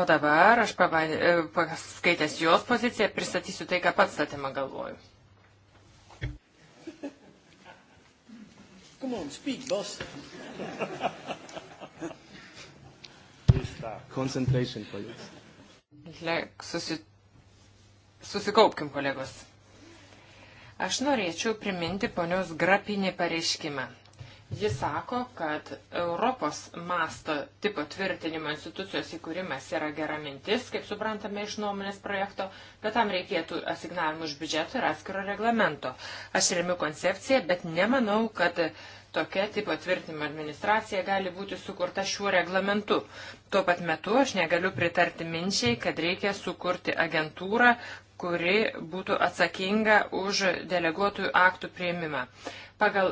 O dabar aš e, paskaitęs jos poziciją pristatysiu tai, ką pats statymą galvoju. Come on, speak, boss. Concentration, please. Susi... Susikaupkim, kolegos. Aš norėčiau priminti ponios grapinį pareiškimą. Jis sako, kad Europos masto tipo tvirtinimo institucijos įkūrimas yra gera mintis, kaip suprantame iš nuomonės projekto, bet tam reikėtų asignavimų iš biudžeto ir atskiro reglamento. Aš remiu koncepciją, bet nemanau, kad tokia tipo tvirtinimo administracija gali būti sukurta šiuo reglamentu. Tuo pat metu aš negaliu pritarti minčiai, kad reikia sukurti agentūrą, kuri būtų atsakinga už deleguotojų aktų prieimimą. Pagal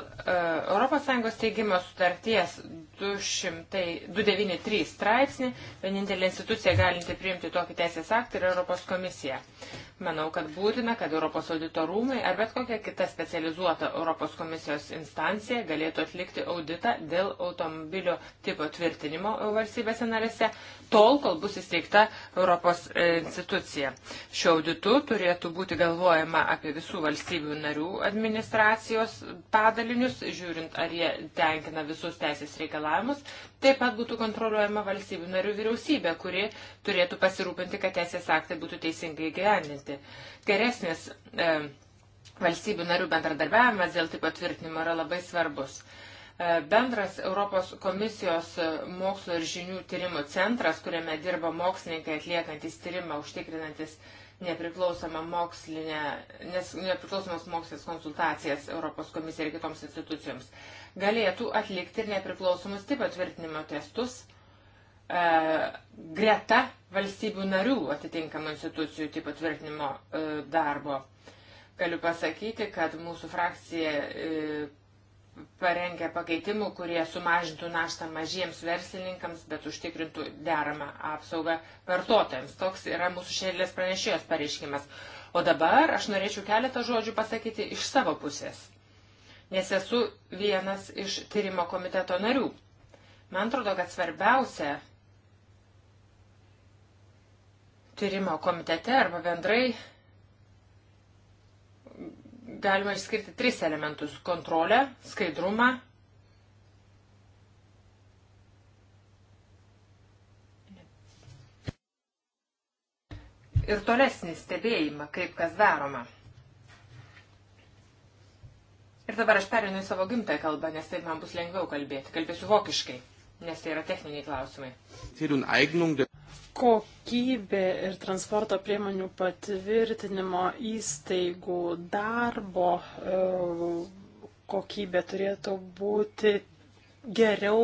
uh, e, ES teigimo sutarties 200, 293 straipsnį vienintelė institucija galinti priimti tokį teisės aktą yra Europos komisija. Manau, kad būtina, kad Europos audito rūmai ar bet kokia kita specializuota Europos komisijos instancija galėtų atlikti auditą dėl automobilio tipo tvirtinimo valstybėse narėse, tol, kol bus įsteigta Europos e, institucija. Šiuo auditu turėtų būti galvojama apie visų valstybių narių administracijos padalinius, žiūrint, ar jie tenkina visus teisės reikalavimus. Taip pat būtų kontroliuojama valstybių narių vyriausybė, kuri turėtų pasirūpinti, kad teisės aktai būtų teisingai gyveninti. Geresnis e, valstybių narių bendradarbiavimas dėl taip patvirtinimo yra labai svarbus. E, bendras Europos komisijos mokslo ir žinių tyrimų centras, kuriame dirba mokslininkai atliekantis tyrimą, užtikrinantis nepriklausomą mokslinę, nes nepriklausomas mokslinės konsultacijas Europos komisija ir kitoms institucijoms, galėtų atlikti ir nepriklausomus tipo tvirtinimo testus e, greta valstybių narių atitinkamų institucijų tipo tvirtinimo e, darbo. Galiu pasakyti, kad mūsų frakcija e, parengę pakeitimų, kurie sumažintų naštą mažiems verslininkams, bet užtikrintų deramą apsaugą vartotojams. Toks yra mūsų šėlės pranešėjos pareiškimas. O dabar aš norėčiau keletą žodžių pasakyti iš savo pusės, nes esu vienas iš tyrimo komiteto narių. Man atrodo, kad svarbiausia tyrimo komitete arba bendrai galima išskirti tris elementus - kontrolę, skaidrumą ir tolesnį stebėjimą, kaip kas daroma. Ir dabar aš perinu į savo gimtąją kalbą, nes taip man bus lengviau kalbėti. Kalbėsiu vokiškai, nes tai yra techniniai klausimai kokybė ir transporto priemonių patvirtinimo įstaigų darbo e, kokybė turėtų būti geriau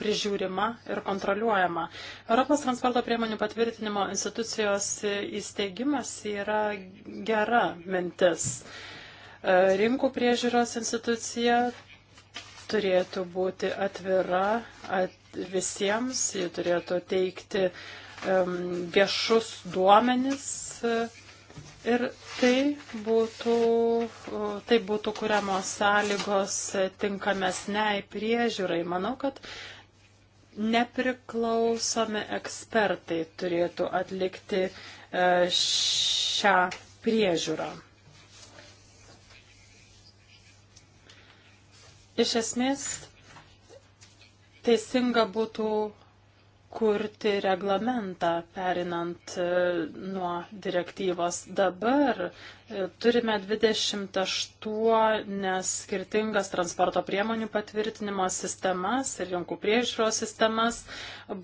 prižiūrima ir kontroliuojama. Europos transporto priemonių patvirtinimo institucijos įsteigimas yra gera mintis. E, rinkų priežiūros institucija turėtų būti atvira at, visiems, ji turėtų teikti um, viešus duomenis ir tai būtų, tai būtų kuriamos sąlygos tinkamesniai priežiūrai. Manau, kad nepriklausomi ekspertai turėtų atlikti e, šią priežiūrą. Iš esmės, teisinga būtų kurti reglamentą, perinant e, nuo direktyvos. Dabar e, turime 28 skirtingas transporto priemonių patvirtinimo sistemas ir rinkų priežiūros sistemas.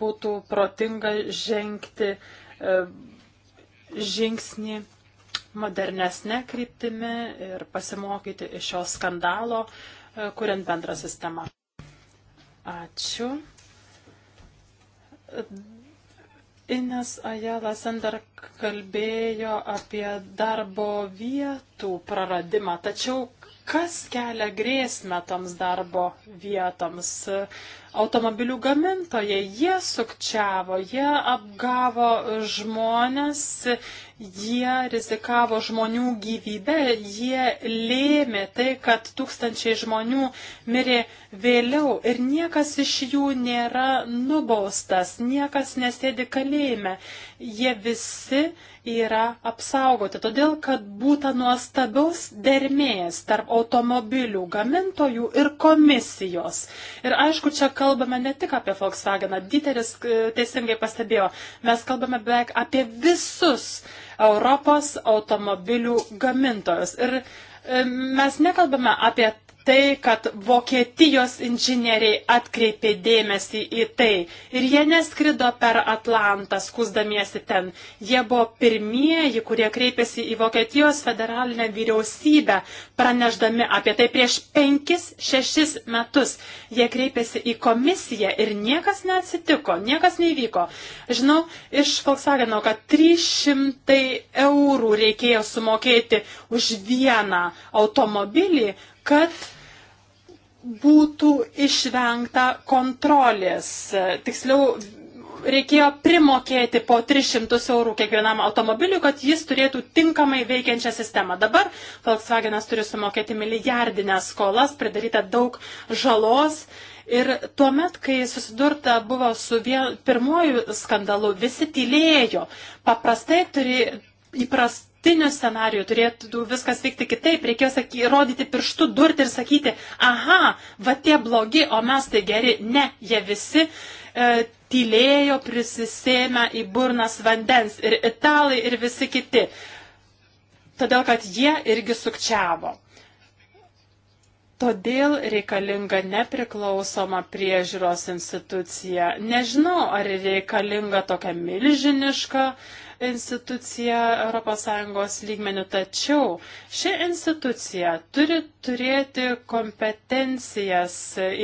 Būtų protinga žengti e, žingsnį modernesnė kryptimi ir pasimokyti iš šio skandalo. Uh, kuriant bendrą sistemą. Ačiū. Ines Ajala Sender kalbėjo apie darbo vietų praradimą, tačiau kas kelia grėsmę toms darbo vietoms? automobilių gamintojai. Jie sukčiavo, jie apgavo žmonės, jie rizikavo žmonių gyvybę, jie lėmė tai, kad tūkstančiai žmonių mirė vėliau ir niekas iš jų nėra nubaustas, niekas nesėdi kalėjime. Jie visi yra apsaugoti, todėl kad būta nuostabiaus dermės tarp automobilių gamintojų ir komisijos. Ir aišku, čia kalbame kalbame ne tik apie Volkswageną. Dieteris e, teisingai pastebėjo, mes kalbame beveik apie visus Europos automobilių gamintojus. Ir e, mes nekalbame apie tai, kad Vokietijos inžinieriai atkreipė dėmesį į tai. Ir jie neskrido per Atlantą, skusdamiesi ten. Jie buvo pirmieji, kurie kreipėsi į Vokietijos federalinę vyriausybę, praneždami apie tai prieš penkis, šešis metus. Jie kreipėsi į komisiją ir niekas neatsitiko, niekas nevyko. Žinau iš Volkswageno, kad 300 eurų reikėjo sumokėti už vieną automobilį, kad būtų išvengta kontrolės. Tiksliau, reikėjo primokėti po 300 eurų kiekvienam automobiliu, kad jis turėtų tinkamai veikiančią sistemą. Dabar Volkswagenas turi sumokėti milijardinę skolas, pridaryta daug žalos. Ir tuo met, kai susidurta buvo su vien, pirmoju skandalu, visi tylėjo. Paprastai turi, įpras, dabartiniu scenariju turėtų viskas veikti kitaip, reikėjo saky, rodyti pirštų, durti ir sakyti, aha, va tie blogi, o mes tai geri. Ne, jie visi e, tylėjo prisisėmę į burnas vandens ir italai ir visi kiti. Todėl, kad jie irgi sukčiavo. Todėl reikalinga nepriklausoma priežiūros institucija. Nežinau, ar reikalinga tokia milžiniška institucija ES lygmenių, tačiau ši institucija turi turėti kompetencijas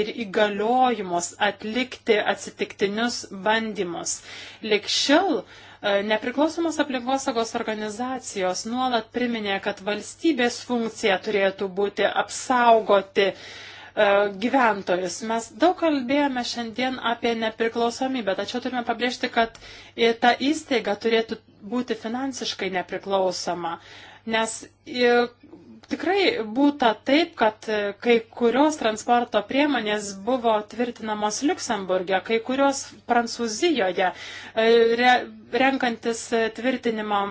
ir įgaliojimus atlikti atsitiktinius bandymus. Likščiau E, nepriklausomos aplinkosaugos organizacijos nuolat priminė, kad valstybės funkcija turėtų būti apsaugoti e, gyventojus. Mes daug kalbėjome šiandien apie nepriklausomybę, tačiau turime pabrėžti, kad ta įstaiga turėtų būti finansiškai nepriklausoma, nes tikrai būta taip, kad e, kai kurios transporto priemonės buvo tvirtinamos Luksemburgė, kai kurios Prancūzijoje, e, re, renkantis e, tvirtinimo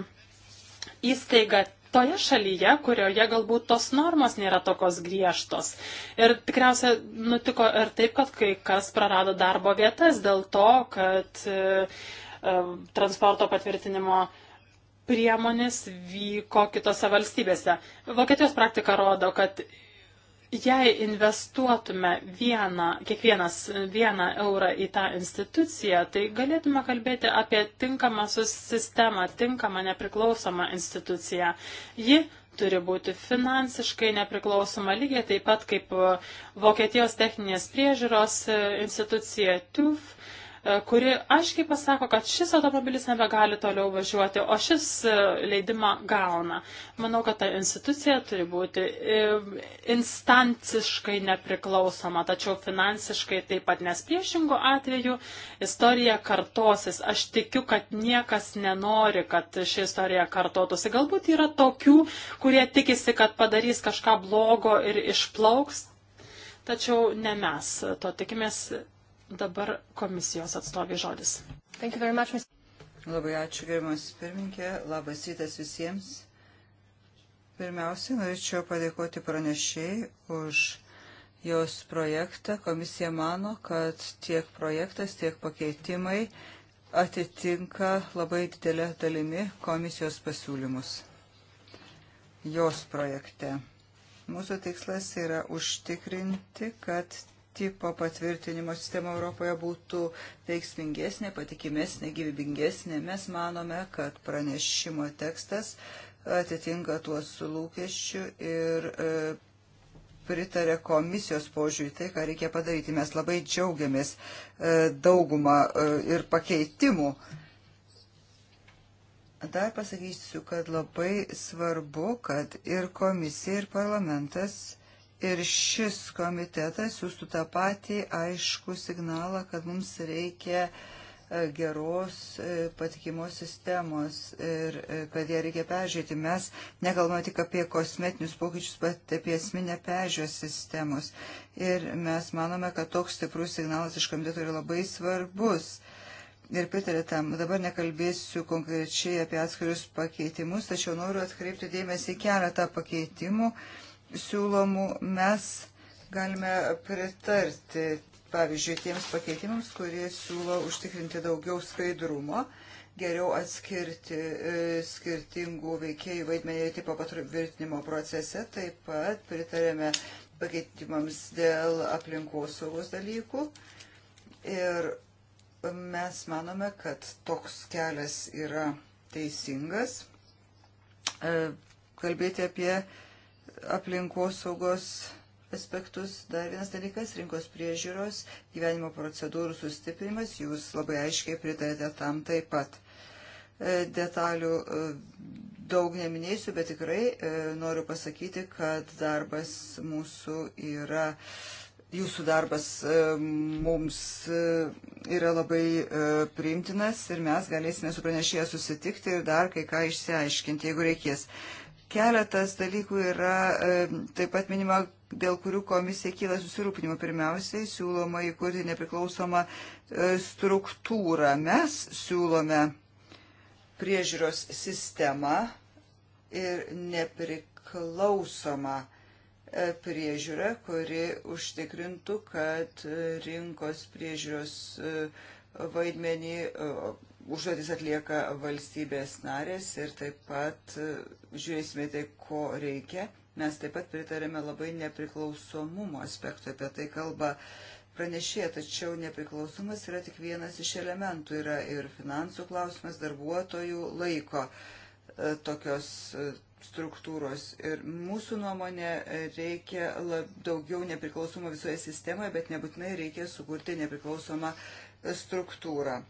įstaigą. Toje šalyje, kurioje galbūt tos normos nėra tokios griežtos. Ir tikriausiai nutiko ir taip, kad kai kas prarado darbo vietas dėl to, kad e, transporto patvirtinimo e, priemonės vyko kitose valstybėse. Vokietijos praktika rodo, kad jei investuotume vieną, kiekvienas vieną eurą į tą instituciją, tai galėtume kalbėti apie tinkamą sistemą, tinkamą nepriklausomą instituciją. Ji turi būti finansiškai nepriklausoma lygiai taip pat kaip Vokietijos techninės priežiūros institucija TUF E, kuri aiškiai pasako, kad šis automobilis nebegali toliau važiuoti, o šis e, leidimą gauna. Manau, kad ta institucija turi būti e, instanciškai nepriklausoma, tačiau finansiškai taip pat, nes priešingų atveju istorija kartosis. Aš tikiu, kad niekas nenori, kad ši istorija kartotųsi. Galbūt yra tokių, kurie tikisi, kad padarys kažką blogo ir išplauks. Tačiau ne mes to tikimės Dabar komisijos atstovė žodis. Much, Labai ačiū, gerimas pirminkė. Labas rytas visiems. Pirmiausia, norėčiau padėkoti pranešėjai už jos projektą. Komisija mano, kad tiek projektas, tiek pakeitimai atitinka labai didelė dalimi komisijos pasiūlymus jos projekte. Mūsų tikslas yra užtikrinti, kad tipo patvirtinimo sistema Europoje būtų veiksmingesnė, patikimesnė, gyvybingesnė. Mes manome, kad pranešimo tekstas atitinka tuos lūkesčių ir e, pritarė komisijos požiūrį tai, ką reikia padaryti. Mes labai džiaugiamės e, daugumą e, ir pakeitimų. Dar pasakysiu, kad labai svarbu, kad ir komisija, ir parlamentas ir šis komitetas siūstų tą patį aišku signalą, kad mums reikia e, geros e, patikimos sistemos ir e, kad ją reikia peržiūrėti. Mes nekalbame tik apie kosmetinius pokyčius, bet apie esminę peržiūros sistemos. Ir mes manome, kad toks stiprus signalas iš komiteto yra labai svarbus ir pritarė tam. Dabar nekalbėsiu konkrečiai apie atskirius pakeitimus, tačiau noriu atkreipti dėmesį keletą pakeitimų, siūlomų mes galime pritarti, pavyzdžiui, tiems pakeitimams, kurie siūlo užtikrinti daugiau skaidrumo, geriau atskirti e, skirtingų veikėjų vaidmenį ir tipo patvirtinimo procese. Taip pat pritarėme pakeitimams dėl aplinkosaugos dalykų. Ir mes manome, kad toks kelias yra teisingas. E, kalbėti apie aplinkosaugos aspektus. Dar vienas dalykas - rinkos priežiūros, gyvenimo procedūrų sustiprinimas. Jūs labai aiškiai pritarėte tam taip pat. E, detalių e, daug neminėsiu, bet tikrai e, noriu pasakyti, kad darbas mūsų yra. Jūsų darbas mums yra labai priimtinas ir mes galėsime su pranešėja susitikti ir dar kai ką išsiaiškinti, jeigu reikės. Keletas dalykų yra taip pat minima, dėl kurių komisija kyla susirūpinimo. Pirmiausiai siūloma įkurti nepriklausomą e, struktūrą. Mes siūlome priežiūros sistemą ir nepriklausomą e, priežiūrą, kuri užtikrintų, kad e, rinkos priežiūros vaidmenį užduotis atlieka valstybės narės ir taip pat e, žiūrėsime tai, ko reikia. Mes taip pat pritarėme labai nepriklausomumo aspektui, apie tai kalba pranešė, tačiau nepriklausomas yra tik vienas iš elementų, yra ir finansų klausimas, darbuotojų laiko e, tokios e, struktūros. Ir mūsų nuomonė reikia lab, daugiau nepriklausomo visoje sistemoje, bet nebūtinai reikia sukurti nepriklausomą struktūrą.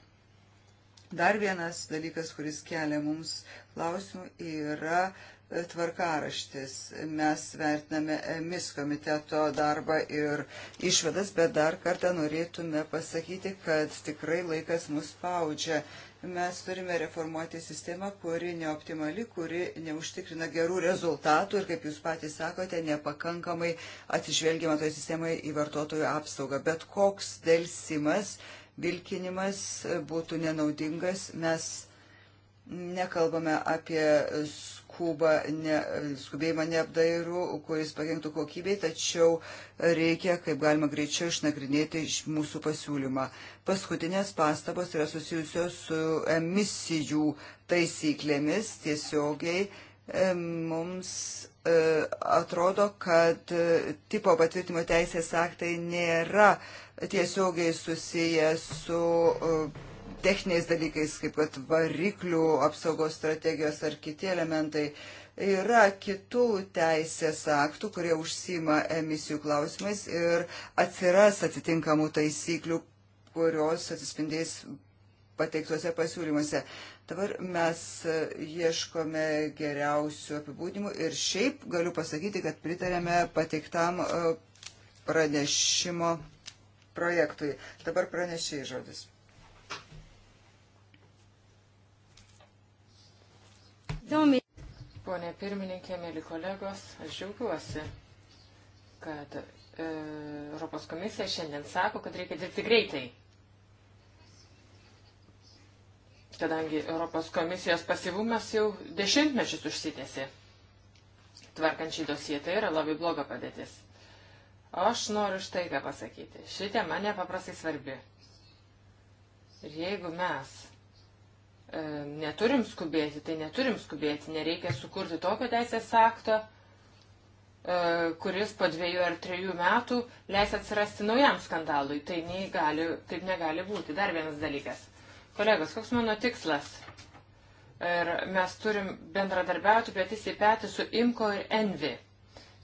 Dar vienas dalykas, kuris kelia mums klausimų, yra e, tvarkaraštis. Mes vertiname emis komiteto darbą ir išvadas, bet dar kartą norėtume pasakyti, kad tikrai laikas mus spaudžia. Mes turime reformuoti sistemą, kuri neoptimali, kuri neužtikrina gerų rezultatų ir, kaip jūs patys sakote, nepakankamai atsižvelgiama toje sistemoje į vartotojų apsaugą. Bet koks dėlsimas. simas vilkinimas būtų nenaudingas. Mes nekalbame apie skubą, ne, skubėjimą neapdairų, kuris pakenktų kokybei, tačiau reikia, kaip galima greičiau, išnagrinėti mūsų pasiūlymą. Paskutinės pastabos yra susijusios su emisijų taisyklėmis tiesiogiai. E, mums E, atrodo, kad e, tipo patvirtimo teisės aktai nėra tiesiogiai susiję su e, techniniais dalykais, kaip kad variklių apsaugos strategijos ar kiti elementai. Yra kitų teisės aktų, kurie užsima emisijų klausimais ir atsiras atitinkamų taisyklių, kurios atsispindės pateiktuose pasiūlymuose. Dabar mes e, ieškome geriausių apibūdimų ir šiaip galiu pasakyti, kad pritarėme pateiktam e, pranešimo projektui. Dabar pranešiai žodis. Pone pirmininkė, mėly kolegos, aš džiaugiuosi, kad e, Europos komisija šiandien sako, kad reikia dirbti greitai. kadangi Europos komisijos pasivumas jau dešimtmečius užsitėsi. Tvarkant šį dosiją, tai yra labai bloga padėtis. O aš noriu štai ką pasakyti. Ši tema nepaprastai svarbi. Ir jeigu mes e, neturim skubėti, tai neturim skubėti, nereikia sukurti tokio teisės akto, e, kuris po dviejų ar trejų metų leis atsirasti naujam skandalui. Tai negali, taip negali būti. Dar vienas dalykas. Kolegos, koks mano tikslas? Ir mes turim bendradarbiauti pietis į petį su IMCO ir ENVI.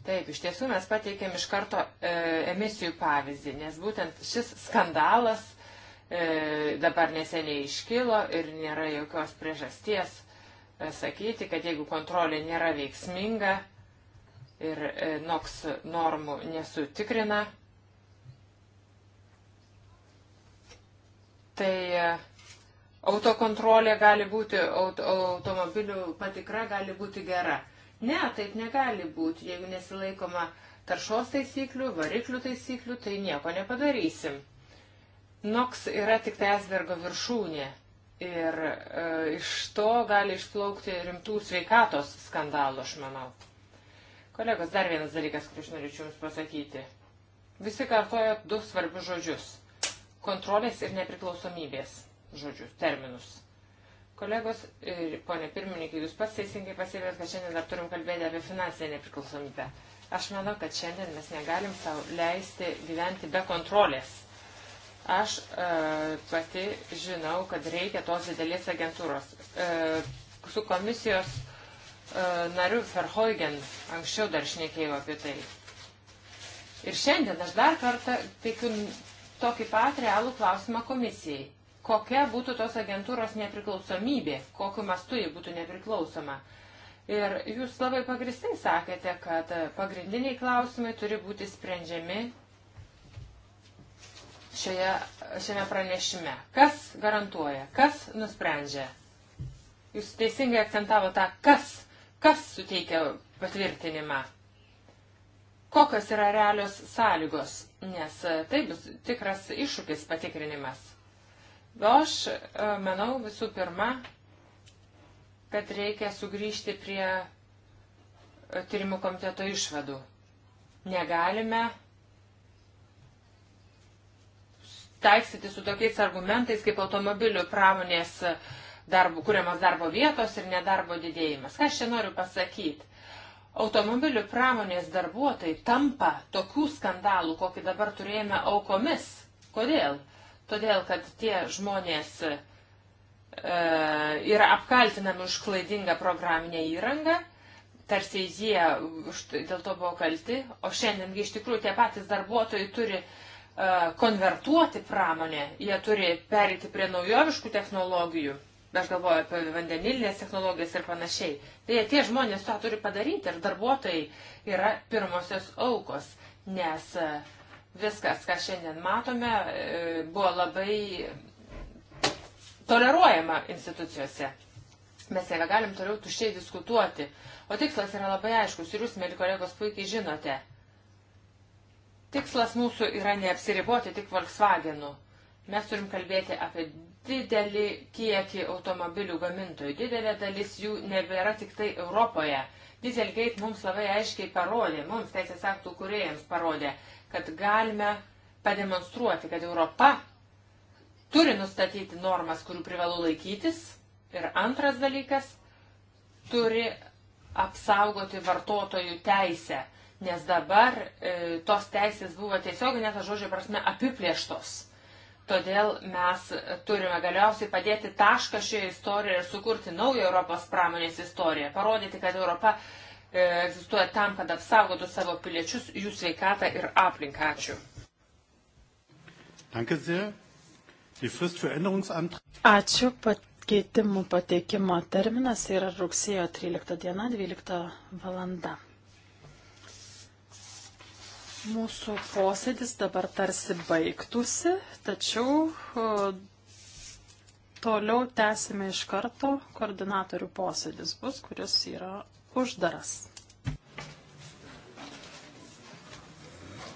Taip, iš tiesų mes pateikėm iš karto e, emisijų pavyzdį, nes būtent šis skandalas e, dabar neseniai iškilo ir nėra jokios priežasties e, sakyti, kad jeigu kontrolė nėra veiksminga ir e, NOX normų nesutikrina, tai. E, autokontrolė gali būti, aut, automobilių patikra gali būti gera. Ne, taip negali būti. Jeigu nesilaikoma taršos taisyklių, variklių taisyklių, tai nieko nepadarysim. NOX yra tik tai Esbergo viršūnė ir e, iš to gali išplaukti rimtų sveikatos skandalų, aš manau. Kolegos, dar vienas dalykas, kurį aš norėčiau Jums pasakyti. Visi kartojo du svarbius žodžius - kontrolės ir nepriklausomybės žodžius, terminus. Kolegos ir ponė pirmininkai, jūs pats teisingai pasirėt, kad šiandien dar turim kalbėti apie finansinę nepriklausomybę. Aš manau, kad šiandien mes negalim savo leisti gyventi be kontrolės. Aš e, pati žinau, kad reikia tos didelės agentūros. E, su komisijos e, nariu Ferhoigen anksčiau dar šnekėjau apie tai. Ir šiandien aš dar kartą teikiu tokį pat realų klausimą komisijai kokia būtų tos agentūros nepriklausomybė, kokiu mastu ji būtų nepriklausoma. Ir jūs labai pagristai sakėte, kad pagrindiniai klausimai turi būti sprendžiami šioje, šiame pranešime. Kas garantuoja, kas nusprendžia? Jūs teisingai akcentavo tą, kas, kas suteikia patvirtinimą. Kokios yra realios sąlygos, nes tai bus tikras iššūkis patikrinimas. Aš e, manau visų pirma, kad reikia sugrįžti prie e, tyrimų komiteto išvadų. Negalime taiksyti su tokiais argumentais kaip automobilių pramonės darbų, kuriamas darbo vietos ir nedarbo didėjimas. Ką aš čia noriu pasakyti? Automobilių pramonės darbuotojai tampa tokių skandalų, kokį dabar turėjome aukomis. Kodėl? Todėl, kad tie žmonės e, yra apkaltinami už klaidingą programinę įrangą, tarsi jie tai dėl to buvo kalti, o šiandiengi iš tikrųjų tie patys darbuotojai turi e, konvertuoti pramonę, jie turi perėti prie naujoviškų technologijų, aš galvoju apie vandenilinės technologijas ir panašiai. Tai tie žmonės tą turi padaryti ir darbuotojai yra pirmosios aukos, nes uh, Viskas, ką šiandien matome, e, buvo labai toleruojama institucijose. Mes nebegalim toliau tuščiai diskutuoti, o tikslas yra labai aiškus ir jūs, mėly kolegos, puikiai žinote. Tikslas mūsų yra neapsiriboti tik Volkswagenu. Mes turim kalbėti apie didelį kiekį automobilių gamintojų. Didelė dalis jų nebėra tik tai Europoje. Dieselgate mums labai aiškiai parodė, mums teisės aktų kuriejams parodė, kad galime pademonstruoti, kad Europa turi nustatyti normas, kurių privalu laikytis. Ir antras dalykas, turi apsaugoti vartotojų teisę, nes dabar e, tos teisės buvo tiesiog, net žodžio prasme, apiplėštos. Todėl mes turime galiausiai padėti tašką šioje istorijoje ir sukurti naują Europos pramonės istoriją, parodyti, kad Europa E, egzistuoja tam, kad apsaugotų savo piliečius, jų sveikatą ir aplinką. Ačiū. Ačiū. Pakeitimų pateikimo terminas yra rugsėjo 13 diena 12 valanda. Mūsų posėdis dabar tarsi baigtųsi, tačiau toliau tęsime iš karto koordinatorių posėdis bus, kuris yra uždaras.